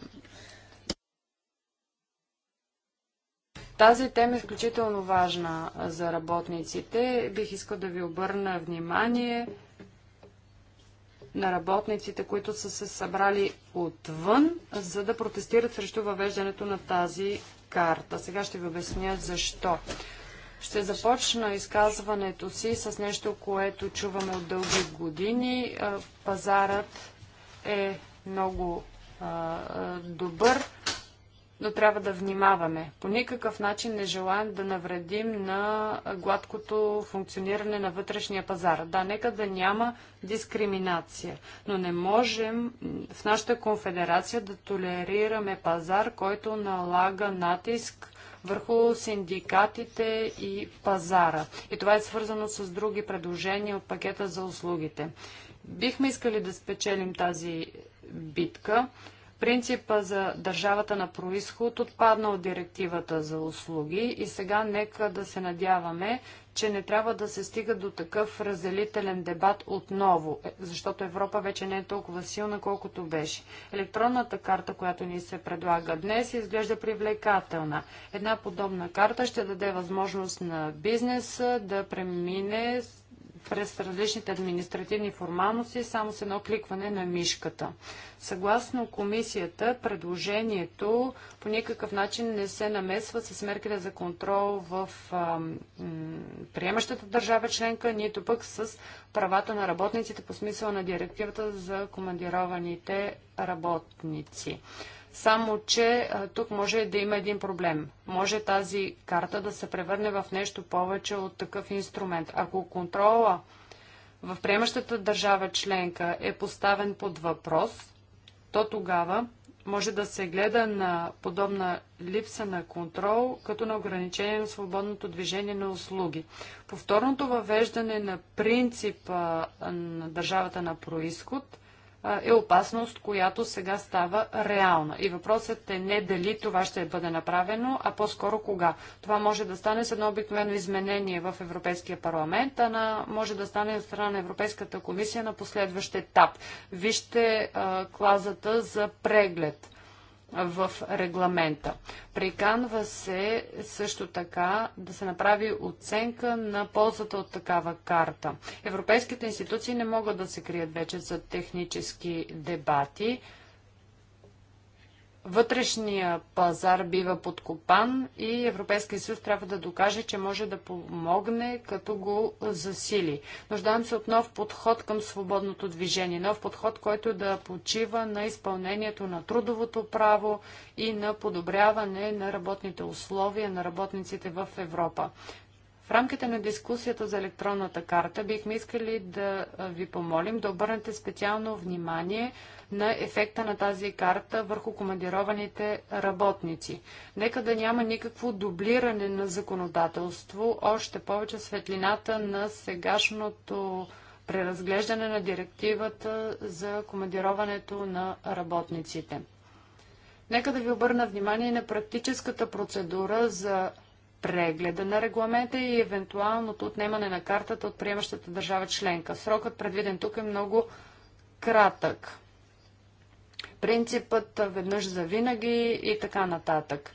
Тази тема е изключително важна за работниците. Бих искал да ви обърна внимание на работниците, които са се събрали отвън, за да протестират срещу въвеждането на тази карта. Сега ще ви обясня защо. Ще започна изказването си с нещо, което чуваме от дълги години. Пазарът е много добър но трябва да внимаваме. По никакъв начин не желаем да навредим на гладкото функциониране на вътрешния пазар. Да, нека да няма дискриминация, но не можем в нашата конфедерация да толерираме пазар, който налага натиск върху синдикатите и пазара. И това е свързано с други предложения от пакета за услугите. Бихме искали да спечелим тази битка. Принципа за държавата на происход отпадна от директивата за услуги и сега нека да се надяваме, че не трябва да се стига до такъв разделителен дебат отново, е, защото Европа вече не е толкова силна, колкото беше. Електронната карта, която ни се предлага днес, изглежда привлекателна. Една подобна карта ще даде възможност на бизнеса да премине през различните административни формалности само с едно кликване на мишката. Съгласно комисията, предложението по никакъв начин не се намесва с мерките за контрол в а, приемащата държава членка, нито пък с правата на работниците по смисъла на директивата за командированите работници. Само, че тук може да има един проблем. Може тази карта да се превърне в нещо повече от такъв инструмент. Ако контрола в приемащата държава членка е поставен под въпрос, то тогава може да се гледа на подобна липса на контрол като на ограничение на свободното движение на услуги. Повторното въвеждане на принципа на държавата на происход – е опасност, която сега става реална. И въпросът е не дали това ще бъде направено, а по-скоро кога. Това може да стане с едно обикновено изменение в Европейския парламент, а на, може да стане от страна на Европейската комисия на последващ етап. Вижте а, клазата за преглед в регламента. Приканва се също така да се направи оценка на ползата от такава карта. Европейските институции не могат да се крият вече за технически дебати вътрешния пазар бива подкопан и Европейския съюз трябва да докаже, че може да помогне, като го засили. Нуждаем се от нов подход към свободното движение, нов подход, който да почива на изпълнението на трудовото право и на подобряване на работните условия на работниците в Европа. В рамките на дискусията за електронната карта бихме искали да ви помолим да обърнете специално внимание на ефекта на тази карта върху командированите работници. Нека да няма никакво дублиране на законодателство, още повече светлината на сегашното преразглеждане на директивата за командироването на работниците. Нека да ви обърна внимание на практическата процедура за прегледа на регламента и евентуалното отнемане на картата от приемащата държава членка. Срокът предвиден тук е много кратък. Принципът веднъж за винаги и така нататък.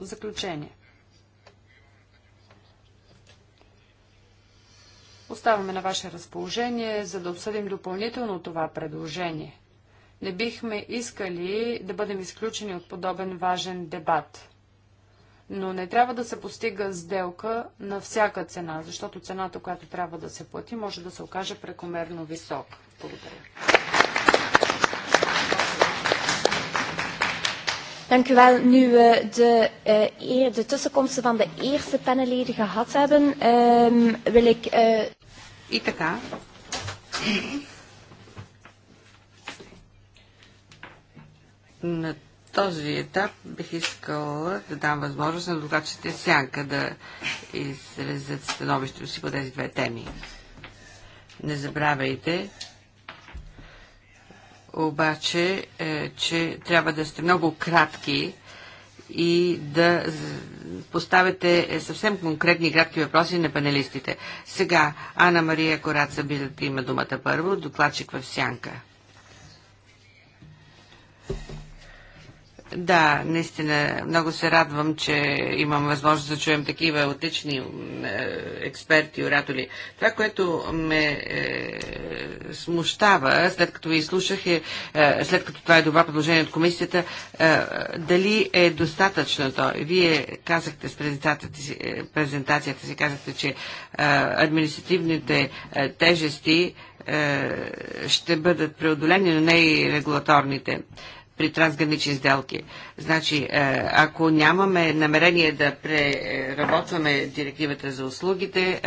Заключение. Оставаме на ваше разположение, за да обсъдим допълнително това предложение. Не бихме искали да бъдем изключени от подобен важен дебат. Но не трябва да се постига сделка на всяка цена, защото цената, която трябва да се плати, може да се окаже прекомерно висок. Благодаря. Dank u wel. Nu we eh, de, uh, de tussenkomsten van de eerste panelleden gehad hebben, um, wil ik... Uh... Eh, ik така. на този етап бих искала да дам възможност на докладчите сянка да изрезат становището си по тези две теми. Не забравяйте, обаче, е, че трябва да сте много кратки и да поставяте съвсем конкретни кратки въпроси на панелистите. Сега Анна Мария Кораца да има думата първо, докладчик в сянка. Да, наистина много се радвам, че имам възможност да чуем такива отлични е, експерти оратори. Това, което ме е, смущава, след като ви изслушах, е, е, след като това е добро предложение от комисията, е, дали е достатъчно то. Вие казахте с презентацията си, е, презентацията си казахте, че е, административните е, тежести е, ще бъдат преодолени, но не и регулаторните. Е, при трансгранични сделки. Значи, е, ако нямаме намерение да преработваме директивата за услугите,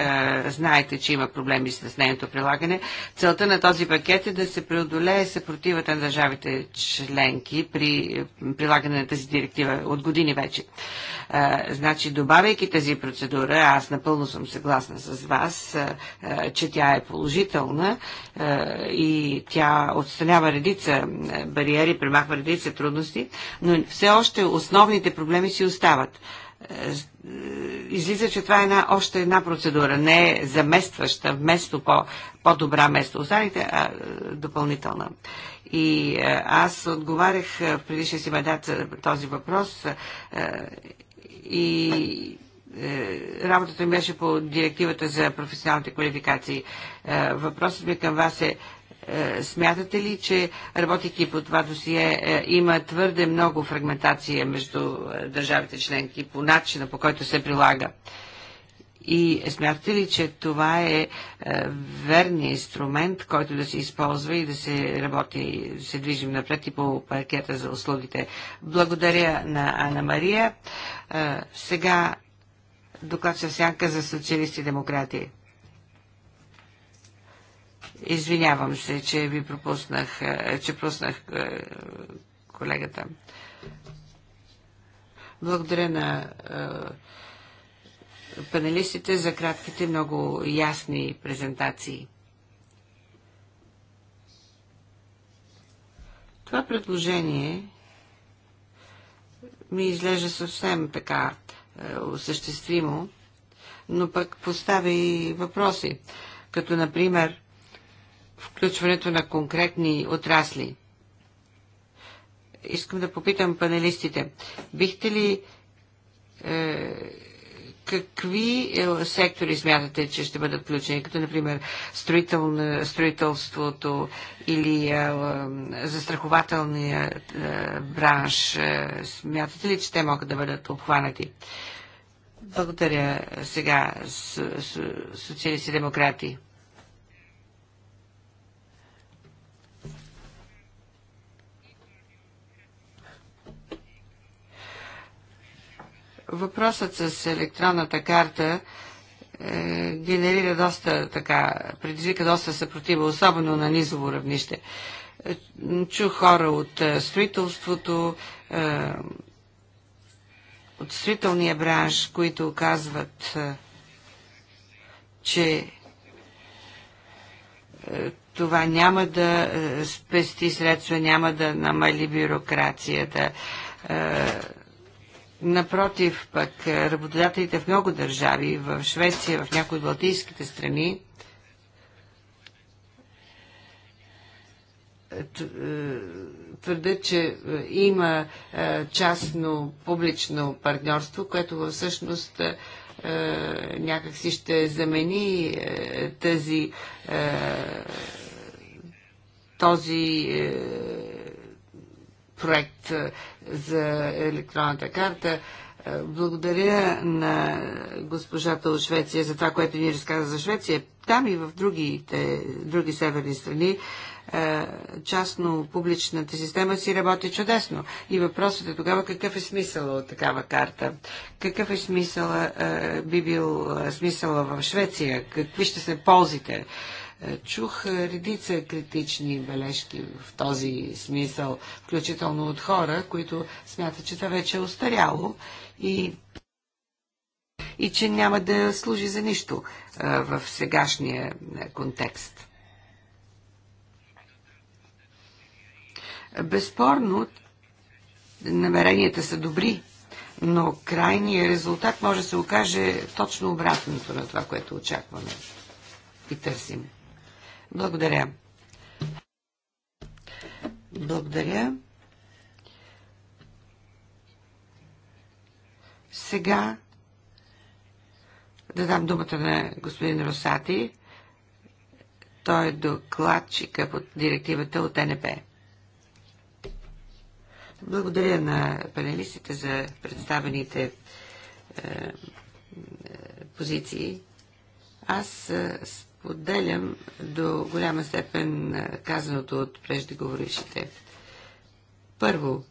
е, знаете, че има проблеми с нейното прилагане. Целта на този пакет е да се преодолее съпротивата на държавите членки при прилагане на тази директива от години вече. Е, значи, добавяйки тази процедура, аз напълно съм съгласна с вас, че тя е положителна и тя отстранява редица бариери, премахва редица трудности, но все още основните проблеми си остават. Е, е, излиза, че това е една, още една процедура, не е заместваща, вместо по, по-добра место. Останите а, е, допълнителна. И а, аз отговарях в предишния си мандат за този въпрос а, и работата ми беше по директивата за професионалните квалификации. Въпросът ми към вас е е, смятате ли, че работейки по това досие е, има твърде много фрагментация между е, държавите членки по начина по който се прилага? И смятате ли, че това е верният инструмент, който да се използва и да се работи, да се движим напред и по пакета за услугите? Благодаря на Анна Мария. Сега доклад със сянка за социалисти и демократи. Извинявам се, че ви пропуснах, е, че пуснах е, колегата. Благодаря на е, панелистите за кратките, много ясни презентации. Това предложение ми изглежда съвсем така осъществимо, но пък поставя и въпроси, като например включването на конкретни отрасли. Искам да попитам панелистите, бихте ли е, какви е, сектори смятате, че ще бъдат включени, като например строител, строителството или е, е, застрахователния е, бранш? Е, смятате ли, че те могат да бъдат обхванати? Благодаря сега, с, с, социалисти демократи. Въпросът с електронната карта е, генерира доста така, предизвика доста съпротива, особено на низово равнище. Е, чух хора от е, строителството, е, от строителния бранш, които казват, е, че това няма да спести средства, няма да намали бюрокрацията. Напротив, пък е, работодателите в много държави, в Швеция, в някои от балтийските страни, е, твърдят, че е, има частно-публично партньорство, което всъщност някакси ще замени тази този проект за електронната карта. Благодаря на госпожата от Швеция за това, което ни разказа за Швеция. Там и в другите, други северни страни частно-публичната система си работи чудесно. И въпросът е тогава какъв е смисъл от такава карта? Какъв е смисъл, би бил смисъл в Швеция? Какви ще се ползите? Чух редица критични бележки в този смисъл, включително от хора, които смятат, че това вече е устаряло и, и че няма да служи за нищо в сегашния контекст. Безспорно, намеренията са добри, но крайният резултат може да се окаже точно обратното на това, което очакваме и търсим. Благодаря. Благодаря. Сега да дам думата на господин Росати. Той е докладчика под директивата от НП. Благодаря на панелистите за представените е, е, позиции. Аз е, Подделям до голяма степен казаното от преждеговорившите. Първо,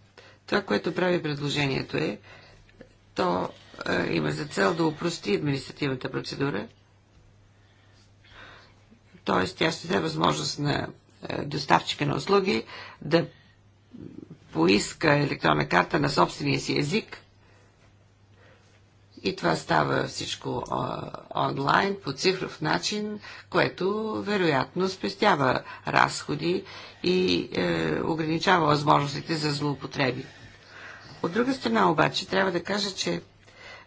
това, което прави предложението е, то е, има за цел да упрости административната процедура, т.е. тя ще даде възможност на е, доставчика на услуги да поиска електронна карта на собствения си език и това става всичко онлайн, по цифров начин, което вероятно спестява разходи и е, ограничава възможностите за злоупотреби. От друга страна обаче трябва да кажа, че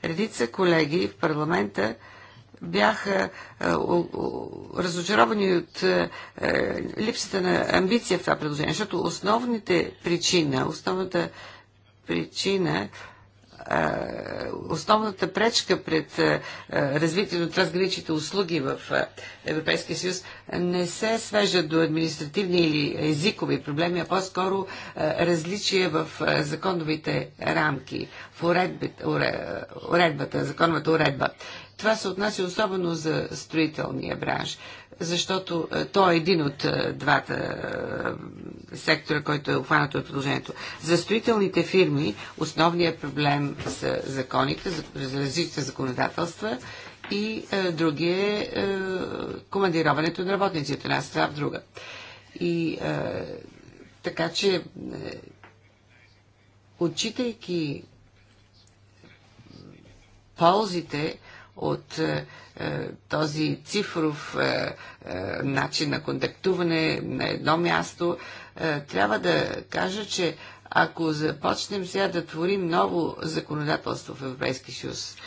редица колеги в парламента бяха е, разочаровани от е, е, липсата на амбиция в това предложение, защото основните причина, основната причина основната пречка пред развитието на трансграничните услуги в Европейския съюз не се свежда до административни или езикови проблеми, а по-скоро различия в законовите рамки, в уредбата, законовата уредба. Това се отнася особено за строителния бранш защото е, той е един от е, двата е, сектора, който е обхванат от предложението. За строителните фирми основният проблем са законите, различните законодателства и други е, командироването на работници от една страна в друга. И така че, отчитайки ползите от е, е, този цифров е, е, начин на контактуване на едно място. Трябва да кажа, че ако започнем сега да творим ново законодателство в Европейски съюз,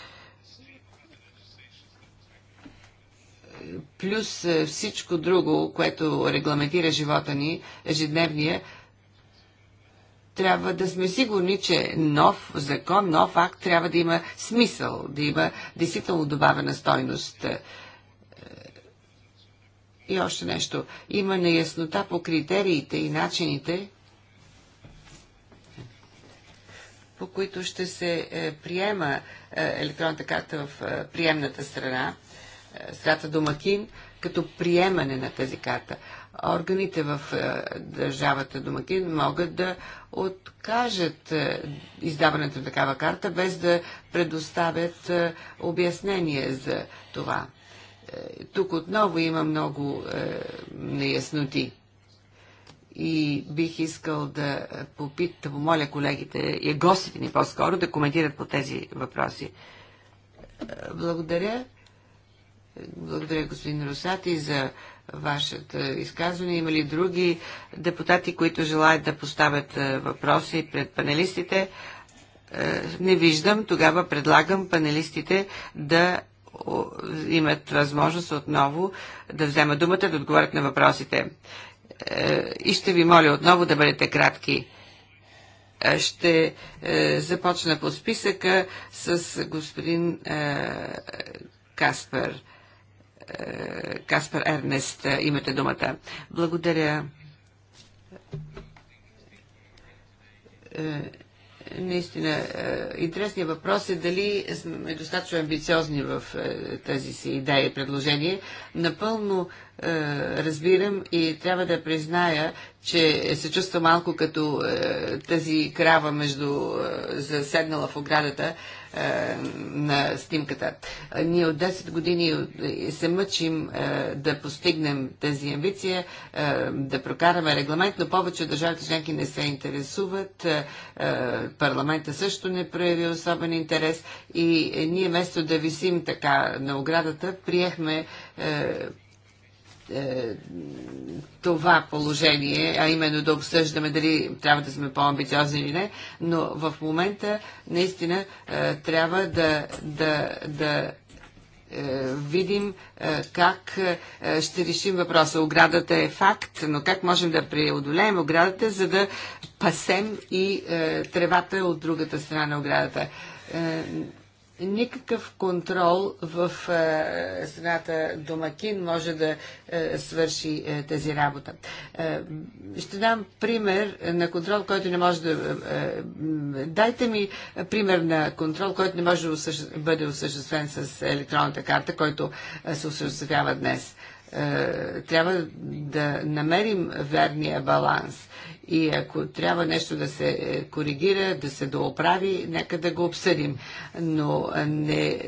плюс всичко друго, което регламентира живота ни, ежедневния, трябва да сме сигурни, че нов закон, нов акт трябва да има смисъл, да има действително добавена стойност. Е, и още нещо. Има неяснота по критериите и начините, по които ще се е, приема е, електронната карта в приемната страна, страната домакин, като приемане на тази карта органите в е, държавата домакин могат да откажат е, издаването на такава карта, без да предоставят е, обяснение за това. Тук отново има много неясноти и бих искал да попит, да помоля колегите и гостите ни по-скоро да коментират по тези въпроси. Благодаря. Благодаря господин Русати за вашето изказване. Има ли други депутати, които желаят да поставят е, въпроси пред панелистите? Е, не виждам. Тогава предлагам панелистите да имат възможност отново да вземат думата, да отговорят на въпросите. Е, и ще ви моля отново да бъдете кратки. Ще започна по списъка с господин Каспер. Каспер Ернест, имате думата. Благодаря. Е, наистина, е, интересният въпрос е дали сме достатъчно амбициозни в е, тази си идея и предложение. Напълно разбирам и трябва да призная, че се чувства малко като тази крава между заседнала в оградата, е, на снимката. Ние от 10 години се мъчим е, да постигнем тази амбиция, е, да прокараме регламент, но повече от държавите членки не се интересуват. Парламента също не прояви особен интерес и ние вместо да висим така на оградата, приехме е, това положение, а именно да обсъждаме дали трябва да сме по-амбициозни или не, но в момента наистина е, трябва да, да, да е, видим как ще решим въпроса. Оградата е факт, но как можем да преодолеем оградата, за да пасем и тревата от другата страна на оградата никакъв контрол в е, страната домакин може да е, свърши е, тази работа. Е, ще дам пример на контрол, който не може да... Е, е дайте ми пример на контрол, който не може да осъществ... бъде осъществен с електронната карта, който е, се осъществява днес. Е, трябва да намерим верния баланс. Е, и ако трябва нещо да се е, коригира, да се дооправи, нека да го обсъдим. Но не,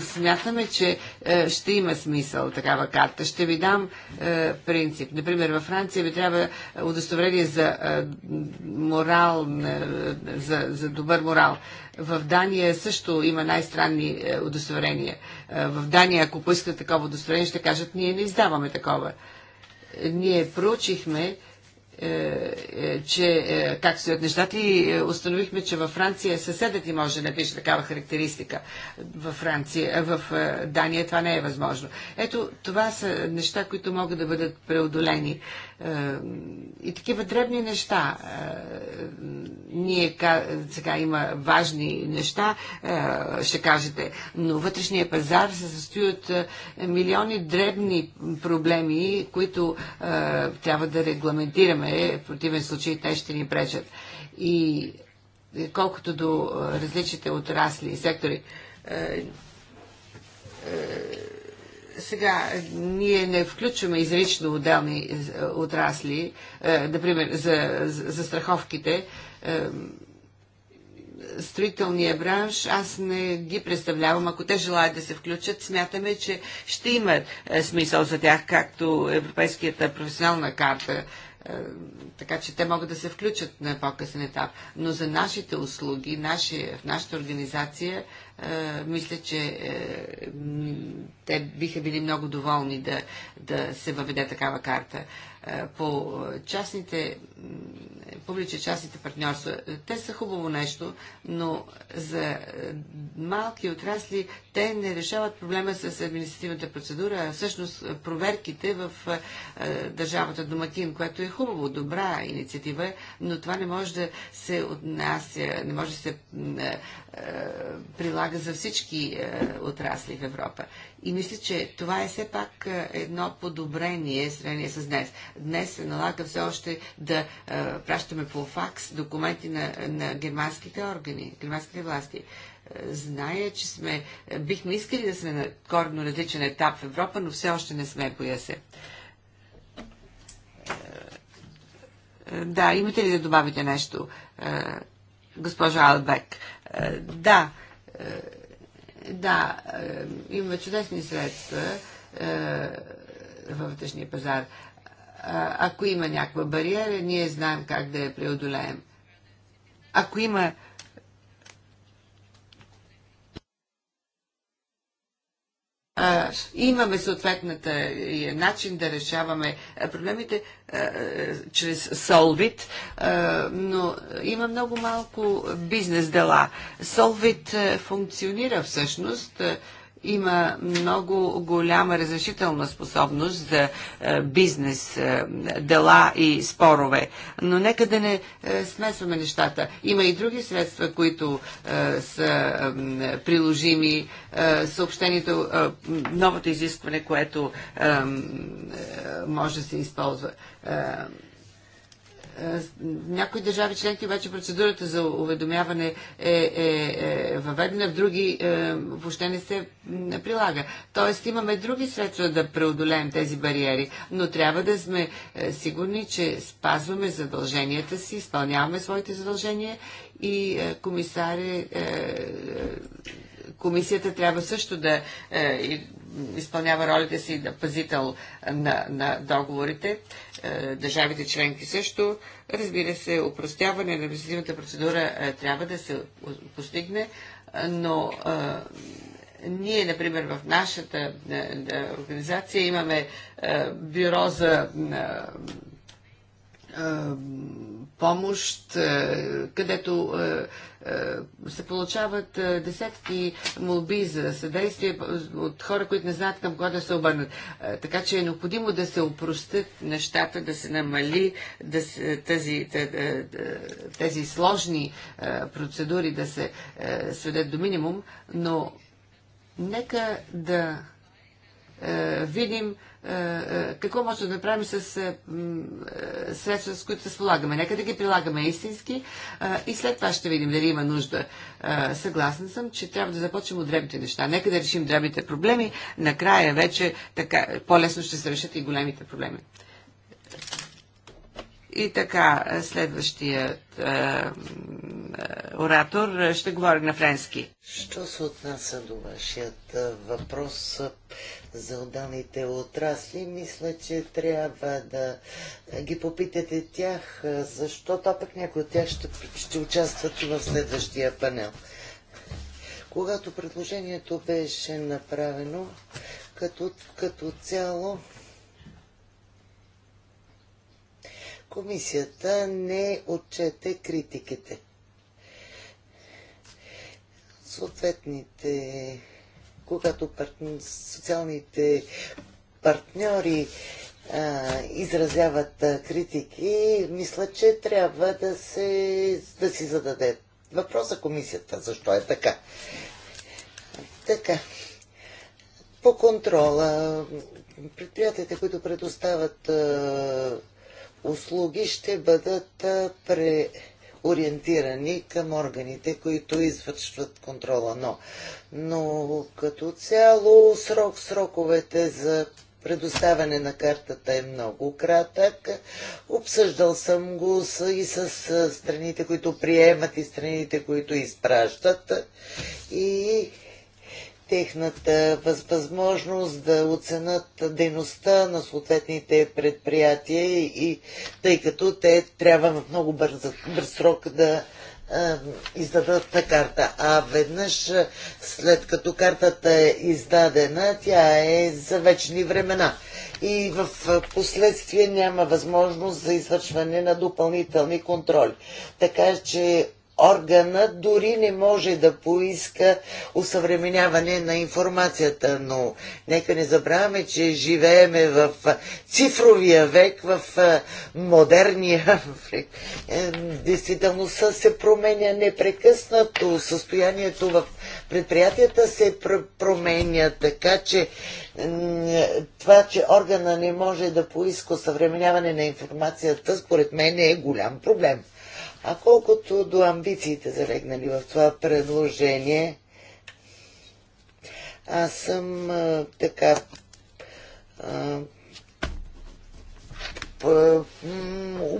смятаме, че е, ще има смисъл такава карта. Ще ви дам е, принцип. Например, във Франция ви трябва удостоверение за морал, за, за добър морал. В Дания също има най-странни удостоверения в Дания, ако поискат такова удостоверение, ще кажат, ние не издаваме такова. Ние проучихме, е, е, че е, как стоят нещата и установихме, че във Франция съседът ти може да напише такава характеристика. Във Франция, в Дания това не е възможно. Ето, това са неща, които могат да бъдат преодолени. Е, и такива дребни неща. Е, ние сега има важни неща, е, ще кажете, но вътрешния пазар се състои от милиони дребни проблеми, които трябва да регламентираме. В противен случай те ще ни пречат. И колкото до различните отрасли и сектори, сега, ние не включваме изрично отделни е, отрасли, е, например, за, за, страховките е, строителния бранш, аз не ги представлявам. Ако те желаят да се включат, смятаме, че ще има смисъл за тях, както Европейската професионална карта, така че те могат да се включат на по-късен етап. Но за нашите услуги, наши, в нашата организация, е, мисля, че е, те биха били много доволни да, да се въведе такава карта. Е, по частните, публично-частните партньорства, те са хубаво нещо, но за малки отрасли те не решават проблема с административната процедура, а всъщност проверките в държавата домакин, което е хубаво, добра инициатива, но това не може да се отнася, не може да се е, прилага за всички е, отрасли в Европа. И мисля, че това е все пак е, едно подобрение в сравнение с днес. Днес се налага все още да пращаме по факс документи на, на германските органи, германските власти зная, че сме, бихме искали да сме на корно различен етап в Европа, но все още не сме, боя се. Да, имате ли да добавите нещо? Госпожа Албек, е, да, е, да, е, има чудесни средства във вътрешния пазар. Ако има някаква бариера, ние знаем как да я преодолеем. Ако има имаме съответната е, начин да решаваме е, проблемите е, чрез Solvit, но има много малко бизнес дела. Solvit функционира всъщност има много голяма разрешителна способност за е, бизнес, е, дела и спорове. Но нека да не е, смесваме нещата. Има и други средства, които са приложими. Съобщението, новото изискване, което може да се използва е, в някои държави членки вече процедурата за уведомяване е, е, е въведена, в други е, въобще не се прилага. Тоест имаме други средства да преодолеем тези бариери, но трябва да сме е, сигурни, че спазваме задълженията си, изпълняваме своите задължения и е, комисаре Комисията трябва също да е, изпълнява ролите си да пазител на, на договорите. Е, държавите членки също. Разбира се, упростяване на административната процедура е, трябва да се постигне, но ние, например, в нашата организация имаме бюро за помощ, е, където е, е, се получават десетки молби за съдействие от хора, които не знаят към кого да се обърнат. Така че е необходимо да се опростят нещата, да се намали да се, тези, тези сложни процедури да се сведат до минимум, но нека да видим е, е, какво може да направим с е, средства, с които се сполагаме. Нека да ги прилагаме истински и след това ще видим дали има нужда. Съгласен съм, че трябва да започнем от дребните неща. Нека да решим дребните проблеми. Накрая вече така, по-лесно ще се решат и големите проблеми. И така, следващият е, е, оратор ще говори на френски. Що се отнася до вашият е, въпрос за отданите отрасли, мисля, че трябва да ги попитате тях, защото пък някои от тях ще, ще участват в следващия панел. Когато предложението беше направено, като, като цяло комисията не отчете критиките. Съответните, когато партн... социалните партньори а, изразяват а, критики, мисля, че трябва да, се, да си зададе въпроса комисията, защо е така. Така. По контрола, предприятията, които предоставят а, услуги ще бъдат преориентирани към органите, които извършват контрола. Но, но като цяло срок, сроковете за предоставяне на картата е много кратък. Обсъждал съм го и с страните, които приемат и страните, които изпращат. И техната възможност да оценят дейността на съответните предприятия и тъй като те трябва в много бърз, бърз срок да издадат на карта. А веднъж след като картата е издадена, тя е за вечни времена. И в последствие няма възможност за извършване на допълнителни контроли. Така че органа дори не може да поиска усъвременяване на информацията, но нека не забравяме, че живееме в цифровия век, в модерния век. Е, Действителността се променя непрекъснато, състоянието в предприятията се пр- променя, така че е, това, че органа не може да поиска съвременяване на информацията, според мен е голям проблем. А колкото до амбициите залегнали в това предложение, аз съм а, така а,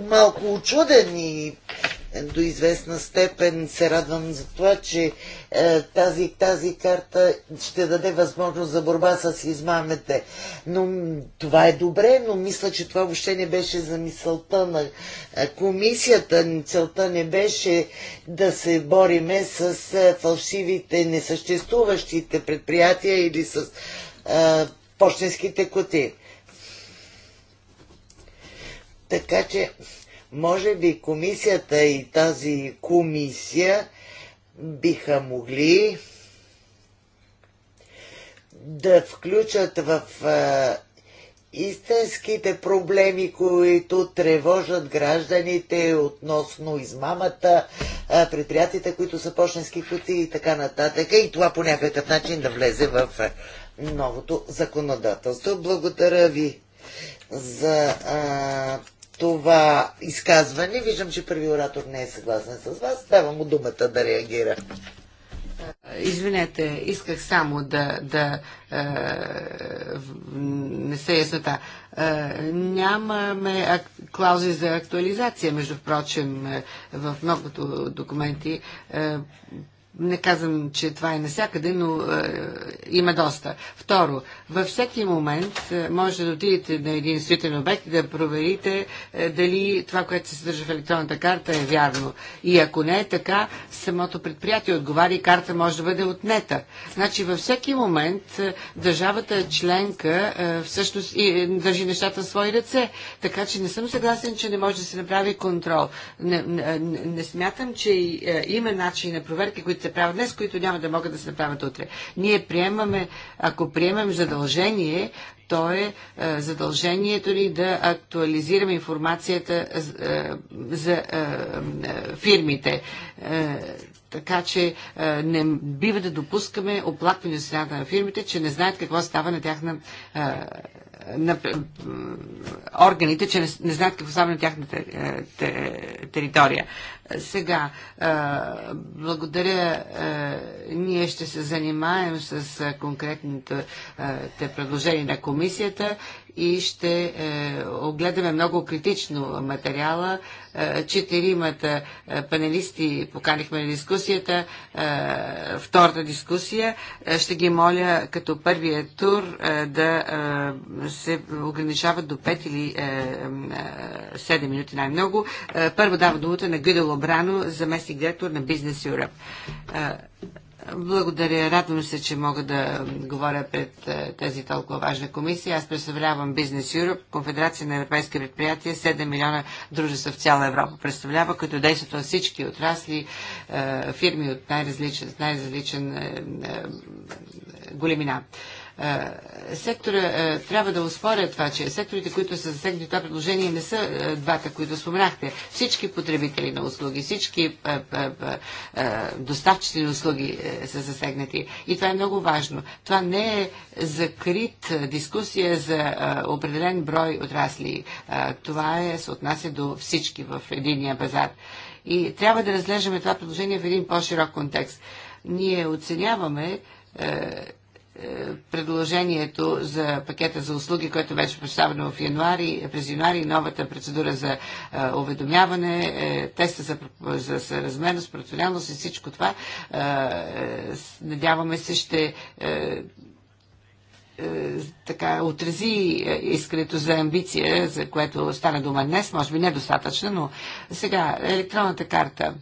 малко учуден и до известна степен се радвам за това, че е, тази, тази карта ще даде възможност за борба с измамите. Но това е добре, но мисля, че това въобще не беше за мисълта на е, комисията. Целта не беше да се бориме с е, фалшивите, несъществуващите предприятия или с е, почтенските коти. Така че може би комисията и тази комисия биха могли да включат в а, истинските проблеми, които тревожат гражданите относно измамата, а, предприятията, които са почтенски кути и така нататък. И това по някакъв начин да влезе в новото законодателство. Благодаря ви за а, това изказване. Виждам, че първи оратор не е съгласен с вас. Давам му думата да реагира. Е, извинете, исках само да, да е, не се е яснота. Е, нямаме ак, клаузи за актуализация, между прочим, е, в многото документи. Е, не казвам, че това е насякъде, но е, има доста. Второ, във всеки момент е, може да отидете на един свитен обект и да проверите е, дали това, което се съдържа в електронната карта е вярно. И ако не е така, самото предприятие отговаря и карта може да бъде отнета. Значи във всеки момент е, държавата е членка е, всъщност и, е, държи нещата в свои ръце. Така че не съм съгласен, че не може да се направи контрол. Не, не, не смятам, че е, има начин на проверки, които се правят днес, които няма да могат да се направят утре. Ние приемаме, ако приемем задължение, то е, е задължението ни да актуализираме информацията е, за е, фирмите. Така че не бива да допускаме оплакване от страната на фирмите, че не знаят какво става на тяхна на органите, че не, не знаят какво става на тяхната те, те, територия. Сега, е, благодаря, е, ние ще се занимаем с е, конкретните е, предложения на комисията и ще е, огледаме много критично материала. Е, четиримата е, панелисти поканихме на дискусията, е, втората дискусия. Е, ще ги моля като първия тур е, да е, се ограничават до 5 или е, е, 7 минути най-много. Е, първо дава думата на Гидо Лобрано, заместник директор на Бизнес Юръп. Е, благодаря. Радвам се, че мога да говоря пред е, тази толкова важна комисия. Аз представлявам Бизнес Юроп, Конфедерация на европейски предприятия, 7 милиона дружества в цяла Европа представлява, като действат във всички отрасли, е, фирми от най-различен, най-различен е, големина. Сектора трябва да успоря това, че секторите, които са засегнати това предложение, не са двата, които споменахте. Всички потребители на услуги, всички доставчици на услуги са засегнати. И това е много важно. Това не е закрит дискусия за определен брой отрасли. Това е, се отнася до всички в единия базар. И трябва да разглеждаме това предложение в един по-широк контекст. Ние оценяваме е, предложението за пакета за услуги, което беше представено в януари, през януари, новата процедура за е, уведомяване, е, теста за, за съразмерност, професионалност и всичко това, надяваме се, ще така отрази искането за амбиция, за което стана дума днес, може би недостатъчно, но сега електронната карта.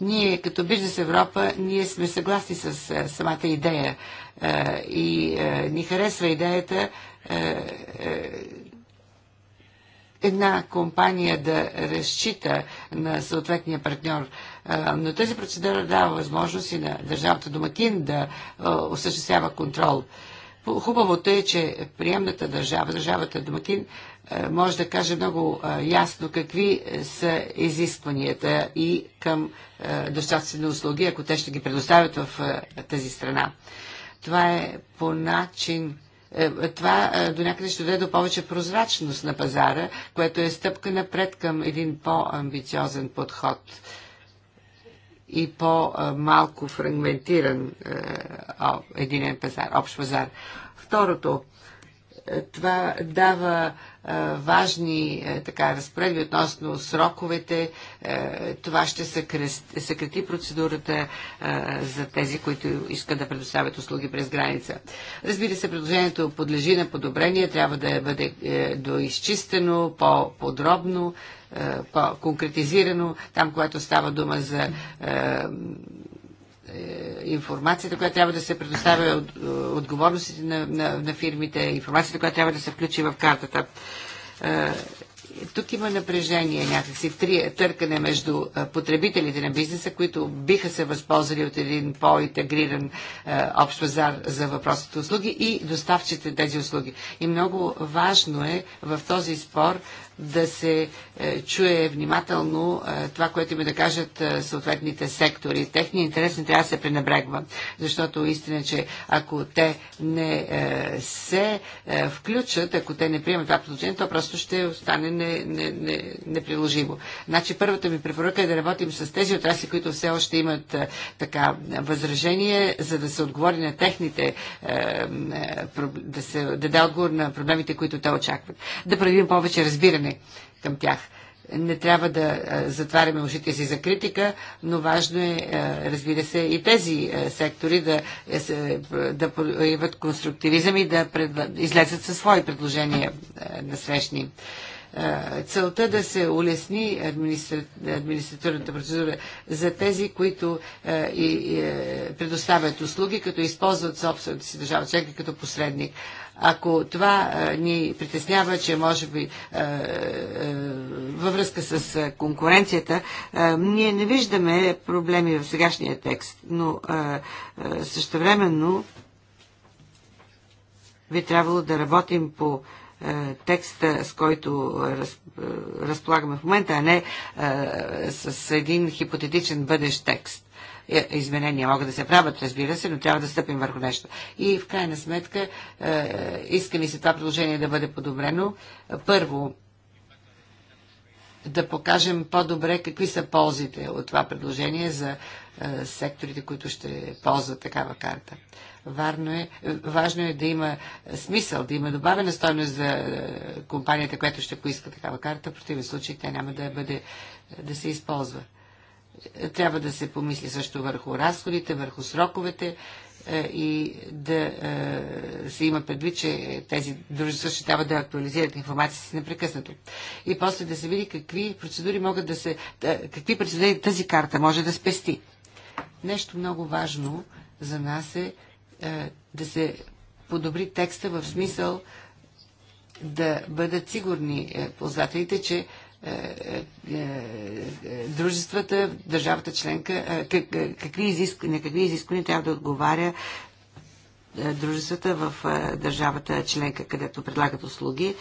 Ние като Бизнес Европа, ние сме съгласни с самата идея е, и е, ни харесва идеята е, една компания да разчита на съответния партньор. Но тази процедура дава възможност и на държавата домакин да осъществява контрол. Хубавото е, че приемната държава, държавата домакин, може да каже много ясно какви са изискванията и към доставци на услуги, ако те ще ги предоставят в тази страна. Това е по начин, е, това е, до някъде ще даде до повече прозрачност на пазара, което е стъпка напред към един по-амбициозен подход и по-малко фрагментиран е, единен пазар, общ пазар. Второто, това дава важни е, така, разпоредби относно сроковете. Е, това ще съкрати процедурата е, за тези, които искат да предоставят услуги през граница. Разбира се, предложението подлежи на подобрение, трябва да бъде доизчистено по-подробно, по-конкретизирано, там, което става дума за е, информацията, която трябва да се предоставя от отговорностите на, на, на фирмите, информацията, която трябва да се включи в картата. Е, тук има напрежение някакси, три, търкане между е, потребителите на бизнеса, които биха се възползвали от един по-интегриран общ пазар за въпросите услуги и доставчите тези услуги. И много важно е в този спор да се е, чуе внимателно е, това, което ми да кажат е, съответните сектори. Техният интерес не трябва да се пренебрегва, защото истина, че ако те не се включат, ако те не приемат това предложение, то просто ще остане неприложимо. Не, не, не значи първата ми препоръка е да работим с тези отрасли, които все още имат така възражение, за да се отговори на техните, да се да даде отговор на проблемите, които те очакват. Да проявим повече разбиране към тях. Не трябва да е, затваряме ушите си за критика, но важно е, е разбира се, и тези е, сектори да, да проявят конструктивизъм и да излезат със свои предложения на срещни целта да се улесни администра... административната процедура за тези, които е, предоставят услуги, като използват собствената си държава членка като посредник. Ако това ни притеснява, че може би във връзка с конкуренцията, ние не виждаме проблеми в сегашния текст, но същевременно би трябвало да работим по текста, с който разполагаме в момента, а не с един хипотетичен бъдещ текст. Е, изменения могат да се правят, разбира се, но трябва да стъпим върху нещо. И в крайна сметка е, иска ми се това предложение да бъде подобрено. Първо, да покажем по-добре какви са ползите от това предложение за е, секторите, които ще ползват такава карта. Варно е, важно е да има смисъл, да има добавена стойност за компанията, която ще поиска такава карта. В противен случай тя няма да, бъде, да се използва. Трябва да се помисли също върху разходите, върху сроковете е, и да е, се има предвид, че тези дружества ще трябва да актуализират информацията си непрекъснато. И после да се види какви процедури могат да се. Е, какви процедури тази карта може да спести. Нещо много важно за нас е да се подобри текста в смисъл да бъдат сигурни ползвателите, че дружествата, държавата членка, какви изисквания, какви изисквания трябва да отговаря дружествата в държавата членка, където предлагат услуги.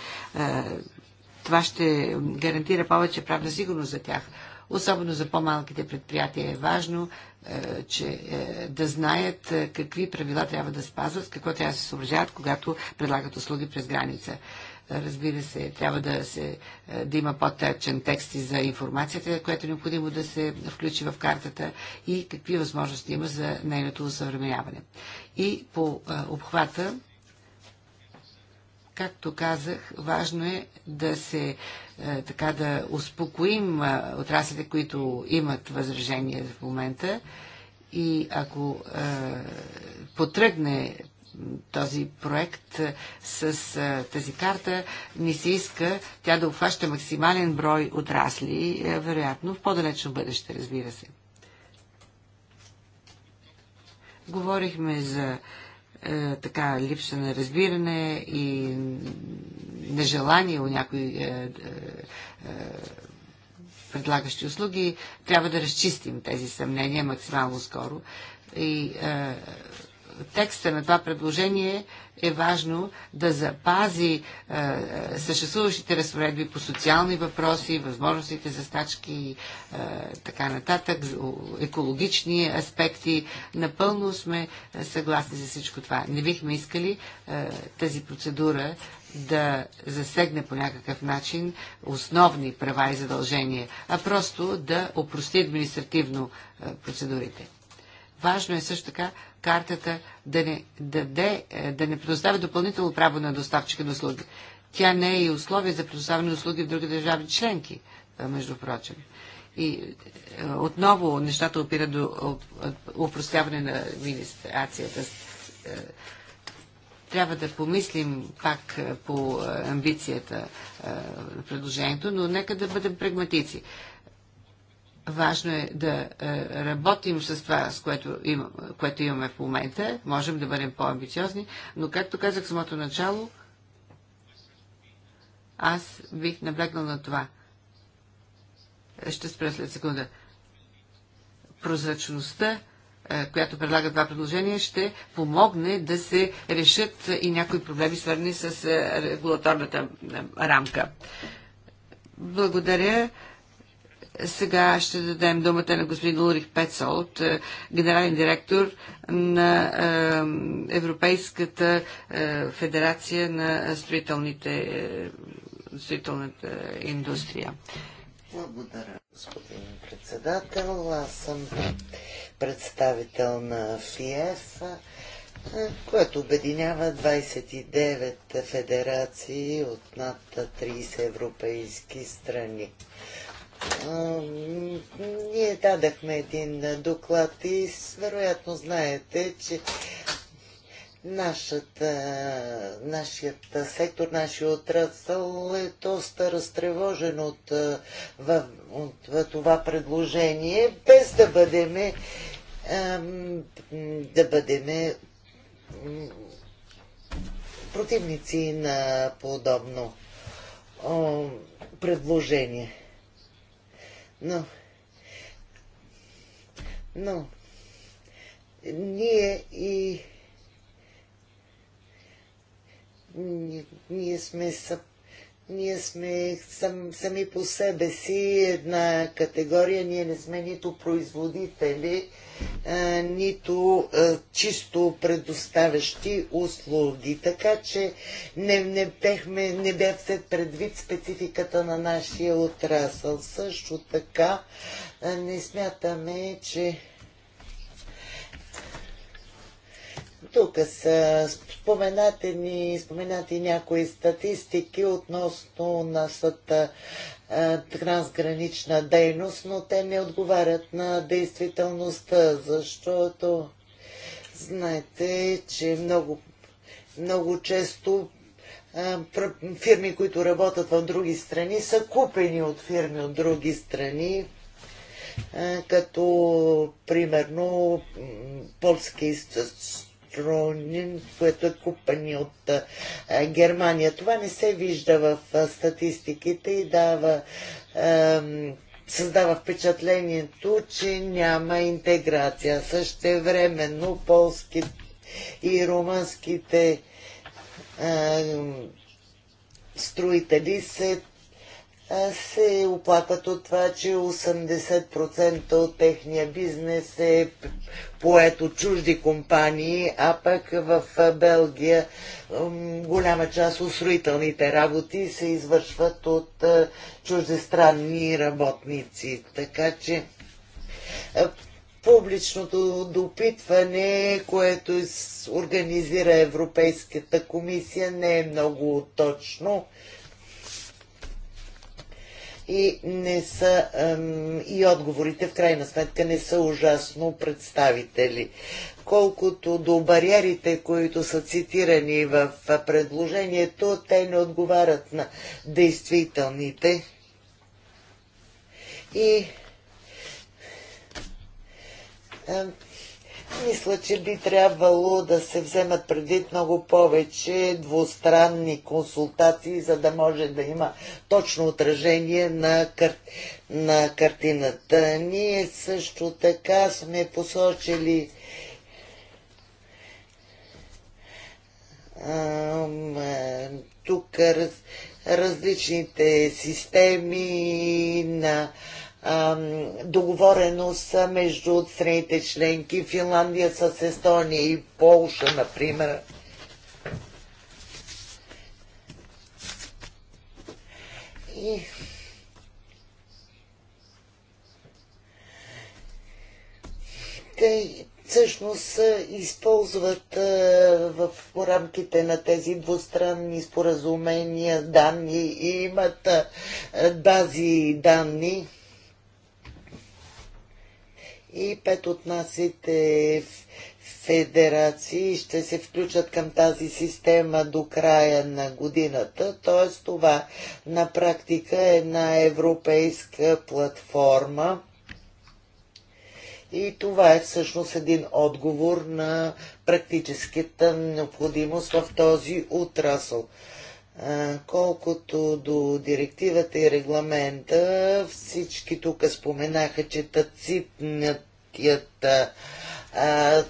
Това ще гарантира повече правна сигурност за тях. Особено за по-малките предприятия е важно че, да знаят какви правила трябва да спазват, какво трябва да се съобразяват, когато предлагат услуги през граница. Разбира се, трябва да, се, е, да има по-течен текст и за информацията, която е необходимо да се включи в картата и какви възможности има за нейното усъвременяване. И по е, обхвата, както казах, важно е да се е, така да успокоим отраслите, които имат възражения в момента и ако е, потръгне този проект е, с е, тази карта ни се иска тя да обхваща максимален брой отрасли, е, вероятно в по-далечно бъдеще, разбира се. Говорихме за а, така липса на разбиране и нежелание у някои предлагащи услуги. Трябва да разчистим тези съмнения максимално скоро. И а, текста на това предложение е важно да запази е, съществуващите разпоредби по социални въпроси, възможностите за стачки и е, така нататък, екологични аспекти. Напълно сме е, съгласни за всичко това. Не бихме искали е, тази процедура да засегне по някакъв начин основни права и задължения, а просто да опрости административно е, процедурите. Важно е също така картата да не, даде, е, да не предоставя допълнително право на доставчика на услуги. Тя не е и условие за предоставяне на услуги в други държави членки, е, между прочим. И е, отново нещата опират до упростяване на администрацията. Трябва да помислим пак по амбицията на предложението, но нека да бъдем прагматици. Важно е да е, работим с това, с което, има, което имаме в момента. Можем да бъдем по-амбициозни, но както казах в самото начало, аз бих наблегнал на това. Ще спра след секунда. Прозрачността, е, която предлага това предложение, ще помогне да се решат и някои проблеми, свързани с е, регулаторната рамка. Благодаря. Сега ще дадем думата на господин Лурих от е, генерален директор на е, Европейската е, федерация на строителните, строителната индустрия. Благодаря, господин председател. Аз съм представител на ФИЕФ, което обединява 29 федерации от над 30 европейски страни ние дадахме един доклад и вероятно знаете, че нашата, нашият сектор, нашия отрасъл е доста разтревожен от, от, от това предложение, без да бъдеме да бъдеме противници на подобно предложение. Но, но, ние и ние сме съп ние сме сам, сами по себе си една категория. Ние не сме нито производители, а, нито а, чисто предоставящи услуги. Така че не, не, бехме, не бях се предвид спецификата на нашия отрасъл. Също така а, не смятаме, че Тук са споменати, ни, споменати някои статистики относно нашата трансгранична дейност, но те не отговарят на действителността, защото знаете, че много, много често фирми, които работят в други страни, са купени от фирми от други страни, като примерно полски електронин, което е купани от Германия. Това не се вижда в статистиките и дава създава впечатлението, че няма интеграция. времено полски и румънските строители се се оплакват от това, че 80% от техния бизнес е поет от чужди компании, а пък в Белгия голяма част от строителните работи се извършват от чуждестранни работници. Така че публичното допитване, което организира Европейската комисия, не е много точно и не са и отговорите в крайна сметка не са ужасно представители. Колкото до бариерите, които са цитирани в предложението, те не отговарят на действителните. И мисля, че би трябвало да се вземат предвид много повече двустранни консултации, за да може да има точно отражение на, кар... на картината. Ние също така сме посочили ам, е, тук раз... различните системи на договореност между страните членки, Финландия с Естония и Полша, например. И... Те всъщност използват в рамките на тези двустранни споразумения данни и имат бази данни и пет от нашите федерации ще се включат към тази система до края на годината. Т.е. това на практика е една европейска платформа и това е всъщност един отговор на практическата необходимост в този отрасъл. Колкото до директивата и регламента, всички тук споменаха, че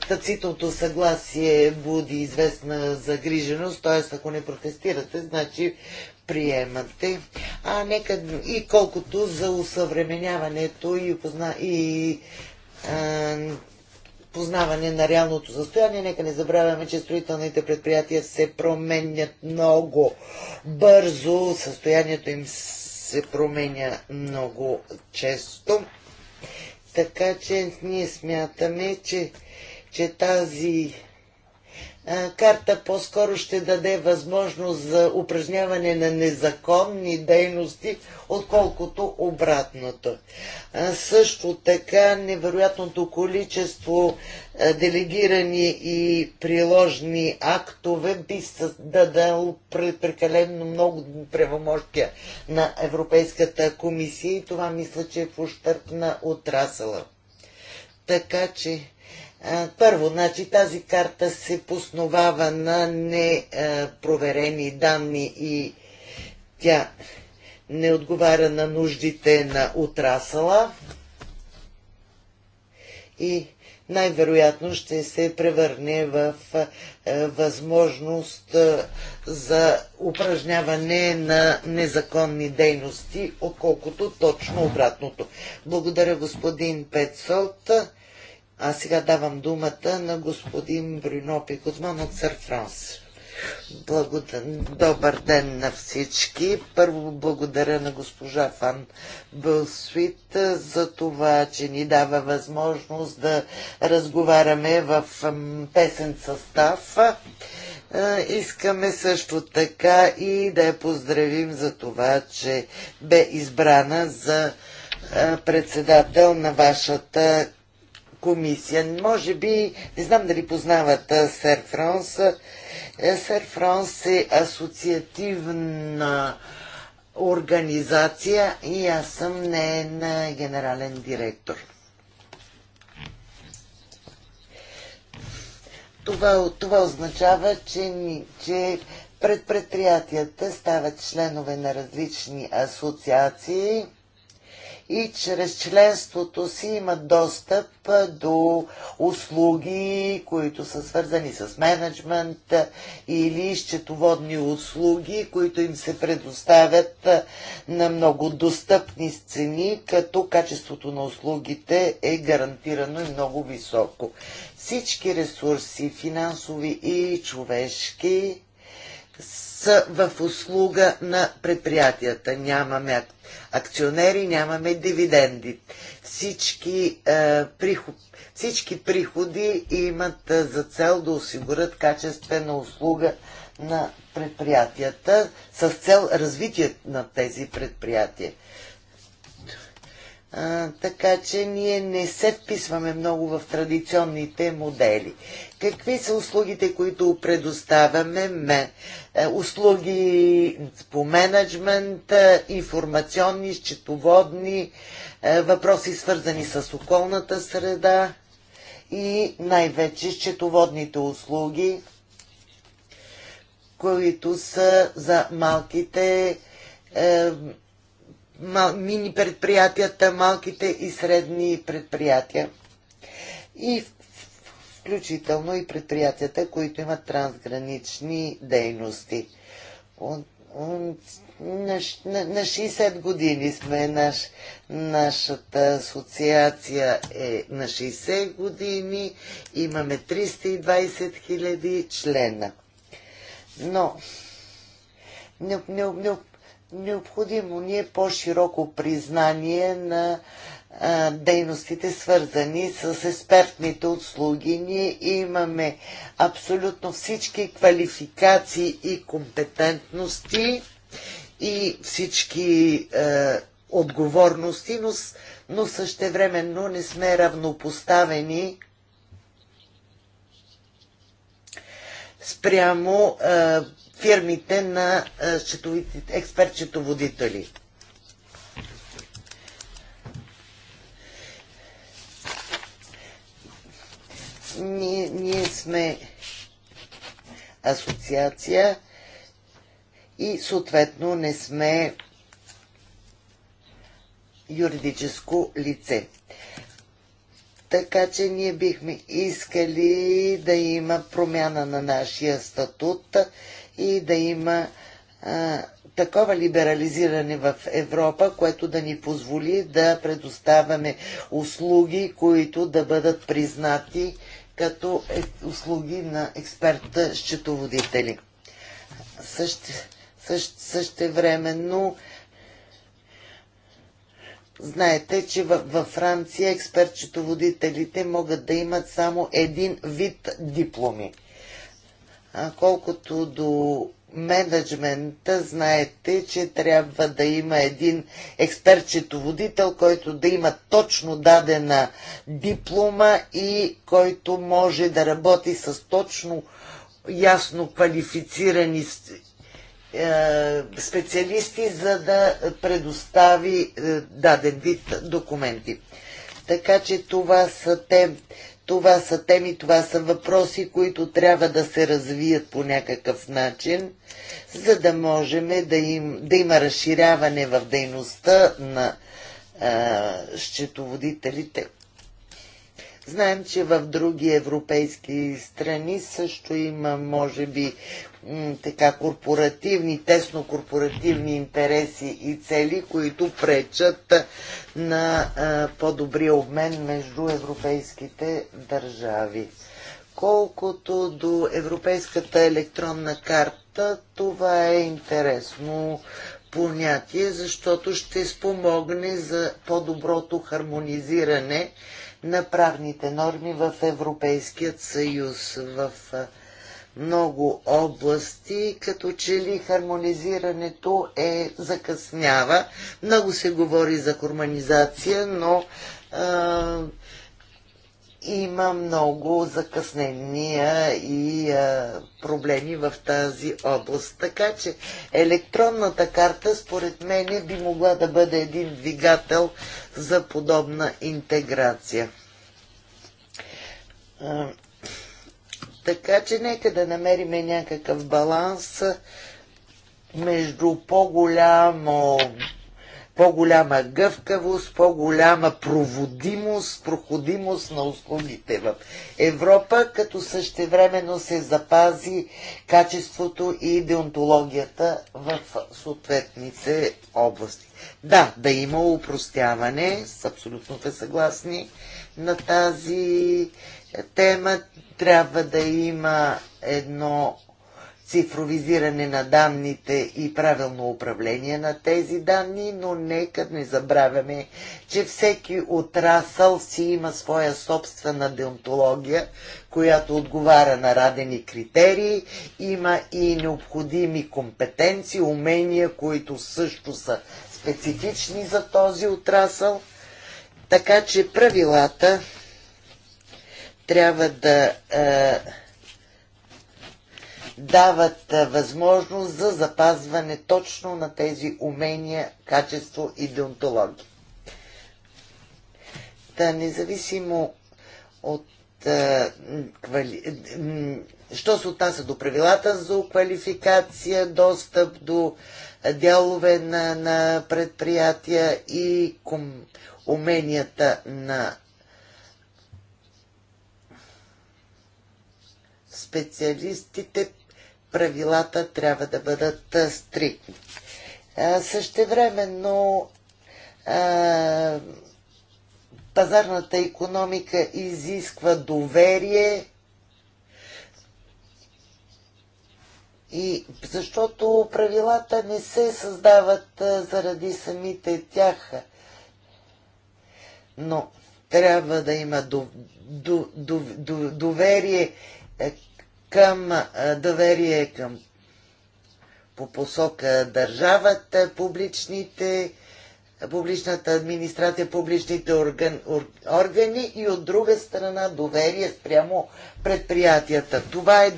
тацитното съгласие буди известна загриженост, т.е. ако не протестирате, значи приемате. А нека и колкото за усъвременяването и, опозна... и а, познаване на реалното състояние. Нека не забравяме, че строителните предприятия се променят много бързо, състоянието им се променя много често. Така че ние смятаме, че, че тази карта по-скоро ще даде възможност за упражняване на незаконни дейности, отколкото обратното. Също така невероятното количество делегирани и приложни актове би дадал прекалено много правомощия на Европейската комисия и това мисля, че е в ущърп на отрасъла. Така че първо, значи тази карта се поснувава на непроверени данни и тя не отговаря на нуждите на отрасала и най-вероятно ще се превърне в възможност за упражняване на незаконни дейности, отколкото точно обратното. Благодаря господин Петсолт. А сега давам думата на господин Брюно Пикозман от Сър Франс. Благодар... Добър ден на всички. Първо благодаря на госпожа Фан Бълсвит за това, че ни дава възможност да разговаряме в песен състав. Искаме също така и да я поздравим за това, че бе избрана за председател на вашата комисия. Може би, не знам дали познават Сер Франс. Сер Франс е асоциативна организация и аз съм не на генерален директор. Това, това означава, че, че пред предприятията стават членове на различни асоциации – и чрез членството си имат достъп до услуги, които са свързани с менеджмент или счетоводни услуги, които им се предоставят на много достъпни цени, като качеството на услугите е гарантирано и много високо. Всички ресурси, финансови и човешки, са в услуга на предприятията. Нямаме акционери, нямаме дивиденди. Всички, е, приход, всички приходи имат е, за цел да осигурят качествена услуга на предприятията с цел развитие на тези предприятия. А, така че ние не се вписваме много в традиционните модели. Какви са услугите, които предоставяме? Ме, е, услуги по менеджмент, е, информационни, счетоводни, е, въпроси свързани с околната среда и най-вече счетоводните услуги, които са за малките мини предприятията, малките и средни предприятия. И включително и предприятията, които имат трансгранични дейности. На, на 60 години сме. Наш, нашата асоциация е на 60 години. Имаме 320 хиляди члена. Но не, не, не, необходимо ни е по-широко признание на дейностите, свързани с експертните услуги. Ние имаме абсолютно всички квалификации и компетентности и всички е, отговорности, но, но същевременно не сме равнопоставени спрямо е, фирмите на експерт-четоводители. Ние, ние сме асоциация и съответно не сме юридическо лице. Така че ние бихме искали да има промяна на нашия статут и да има а, такова либерализиране в Европа, което да ни позволи да предоставяме услуги, които да бъдат признати като е, услуги на експерта счетоводители. Също, също, същевременно знаете, че във, във Франция експерт-счетоводителите могат да имат само един вид дипломи. Колкото до менеджмента, знаете, че трябва да има един експерт-четоводител, който да има точно дадена диплома и който може да работи с точно ясно квалифицирани е, специалисти, за да предостави е, даден вид документи. Така че това са те, това са теми, това са въпроси, които трябва да се развият по някакъв начин, за да можем да, им, да има разширяване в дейността на а, счетоводителите. Знаем, че в други европейски страни също има, може би, така корпоративни, тесно корпоративни интереси и цели, които пречат на по-добрия обмен между европейските държави. Колкото до европейската електронна карта, това е интересно понятие, защото ще спомогне за по-доброто хармонизиране на правните норми в Европейският съюз. В много области, като че ли хармонизирането е закъснява. Много се говори за хармонизация, но а, има много закъснения и а, проблеми в тази област. Така че електронната карта, според мен, би могла да бъде един двигател за подобна интеграция. Така че нека да намериме някакъв баланс между по-голямо по-голяма гъвкавост, по-голяма проводимост, проходимост на услугите в Европа, като същевременно се запази качеството и деонтологията в съответните области. Да, да има упростяване, с абсолютно те съгласни на тази тема трябва да има едно цифровизиране на данните и правилно управление на тези данни, но нека не забравяме, че всеки отрасъл си има своя собствена деонтология, която отговаря на радени критерии, има и необходими компетенции, умения, които също са специфични за този отрасъл. Така че правилата трябва да е, дават е, възможност за запазване точно на тези умения, качество и деонтологи. Та независимо от е, квали... що се отнася до правилата за квалификация, достъп до е, дялове на, на предприятия и ком... уменията на специалистите правилата трябва да бъдат стрикни. Същевременно а, пазарната економика изисква доверие и защото правилата не се създават заради самите тях. Но трябва да има до, до, до, доверие към доверие към по посока държавата, публичните, публичната администрация, публичните орган, органи и от друга страна доверие спрямо предприятията. Това е,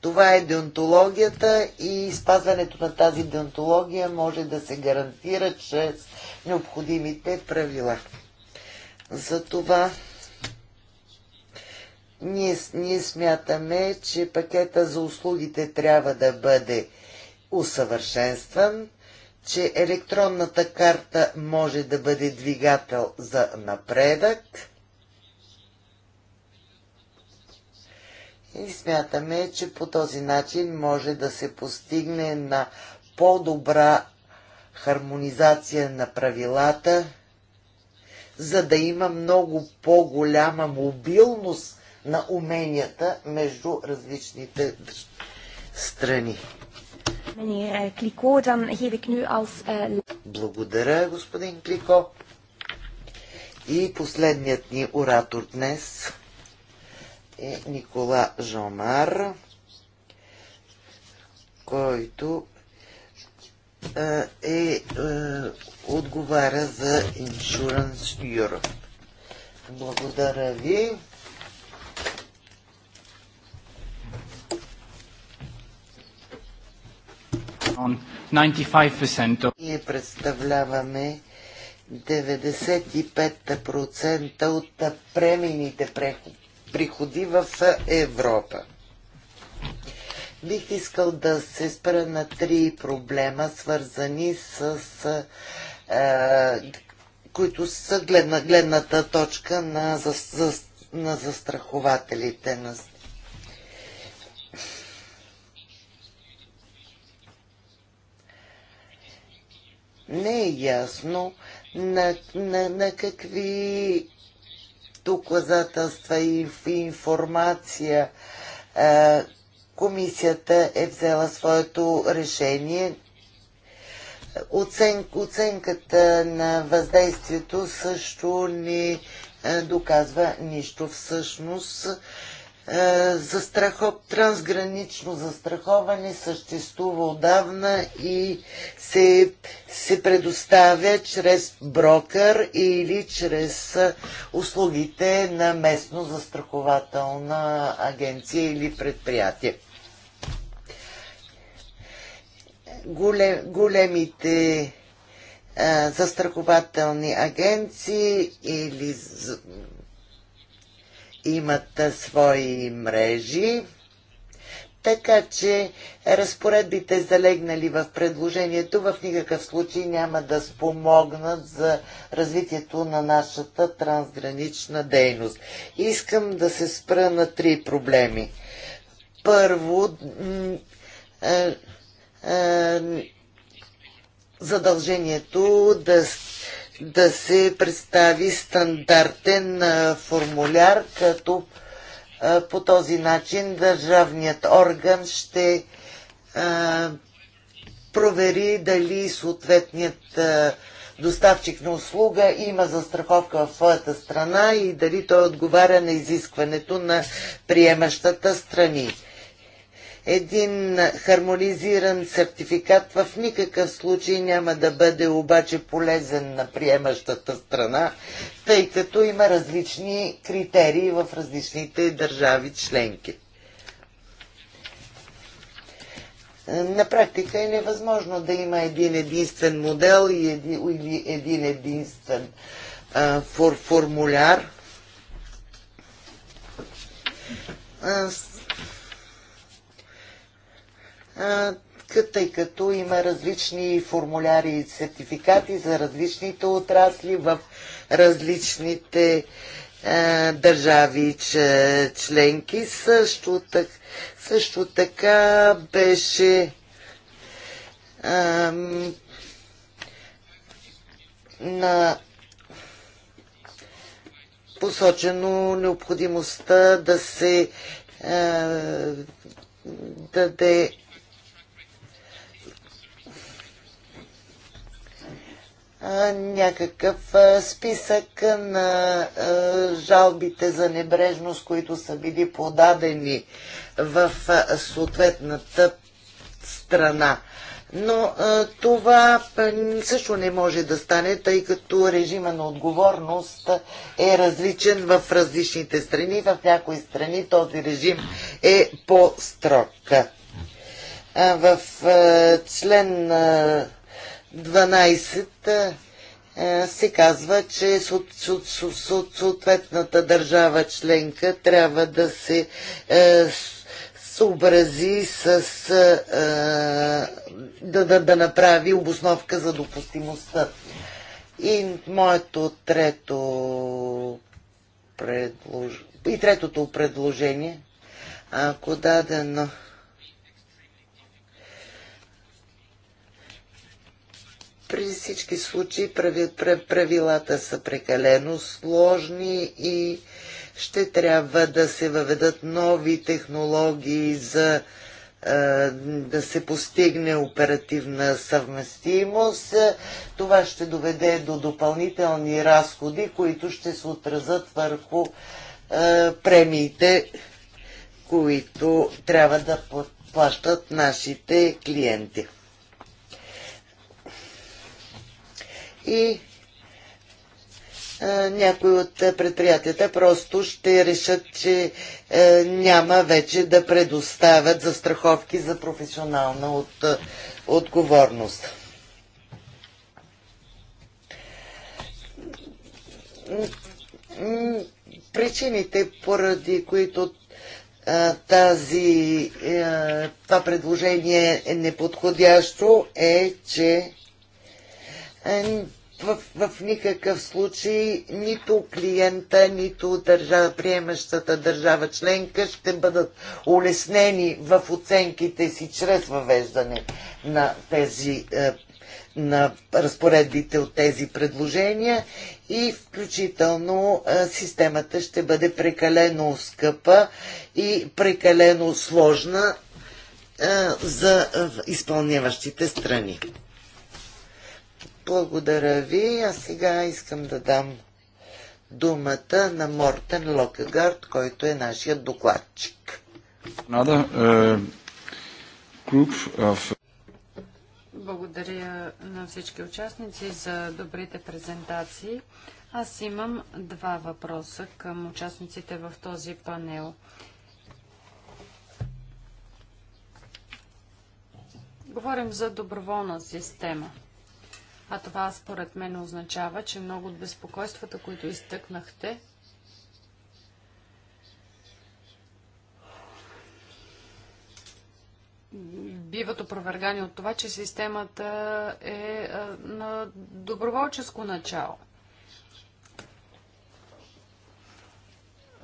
това е деонтологията и спазването на тази деонтология може да се гарантира чрез необходимите правила. За това ние, ние смятаме, че пакета за услугите трябва да бъде усъвършенстван, че електронната карта може да бъде двигател за напредък. И смятаме, че по този начин може да се постигне на по-добра хармонизация на правилата, за да има много по-голяма мобилност на уменията между различните страни. Благодаря, господин Клико. И последният ни оратор днес е Никола Жомар, който е, е, отговаря за Insurance Europe. Благодаря ви. 95%. Ние представляваме 95% от премините приходи в Европа. Бих искал да се спра на три проблема, свързани с е, които са гледна, гледната точка на, за, за, на застрахователите, на не е ясно на, на, на какви доказателства и информация а, комисията е взела своето решение. Оцен, оценката на въздействието също не доказва нищо. Всъщност, е, трансгранично застраховане съществува отдавна и се, се предоставя чрез брокър или чрез е, услугите на местно застрахователна агенция или предприятие. Голем, големите е, застрахователни агенции или имат свои мрежи. Така че разпоредбите залегнали в предложението в никакъв случай няма да спомогнат за развитието на нашата трансгранична дейност. Искам да се спра на три проблеми. Първо, задължението да да се представи стандартен формуляр, като по този начин държавният орган ще провери дали съответният доставчик на услуга има застраховка в своята страна и дали той отговаря на изискването на приемащата страни. Един хармонизиран сертификат в никакъв случай няма да бъде обаче полезен на приемащата страна, тъй като има различни критерии в различните държави членки. На практика е невъзможно да има един единствен модел или един единствен формуляр тъй като има различни формуляри и сертификати за различните отрасли в различните държави членки. Също, так, също така беше е, на посочено необходимостта да се а, даде някакъв списък на жалбите за небрежност, които са били подадени в съответната страна. Но това също не може да стане, тъй като режима на отговорност е различен в различните страни. В някои страни този режим е по-строг. В член 12 е, е, се казва, че съответната държава членка трябва да се е, съобрази с да, да, да направи обосновка за допустимостта. И моето трето предложение и третото предложение, ако дадено при всички случаи правилата са прекалено сложни и ще трябва да се въведат нови технологии за да се постигне оперативна съвместимост. Това ще доведе до допълнителни разходи, които ще се отразят върху премиите, които трябва да плащат нашите клиенти. и някои от предприятията просто ще решат, че е, няма вече да предоставят застраховки за професионална от, отговорност. Причините, поради които тази, е, това предложение е неподходящо, е, че е, в, в никакъв случай нито клиента, нито държава, приемащата държава членка ще бъдат улеснени в оценките си чрез въвеждане на тези е, на разпоредбите от тези предложения и включително е, системата ще бъде прекалено скъпа и прекалено сложна е, за изпълняващите страни. Благодаря ви. А сега искам да дам думата на Мортен Локегард, който е нашия докладчик. клуб в... Uh, Благодаря на всички участници за добрите презентации. Аз имам два въпроса към участниците в този панел. Говорим за доброволна система. А това според мен означава, че много от безпокойствата, които изтъкнахте, биват опровергани от това, че системата е, е на доброволческо начало.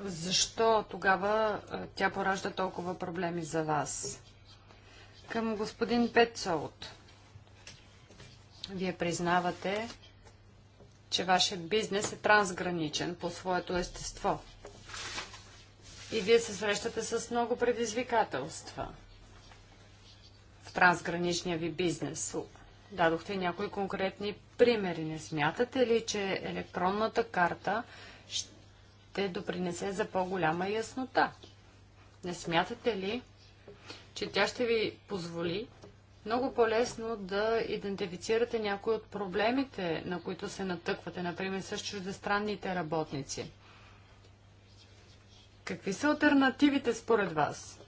Защо тогава е, тя поражда толкова проблеми за вас? Към господин Петцолт. Вие признавате, че вашия бизнес е трансграничен по своето естество. И вие се срещате с много предизвикателства в трансграничния ви бизнес. Дадохте някои конкретни примери. Не смятате ли, че електронната карта ще допринесе за по-голяма яснота? Не смятате ли, че тя ще ви позволи много по-лесно да идентифицирате някои от проблемите, на които се натъквате, например с чуждестранните работници. Какви са альтернативите според вас?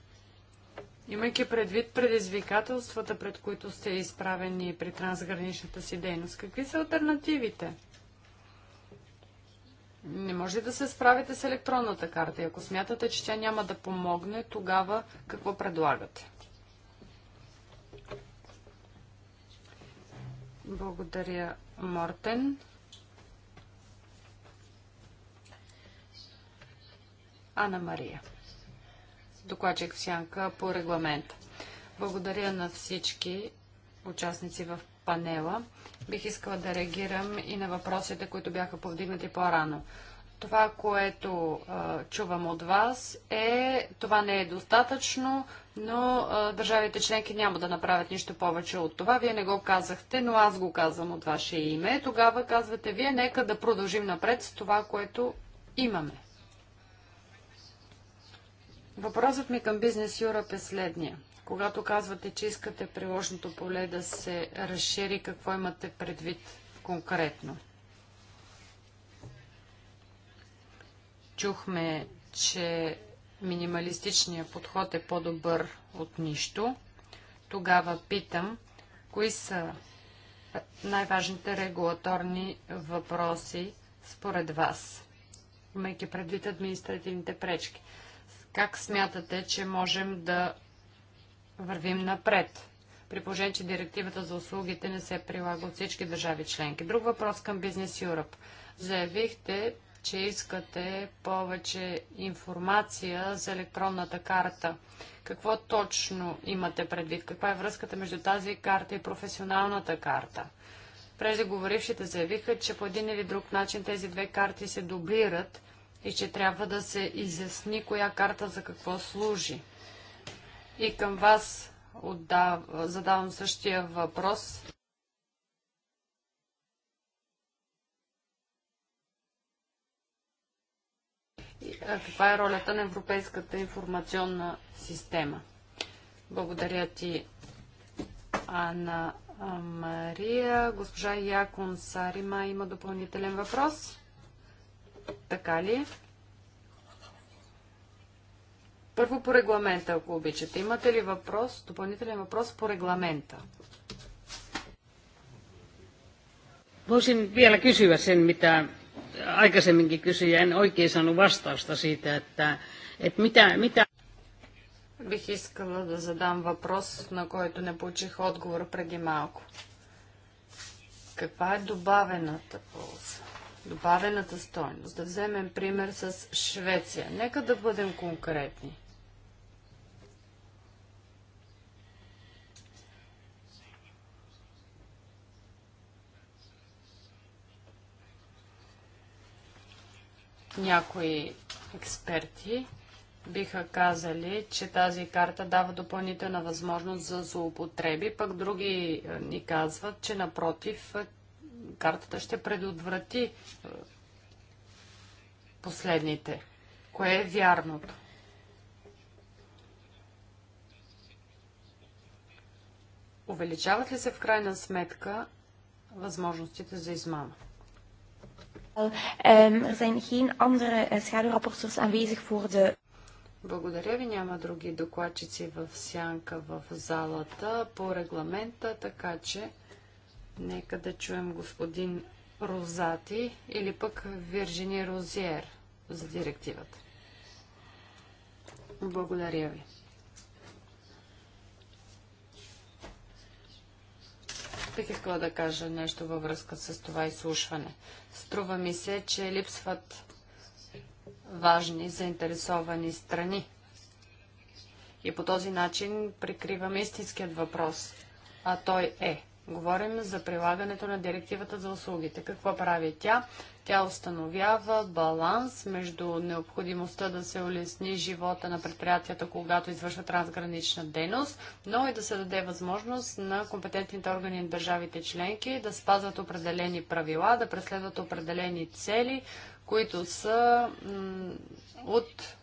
Имайки предвид предизвикателствата, пред които сте изправени при трансграничната си дейност, какви са альтернативите? Не може да се справите с електронната карта и ако смятате, че тя няма да помогне, тогава какво предлагате? Благодаря, Мортен. Ана Мария, докладчик в сянка по регламент. Благодаря на всички участници в панела. Бих искала да реагирам и на въпросите, които бяха повдигнати по-рано. Това, което а, чувам от вас е, това не е достатъчно, но а, държавите членки няма да направят нищо повече от това. Вие не го казахте, но аз го казвам от ваше име. Тогава казвате вие, нека да продължим напред с това, което имаме. Въпросът ми към Бизнес Юрап е следния. Когато казвате, че искате приложното поле да се разшири, какво имате предвид конкретно? Чухме, че минималистичният подход е по-добър от нищо. Тогава питам, кои са най-важните регулаторни въпроси според вас, имайки предвид административните пречки? Как смятате, че можем да вървим напред? при положение, че директивата за услугите не се прилага от всички държави членки. Друг въпрос към Бизнес Юръп. Заявихте, че искате повече информация за електронната карта. Какво точно имате предвид? Каква е връзката между тази карта и професионалната карта? Преждеговорившите заявиха, че по един или друг начин тези две карти се дублират и че трябва да се изясни коя карта за какво служи. И към вас отдав... задавам същия въпрос. каква е ролята на Европейската информационна система. Благодаря ти, Анна Мария. Госпожа Якон Сарима има допълнителен въпрос. Така ли? Първо по регламента, ако обичате. Имате ли въпрос, допълнителен въпрос по регламента? Voisin vielä kysyä sen, mitä aikaisemminkin kysyin ja en oikein saanut vastausta siitä, että, että mitä, mitä... Бих искала да задам въпрос, на който не получих отговор преди малко. Каква е добавената полза? Добавената стойност. Да вземем пример с Швеция. Нека да бъдем конкретни. Някои експерти биха казали, че тази карта дава допълнителна възможност за злоупотреби, пък други е, ни казват, че напротив, е, картата ще предотврати е, последните. Кое е вярното? Увеличават ли се в крайна сметка възможностите за измама? Ehm, er zijn geen andere eh, schaduwrapporteurs aanwezig voor de... Благодаря ви. Няма други докладчици в сянка в залата по регламента, така че нека да чуем господин Розати или пък Виржини Розиер за директивата. Благодаря ви. бих искала да кажа нещо във връзка с това изслушване. Струва ми се, че липсват важни заинтересовани страни. И по този начин прикриваме истинският въпрос, а той е – Говорим за прилагането на директивата за услугите. Какво прави тя? Тя установява баланс между необходимостта да се улесни живота на предприятията, когато извършва трансгранична дейност, но и да се даде възможност на компетентните органи на държавите членки да спазват определени правила, да преследват определени цели, които са от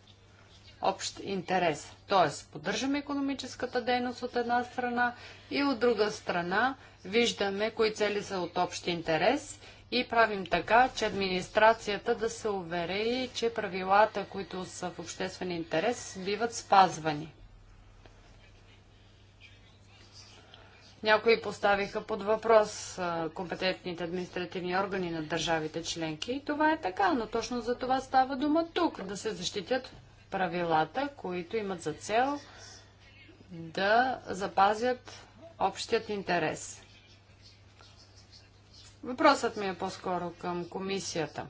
общ интерес. Тоест, поддържаме економическата дейност от една страна и от друга страна виждаме кои цели са от общ интерес и правим така, че администрацията да се увери, че правилата, които са в обществен интерес, биват спазвани. Някои поставиха под въпрос компетентните административни органи на държавите членки. И това е така, но точно за това става дума тук, да се защитят правилата, които имат за цел да запазят общият интерес. Въпросът ми е по-скоро към комисията.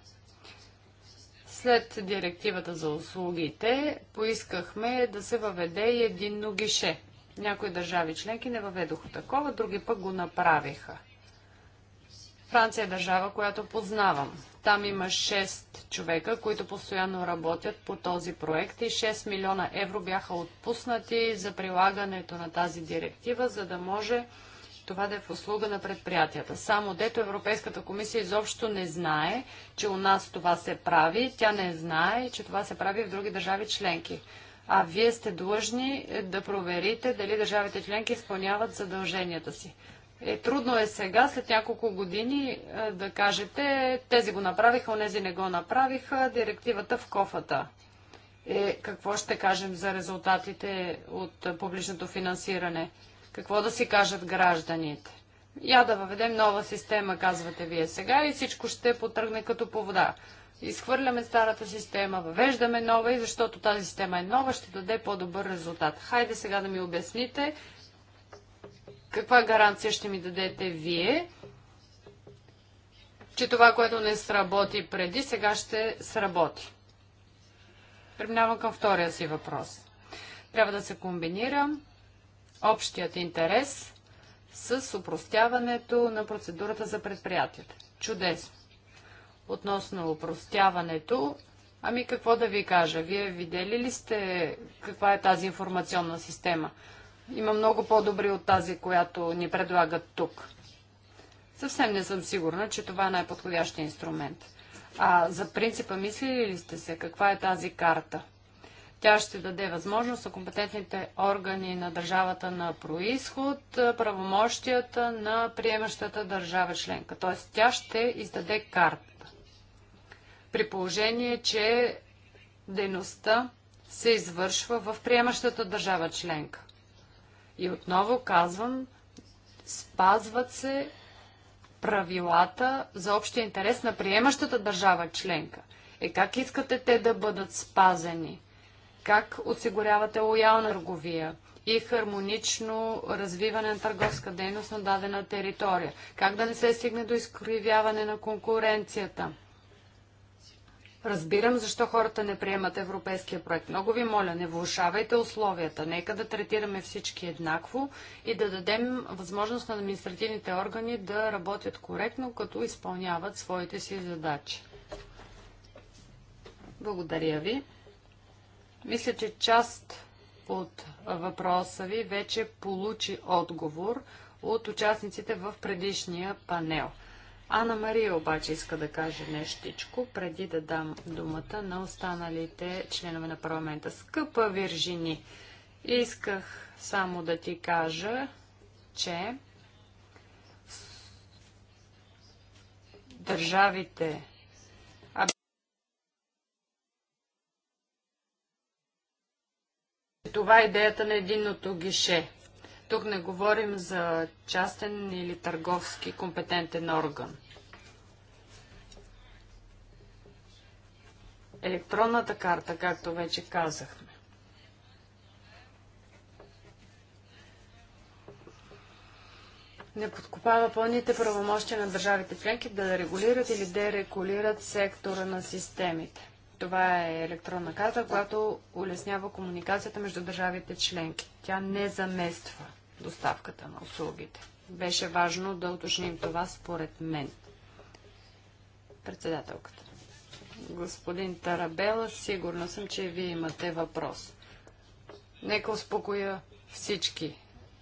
След директивата за услугите поискахме да се въведе и единно гише. Някои държави членки не въведоха такова, други пък го направиха. Франция е държава, която познавам. Там има 6 човека, които постоянно работят по този проект и 6 милиона евро бяха отпуснати за прилагането на тази директива, за да може това да е в услуга на предприятията. Само дето Европейската комисия изобщо не знае, че у нас това се прави, тя не знае, че това се прави в други държави членки. А вие сте длъжни да проверите дали държавите членки изпълняват задълженията си е, трудно е сега, след няколко години, е, да кажете, тези го направиха, онези не го направиха, директивата в кофата. Е, какво ще кажем за резултатите от е, публичното финансиране? Какво да си кажат гражданите? Я да въведем нова система, казвате вие сега, и всичко ще потръгне като по вода. Изхвърляме старата система, въвеждаме нова и защото тази система е нова, ще даде по-добър резултат. Хайде сега да ми обясните каква гаранция ще ми дадете вие, че това, което не сработи преди, сега ще сработи? Преминавам към втория си въпрос. Трябва да се комбинира общият интерес с упростяването на процедурата за предприятията. Чудесно! Относно упростяването, ами какво да ви кажа? Вие видели ли сте каква е тази информационна система? Има много по-добри от тази, която ни предлагат тук. Съвсем не съм сигурна, че това е най-подходящия инструмент. А за принципа мислили ли сте се каква е тази карта? Тя ще даде възможност на компетентните органи на държавата на происход, правомощията на приемащата държава членка. Т.е. тя ще издаде карта. При положение, че дейността се извършва в приемащата държава членка. И отново казвам, спазват се правилата за общия интерес на приемащата държава членка. Е как искате те да бъдат спазени? Как осигурявате лоялна търговия и хармонично развиване на търговска дейност на дадена територия? Как да не се стигне до изкривяване на конкуренцията? Разбирам защо хората не приемат европейския проект. Много ви моля, не влушавайте условията. Нека да третираме всички еднакво и да дадем възможност на административните органи да работят коректно, като изпълняват своите си задачи. Благодаря ви. Мисля, че част от въпроса ви вече получи отговор от участниците в предишния панел. Ана Мария обаче иска да каже нещичко, преди да дам думата на останалите членове на парламента. Скъпа Виржини, исках само да ти кажа, че държавите това е идеята на единното гише. Тук не говорим за частен или търговски компетентен орган. Електронната карта, както вече казахме. не подкопава пълните правомощия на държавите членки да регулират или дерегулират сектора на системите. Това е електронна карта, която улеснява комуникацията между държавите членки. Тя не замества доставката на услугите. Беше важно да уточним това според мен. Председателката. Господин Тарабела, сигурна съм, че вие имате въпрос. Нека успокоя всички.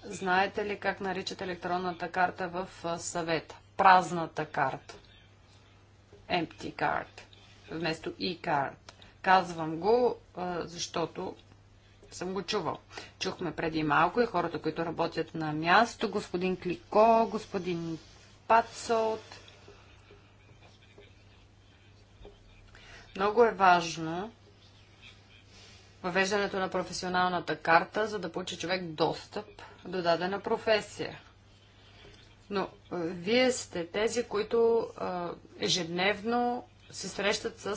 Знаете ли как наричат електронната карта в съвета? Празната карта. Empty карта вместо e-card. Казвам го, защото съм го чувал. Чухме преди малко и хората, които работят на място, господин Клико, господин Пацот. Много е важно въвеждането на професионалната карта, за да получи човек достъп до дадена професия. Но вие сте тези, които ежедневно се срещат с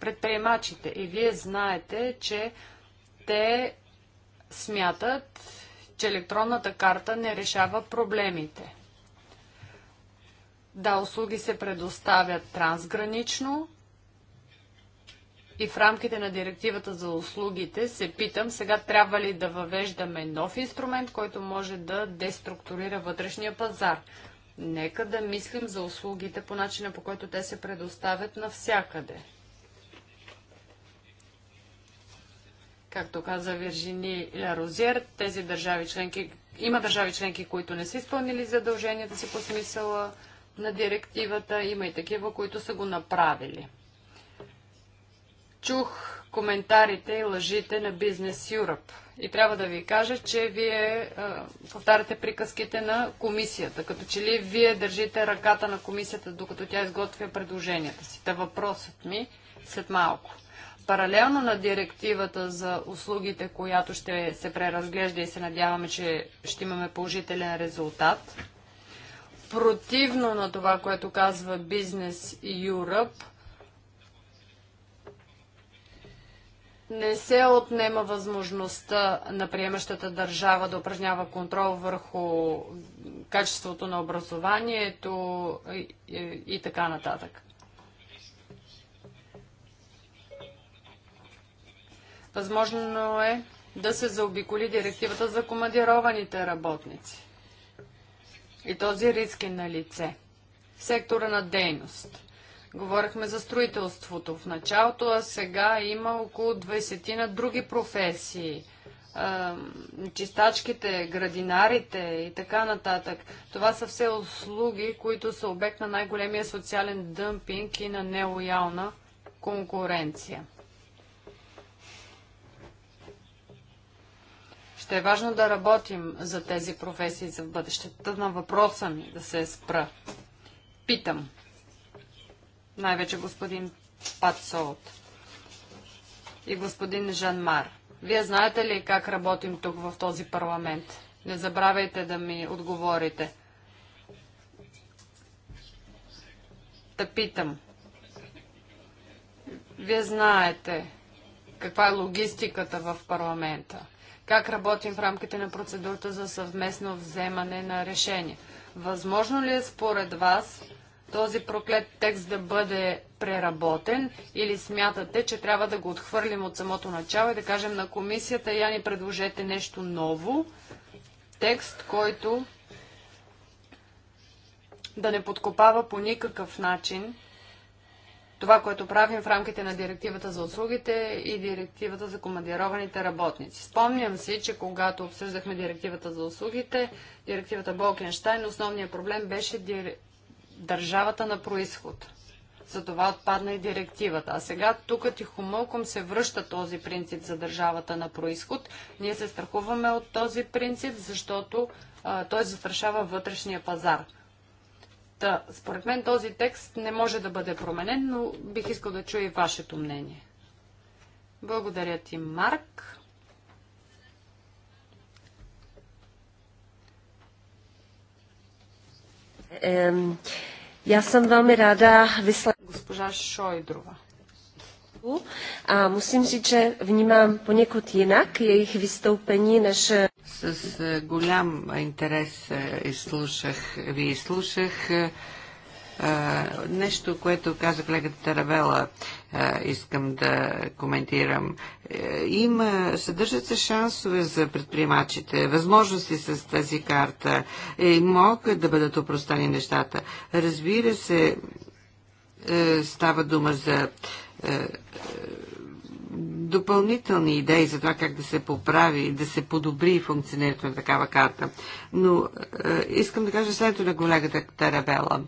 предприемачите. И вие знаете, че те смятат, че електронната карта не решава проблемите. Да, услуги се предоставят трансгранично и в рамките на директивата за услугите се питам, сега трябва ли да въвеждаме нов инструмент, който може да деструктурира вътрешния пазар. Нека да мислим за услугите по начина по който те се предоставят навсякъде. Както каза Виржини Розер, тези държави членки, има държави членки, които не са изпълнили задълженията си по смисъла на директивата, има и такива, които са го направили чух коментарите и лъжите на Бизнес Europe. И трябва да ви кажа, че вие а, повтаряте приказките на комисията, като че ли вие държите ръката на комисията, докато тя изготвя предложенията си. Та въпросът ми след малко. Паралелно на директивата за услугите, която ще се преразглежда и се надяваме, че ще имаме положителен резултат, противно на това, което казва Бизнес Europe, не се отнема възможността на приемащата държава да упражнява контрол върху качеството на образованието и, и, и така нататък. Възможно е да се заобиколи директивата за командированите работници. И този риск е на лице. Сектора на дейност – Говорихме за строителството в началото, а сега има около 20 на други професии. Чистачките, градинарите и така нататък. Това са все услуги, които са обект на най-големия социален дъмпинг и на нелоялна конкуренция. Ще е важно да работим за тези професии за бъдещето. На въпроса ми да се спра. Питам най-вече господин Пат и господин Жанмар. Вие знаете ли как работим тук в този парламент? Не забравяйте да ми отговорите. Та питам. Вие знаете каква е логистиката в парламента. Как работим в рамките на процедурата за съвместно вземане на решение? Възможно ли е според вас този проклет текст да бъде преработен или смятате, че трябва да го отхвърлим от самото начало и да кажем на комисията, я ни предложете нещо ново, текст, който да не подкопава по никакъв начин това, което правим в рамките на директивата за услугите и директивата за командированите работници. Спомням си, че когато обсъждахме директивата за услугите, директивата Болкенштайн, основният проблем беше дир държавата на происход. За това отпадна и директивата. А сега тук тихомълком се връща този принцип за държавата на происход. Ние се страхуваме от този принцип, защото а, той застрашава вътрешния пазар. Та, според мен този текст не може да бъде променен, но бих искал да чуя и вашето мнение. Благодаря ти, Марк. Já jsem velmi ráda vyslala... Госпожа Šojdrova. A musím říct, že vnímám poněkud jinak jejich vystoupení než... S, s интерес изслушах, ви изслушах. Нещо, което каза колегата Таравела, искам да коментирам. Е, има, съдържат се шансове за предприемачите, възможности с тази карта и е, могат да бъдат опростани нещата. Разбира се, е, става дума за допълнителни идеи за това как да се поправи да се подобри функционирането на такава карта. Но искам да кажа следното на колегата Тарабела.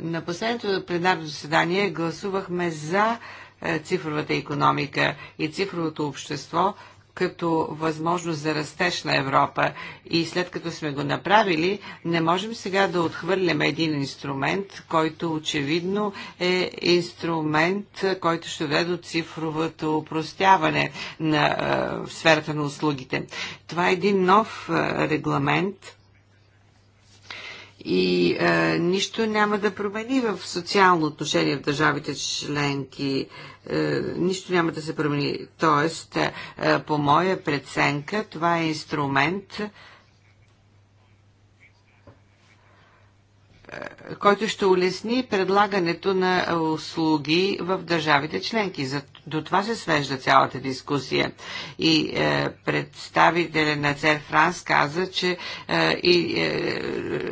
На последното пленарно заседание гласувахме за е, цифровата економика и цифровото общество като възможност за растеж на Европа. И след като сме го направили, не можем сега да отхвърлим един инструмент, който очевидно е инструмент, който ще даде до цифровото упростяване на е, сферата на услугите. Това е един нов е, регламент, и е, нищо няма да промени в социално отношение в държавите членки. Е, нищо няма да се промени. Тоест, е, по моя преценка, това е инструмент, е, който ще улесни предлагането на услуги в държавите членки. За, до това се свежда цялата дискусия. И е, представителя на Цер Франс каза, че е, и е,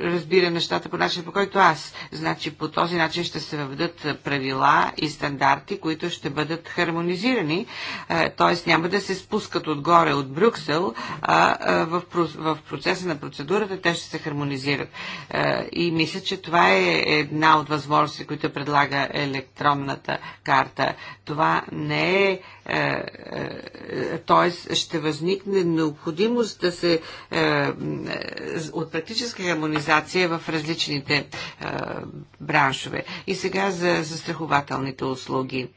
разбира нещата по начин, по който аз. Значи по този начин ще се въведат правила и стандарти, които ще бъдат хармонизирани, е, т.е. няма да се спускат отгоре от Брюксел, а е, в, в процеса на процедурата те ще се хармонизират. Е, и мисля, че това е една от възможности, които предлага електронната карта. Това не е, т.е. Е, ще възникне необходимост да се е, е, от практическа хармонизация в различните браншове. И сега за застрахователните услуги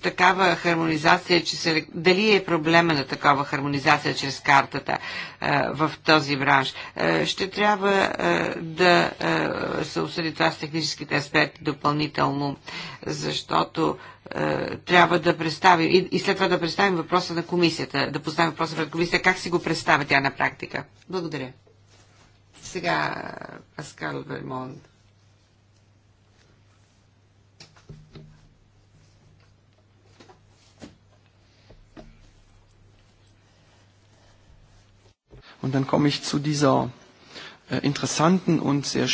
такава хармонизация, че се, дали е проблема на такава хармонизация чрез картата а, е, в този бранш. А, е, ще трябва а, е, да а, се осъди това с техническите аспекти допълнително, защото а, трябва да представим и, и след това да представим въпроса на комисията, да поставим въпроса пред комисията, как си го представя тя на практика. Благодаря. Сега Паскал Бельмонт. Und dann komme ich zu dieser äh, interessanten und sehr.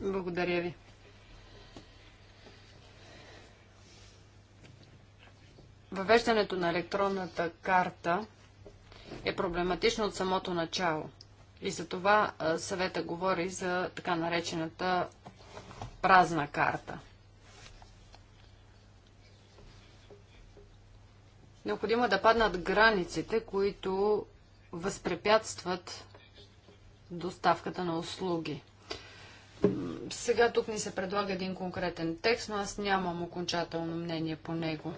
Благодаря ви. Въвеждането на електронната карта е проблематично от самото начало. И за това съвета говори за така наречената празна карта – Необходимо е да паднат границите, които възпрепятстват доставката на услуги. Сега тук ни се предлага един конкретен текст, но аз нямам окончателно мнение по него.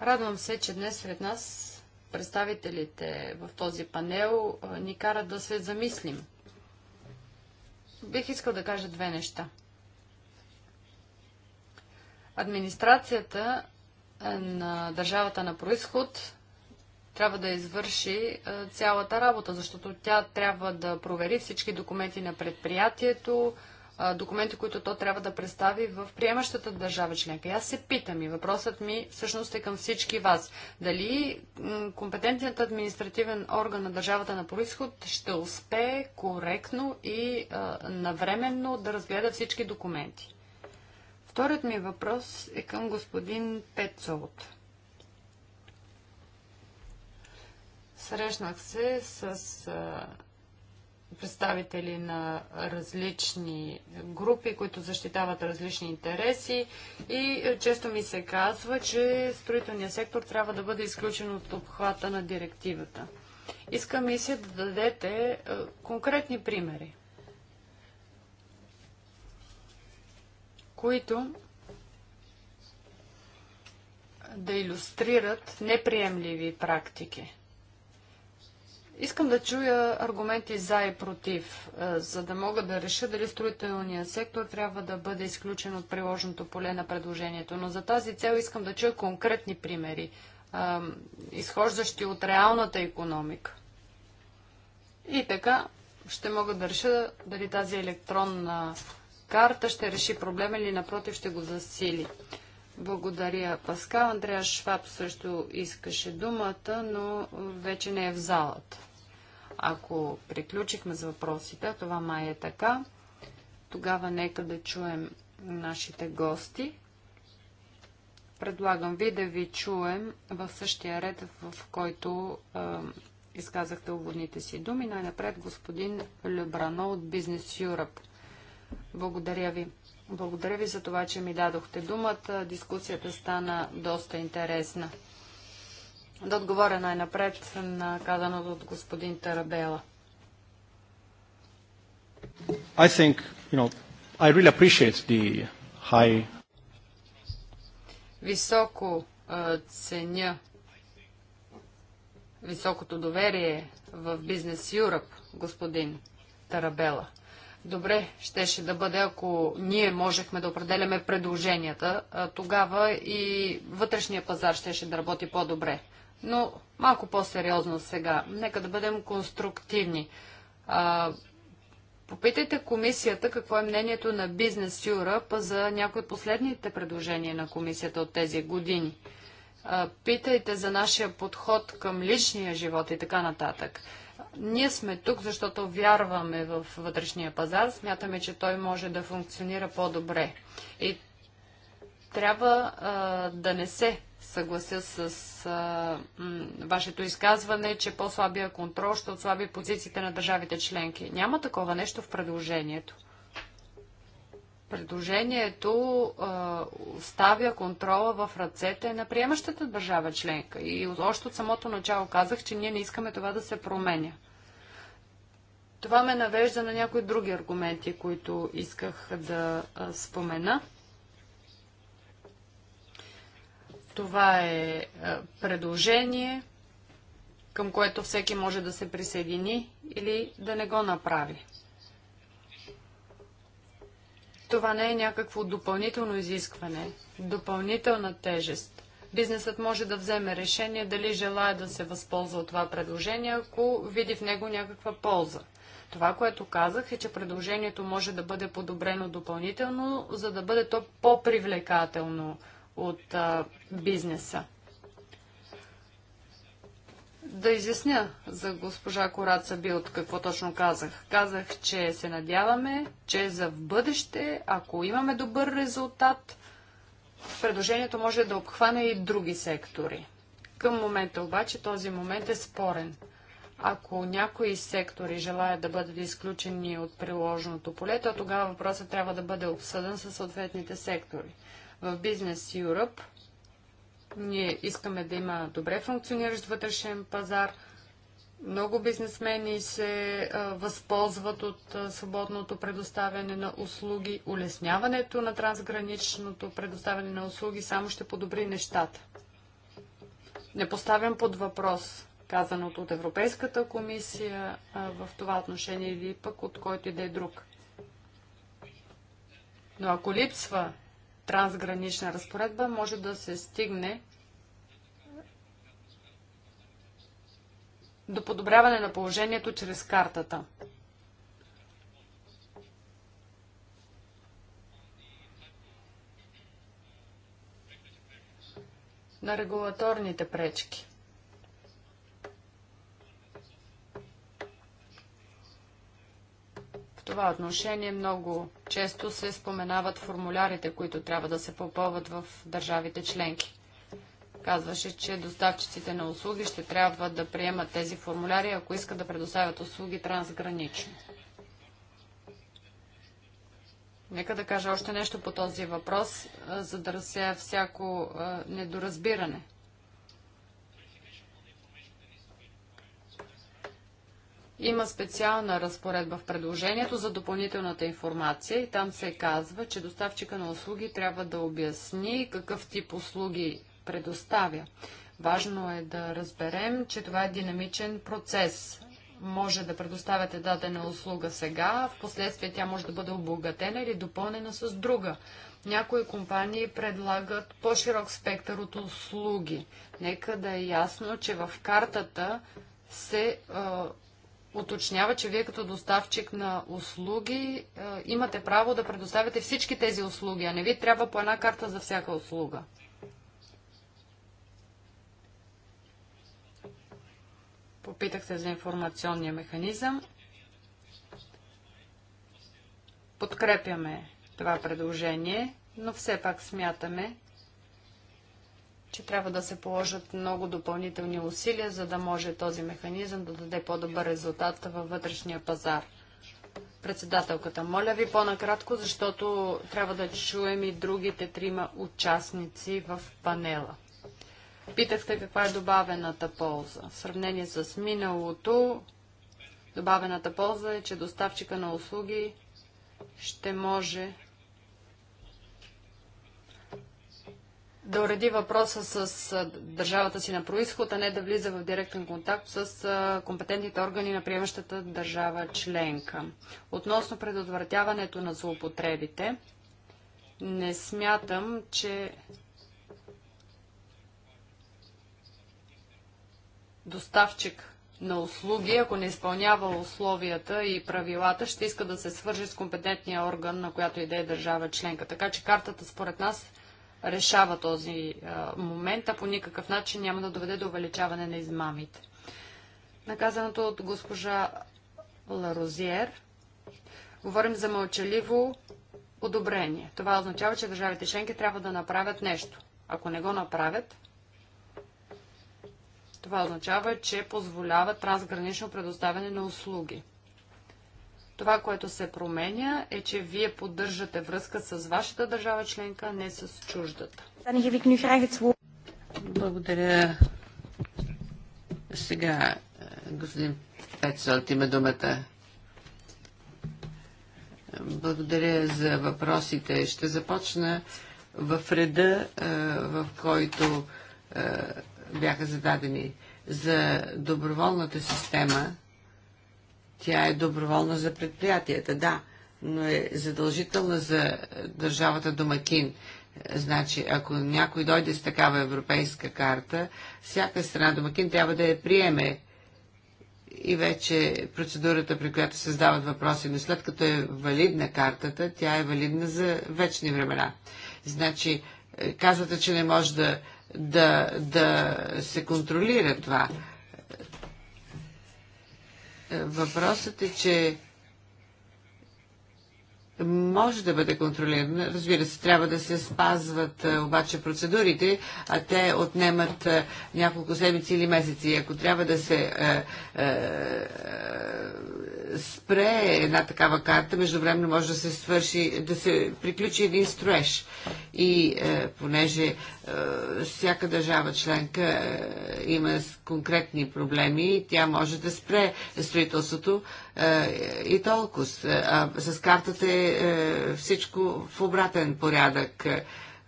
Радвам се, че днес сред нас представителите в този панел ни карат да се замислим. Бих искал да кажа две неща. Администрацията е, на държавата на происход трябва да извърши е, цялата работа, защото тя трябва да провери всички документи на предприятието, е, документи, които то трябва да представи в приемащата държава членка. И аз се питам и въпросът ми всъщност е към всички вас. Дали компетентният административен орган на държавата на происход ще успее коректно и навременно да разгледа всички документи? Вторият ми въпрос е към господин Петцолт. Срещнах се с представители на различни групи, които защитават различни интереси и често ми се казва, че строителният сектор трябва да бъде изключен от обхвата на директивата. Искам и се да дадете конкретни примери. които да иллюстрират неприемливи практики. Искам да чуя аргументи за и против, е, за да мога да реша дали строителният сектор трябва да бъде изключен от приложеното поле на предложението. Но за тази цел искам да чуя конкретни примери, е, изхождащи от реалната економика. И така ще мога да реша дали тази електронна карта ще реши проблема или напротив ще го засили. Благодаря, Паскал. Андрея Шваб също искаше думата, но вече не е в залата. Ако приключихме с въпросите, това май е така, тогава нека да чуем нашите гости. Предлагам ви да ви чуем в същия ред, в който е, изказахте уводните си думи. Най-напред господин Лебрано от Бизнес Europe. Благодаря ви. Благодаря ви за това, че ми дадохте думата. Дискусията стана доста интересна. Да отговоря най-напред на казаното от господин Тарабела. I think, you know, I really appreciate the high... Високо ценя високото доверие в Бизнес Юръп, господин Тарабела добре щеше да бъде, ако ние можехме да определяме предложенията, тогава и вътрешния пазар щеше да работи по-добре. Но малко по-сериозно сега. Нека да бъдем конструктивни. А, попитайте комисията какво е мнението на Бизнес Europe за някои от последните предложения на комисията от тези години. А, питайте за нашия подход към личния живот и така нататък. Ние сме тук, защото вярваме в вътрешния пазар, смятаме, че той може да функционира по-добре. И трябва а, да не се съглася с а, м, вашето изказване, че по-слабия контрол ще отслаби позициите на държавите членки. Няма такова нещо в предложението предложението ставя оставя контрола в ръцете на приемащата държава членка. И още от самото начало казах, че ние не искаме това да се променя. Това ме навежда на някои други аргументи, които исках да спомена. Това е предложение, към което всеки може да се присъедини или да не го направи. Това не е някакво допълнително изискване, допълнителна тежест. Бизнесът може да вземе решение дали желая да се възползва от това предложение, ако види в него някаква полза. Това, което казах е, че предложението може да бъде подобрено допълнително, за да бъде то по-привлекателно от а, бизнеса да изясня за госпожа Кораца Билт какво точно казах. Казах, че се надяваме, че за в бъдеще, ако имаме добър резултат, предложението може да обхване и други сектори. Към момента обаче този момент е спорен. Ако някои сектори желаят да бъдат изключени от приложеното поле, то тогава въпросът трябва да бъде обсъден със съответните сектори. В Business Europe – ние искаме да има добре функциониращ вътрешен пазар. Много бизнесмени се възползват от свободното предоставяне на услуги. Улесняването на трансграничното предоставяне на услуги само ще подобри нещата. Не поставям под въпрос казаното от Европейската комисия в това отношение или пък от който и да е друг. Но ако липсва трансгранична разпоредба може да се стигне до подобряване на положението чрез картата. На регулаторните пречки. това отношение много често се споменават формулярите, които трябва да се попълват в държавите членки. Казваше, че доставчиците на услуги ще трябва да приемат тези формуляри, ако искат да предоставят услуги трансгранично. Нека да кажа още нещо по този въпрос, за да разсея всяко недоразбиране – Има специална разпоредба в предложението за допълнителната информация и там се казва, че доставчика на услуги трябва да обясни какъв тип услуги предоставя. Важно е да разберем, че това е динамичен процес. Може да предоставяте дадена услуга сега, в последствие тя може да бъде обогатена или допълнена с друга. Някои компании предлагат по-широк спектър от услуги. Нека да е ясно, че в картата се уточнява, че вие като доставчик на услуги е, имате право да предоставяте всички тези услуги, а не ви трябва по една карта за всяка услуга. Попитах се за информационния механизъм. Подкрепяме това предложение, но все пак смятаме, че трябва да се положат много допълнителни усилия, за да може този механизъм да даде по-добър резултат във вътрешния пазар. Председателката, моля ви по-накратко, защото трябва да чуем и другите трима участници в панела. Питахте каква е добавената полза. В сравнение с миналото, добавената полза е, че доставчика на услуги ще може да уреди въпроса с държавата си на происход, а не да влиза в директен контакт с компетентните органи на приемащата държава членка. Относно предотвратяването на злоупотребите, не смятам, че доставчик на услуги, ако не изпълнява условията и правилата, ще иска да се свържи с компетентния орган, на която и да е държава членка. Така че картата според нас решава този момент, а по никакъв начин няма да доведе до увеличаване на измамите. Наказаното от госпожа Ларозиер. Говорим за мълчаливо одобрение. Това означава, че държавите членки трябва да направят нещо. Ако не го направят, това означава, че позволяват трансгранично предоставяне на услуги. Това, което се променя, е, че вие поддържате връзка с вашата държава членка, не с чуждата. Благодаря. Сега, е, господин Пецолт, има думата. Благодаря за въпросите. Ще започна в реда, е, в който е, бяха зададени за доброволната система тя е доброволна за предприятията, да, но е задължителна за държавата домакин. Значи, ако някой дойде с такава европейска карта, всяка страна домакин трябва да я приеме и вече процедурата, при която се задават въпроси, но след като е валидна картата, тя е валидна за вечни времена. Значи, е, казвате, че не може да, да, да се контролира това. Въпросът е, че може да бъде контролиран. Разбира се, трябва да се спазват обаче процедурите, а те отнемат няколко седмици или месеци. Ако трябва да се е, е, спре една такава карта, междувременно може да се свърши, да се приключи един строеж. И е, понеже е, всяка държава членка е, има конкретни проблеми, тя може да спре строителството е, и толкова. Е, а с картата е, е всичко в обратен порядък. Е,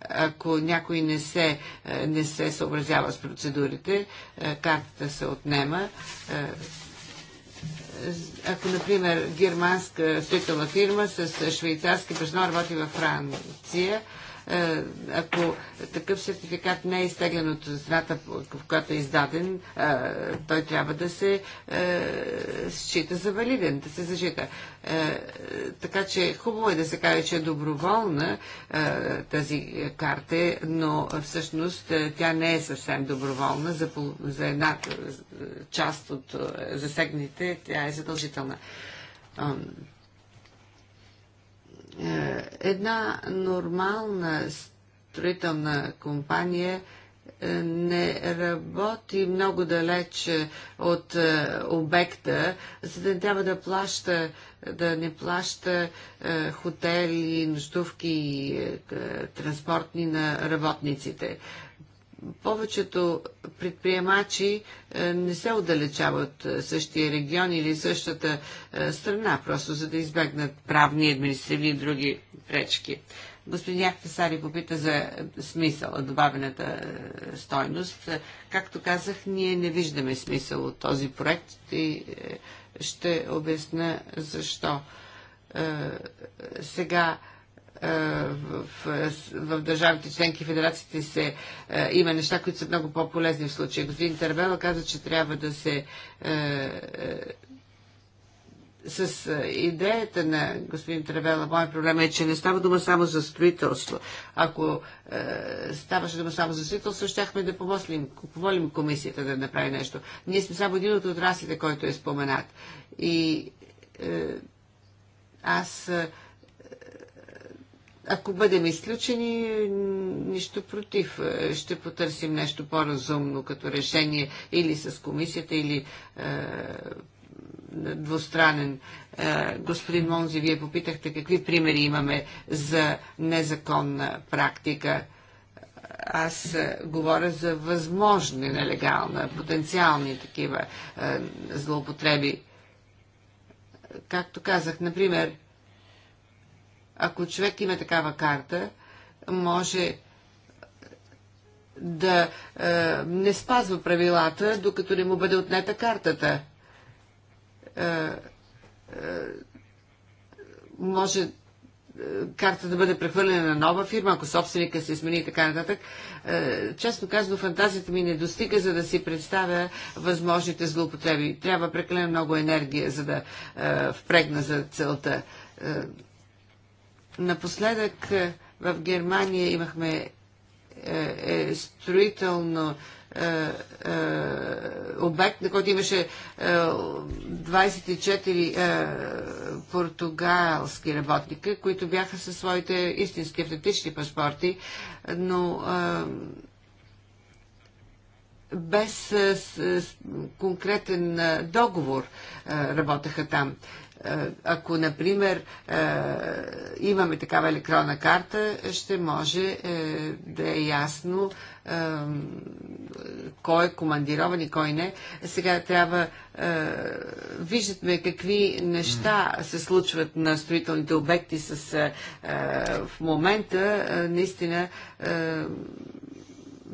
ако някой не се, е, не се съобразява с процедурите, картата се отнема ако, например, германска строителна фирма с швейцарски партньор работи във Франция, е, ако такъв сертификат не е изтеглен от страната, в която е издаден, е, той трябва да се е, счита за валиден, да се зачита. Така че хубаво е да се каже, че е доброволна тази карта, но всъщност тя не е съвсем доброволна за, за една част от засегните, тя е задължителна. Е, една нормална строителна компания е, не работи много далеч е, от обекта, за да не трябва да плаща, да не плаща хотели, нощувки и транспортни на работниците повечето предприемачи е, не се отдалечават от е, същия регион или същата е, страна, просто за да избегнат правни, административни и други пречки. Господин Яхтасари попита за смисъл, добавената стойност. Както казах, ние не виждаме смисъл от този проект и ще обясна защо. Сега е, в, в, в държавите членки, федерациите се, е, има неща, които са много по-полезни в случая. Господин Тървела каза, че трябва да се е, е с е, идеята на господин Тревела, моят проблем е, че не става дума само за строителство. Ако е, ставаше дума само за строителство, щяхме да помослим, помолим комисията да направи нещо. Ние сме само един от отраслите, който е споменат. И е, аз е, ако бъдем изключени, нищо против. Ще потърсим нещо по-разумно като решение или с комисията, или е, двустранен. Е, господин Монзи, вие попитахте какви примери имаме за незаконна практика. Аз е, говоря за възможни нелегална, потенциални такива е, злоупотреби. Както казах, например, ако човек има такава карта, може да е, не спазва правилата, докато не му бъде отнета картата. Е, е, може е, карта да бъде прехвърлена на нова фирма, ако собственика се смени и така нататък. Е, честно казано, фантазията ми не достига, за да си представя възможните злоупотреби. Трябва прекалено много енергия, за да е, впрегна за целта. Е, Напоследък е, в Германия имахме е, е, строително е, е обект, на който имаше 24 е, португалски работника, които бяха със своите истински автентични паспорти, но без конкретен договор работеха там. Е, ако, например, е, имаме такава електронна карта, ще може е, да е ясно кой е командирован и кой не. Сега трябва. Виждаме какви неща се случват на строителните обекти с, в момента. Наистина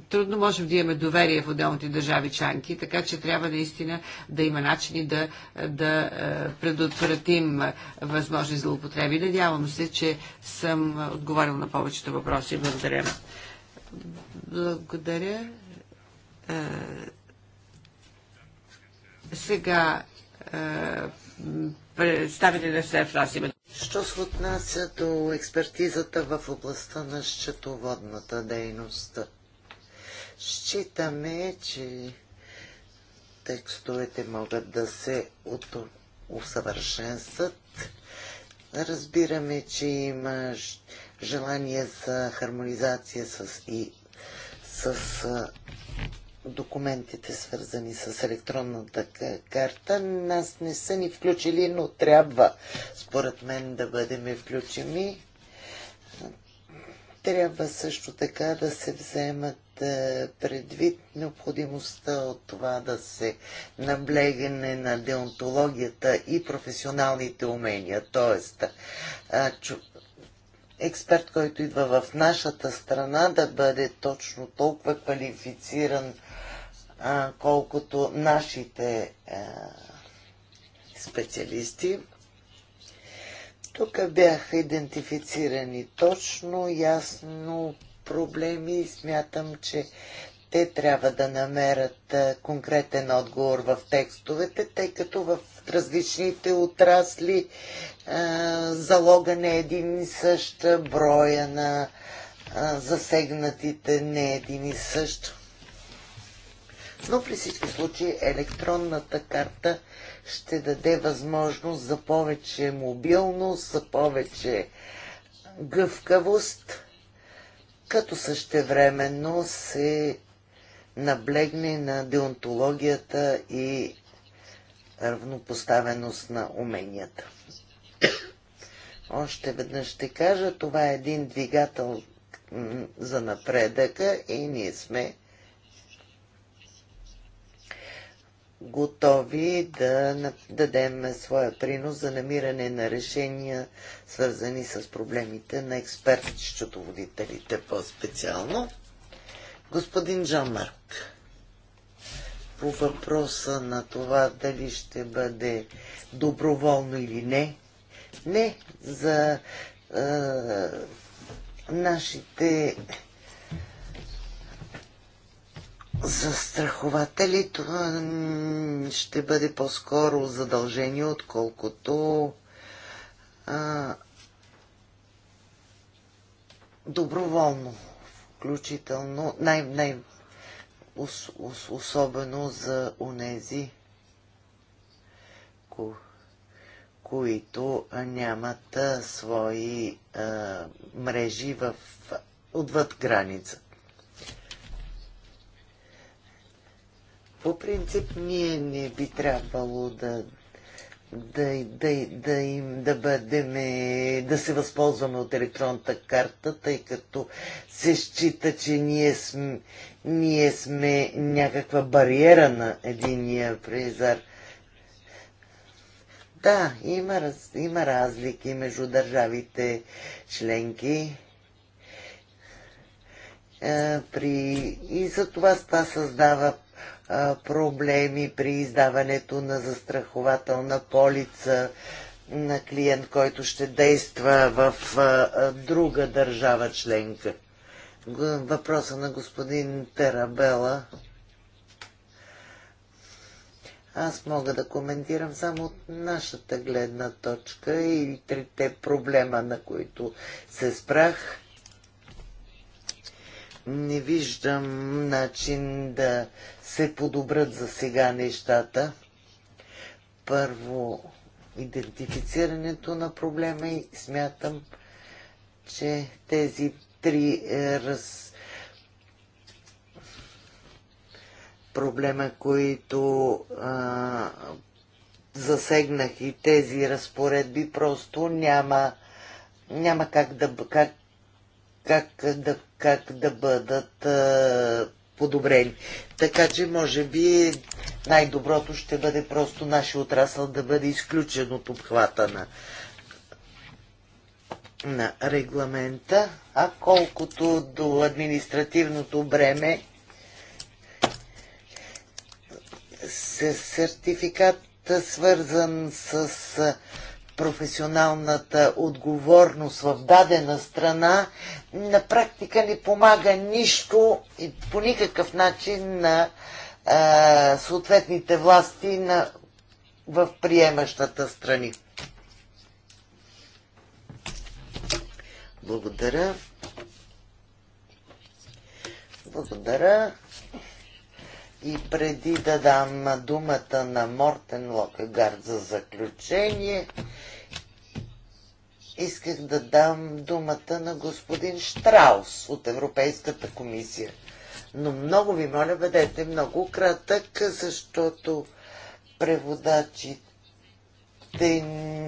трудно можем да имаме доверие в отделните държави чанки, така че трябва наистина да има начини да, да е, предотвратим е, възможни злоупотреби. Надявам се, че съм отговорил на повечето въпроси. Благодаря. Благодаря. Е, сега представите на СЕФРАС имат Що се отнася до експертизата в областта на счетоводната дейност? Считаме, че текстовете могат да се усъвършенстват. Разбираме, че има желание за хармонизация с, и, с документите, свързани с електронната карта. Нас не са ни включили, но трябва, според мен, да бъдем включени. Трябва също така да се вземат е, предвид необходимостта от това да се наблегне на деонтологията и професионалните умения. Тоест, е, експерт, който идва в нашата страна, да бъде точно толкова квалифициран, е, колкото нашите специалисти. Тук бяха идентифицирани точно, ясно проблеми и смятам, че те трябва да намерят конкретен отговор в текстовете, тъй като в различните отрасли залога не е един и същ, броя на засегнатите не е един и същ. Но при всички случаи електронната карта ще даде възможност за повече мобилност, за повече гъвкавост, като същевременно се наблегне на деонтологията и равнопоставеност на уменията. Още веднъж ще кажа, това е един двигател за напредъка и ние сме готови да дадем своя принос за намиране на решения, свързани с проблемите на експерти, счетоводителите по-специално. Господин Марк, по въпроса на това дали ще бъде доброволно или не, не за е, нашите страхователите ще бъде по-скоро задължение, отколкото а, доброволно, включително, най- най- ос- ос- особено за унези, ко- които нямат а, свои а, мрежи в, отвъд граница. По принцип ние не би трябвало да да, да, да им да бъдем, да се възползваме от електронната карта, тъй като се счита, че ние сме, ние сме някаква бариера на единия призар. Да, има, има разлики между държавите членки. Е, при... И за това това създава проблеми при издаването на застрахователна полица на клиент, който ще действа в друга държава членка. Въпроса на господин Терабела. Аз мога да коментирам само от нашата гледна точка и трите проблема, на които се спрах. Не виждам начин да се подобрят за сега нещата. Първо, идентифицирането на проблема и смятам, че тези три е, раз... проблема, които е, засегнах и тези разпоредби, просто няма, няма как да, как, как да, как да бъдат подобрени. Така че, може би, най-доброто ще бъде просто нашия отрасъл да бъде изключен от обхвата на, на регламента, а колкото до административното бреме, с сертификат свързан с професионалната отговорност в дадена страна на практика не помага нищо и по никакъв начин на а, съответните власти на, в приемащата страни. Благодаря. Благодаря. И преди да дам думата на Мортен Локагард за заключение, исках да дам думата на господин Штраус от Европейската комисия. Но много ви моля, бъдете много кратък, защото преводачите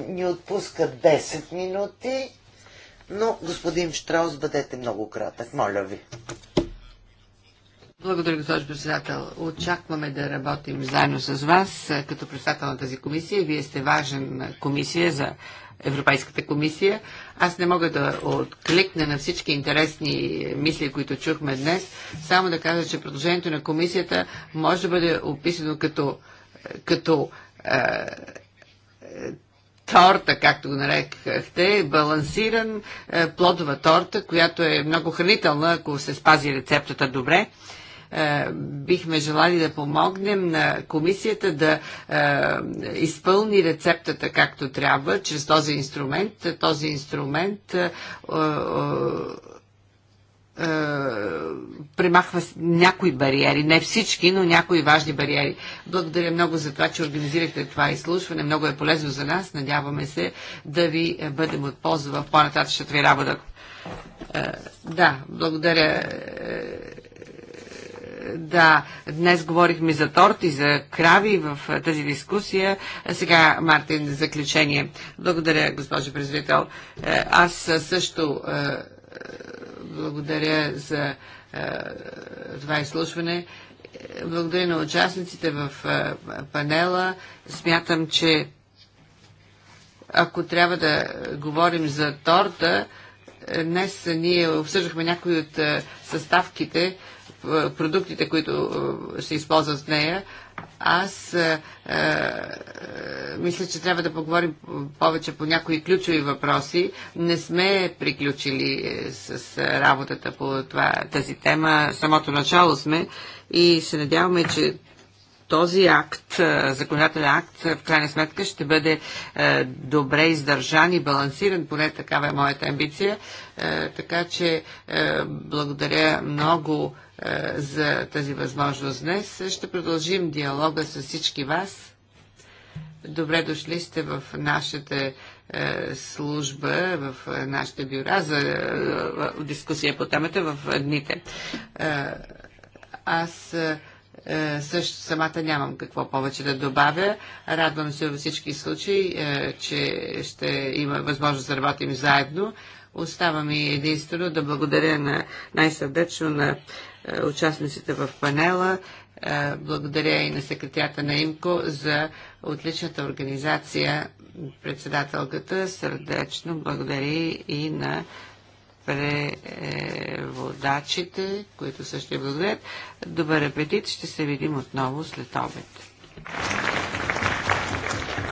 ни отпускат 10 минути. Но, господин Штраус, бъдете много кратък, моля ви. Благодаря, госпожо председател. Очакваме да работим заедно с вас като председател на тази комисия. Вие сте важен комисия за Европейската комисия. Аз не мога да откликна на всички интересни е, мисли, които чухме днес. Само да кажа, че предложението на комисията може да бъде описано като, е, като е, е, торта, както го нарекахте, балансиран е, плодова торта, която е много хранителна, ако се спази рецептата добре. Е, бихме желали да помогнем на комисията да е, изпълни рецептата както трябва, чрез този инструмент. Този инструмент е, премахва някои бариери, не всички, но някои важни бариери. Благодаря много за това, че организирахте това изслушване. Много е полезно за нас. Надяваме се да ви бъдем от полза в по-нататъчната ви работа. Да, благодаря да, днес говорихме за торти, за крави в тази дискусия. Сега, Мартин, заключение. Благодаря, госпожо президател. Е, аз също е, е, благодаря за това изслушване. Благодаря на участниците в панела. Смятам, че ако трябва да говорим за торта, днес ние обсъждахме някои от съставките, е, продуктите, които е, се използват в нея, аз е, е, мисля, че трябва да поговорим повече по някои ключови въпроси. Не сме приключили е, с работата по това, тази тема. Самото начало сме и се надяваме, че този акт, законодателен акт, в крайна сметка ще бъде е, добре издържан и балансиран, поне такава е моята амбиция. Е, така че е, благодаря много е, за тази възможност днес. Ще продължим диалога с всички вас. Добре дошли сте в нашата е, служба, в е, нашите бюра за дискусия по темата в дните. Аз също самата нямам какво повече да добавя. Радвам се във всички случаи, че ще има възможност да работим заедно. Оставам и единствено да благодаря на, най-сърдечно на е, участниците в панела. Е, благодаря и на секретарята на ИМКО за отличната организация председателката. Сърдечно благодаря и на преводачите, които също я благодарят. Добър апетит, ще се видим отново след обед.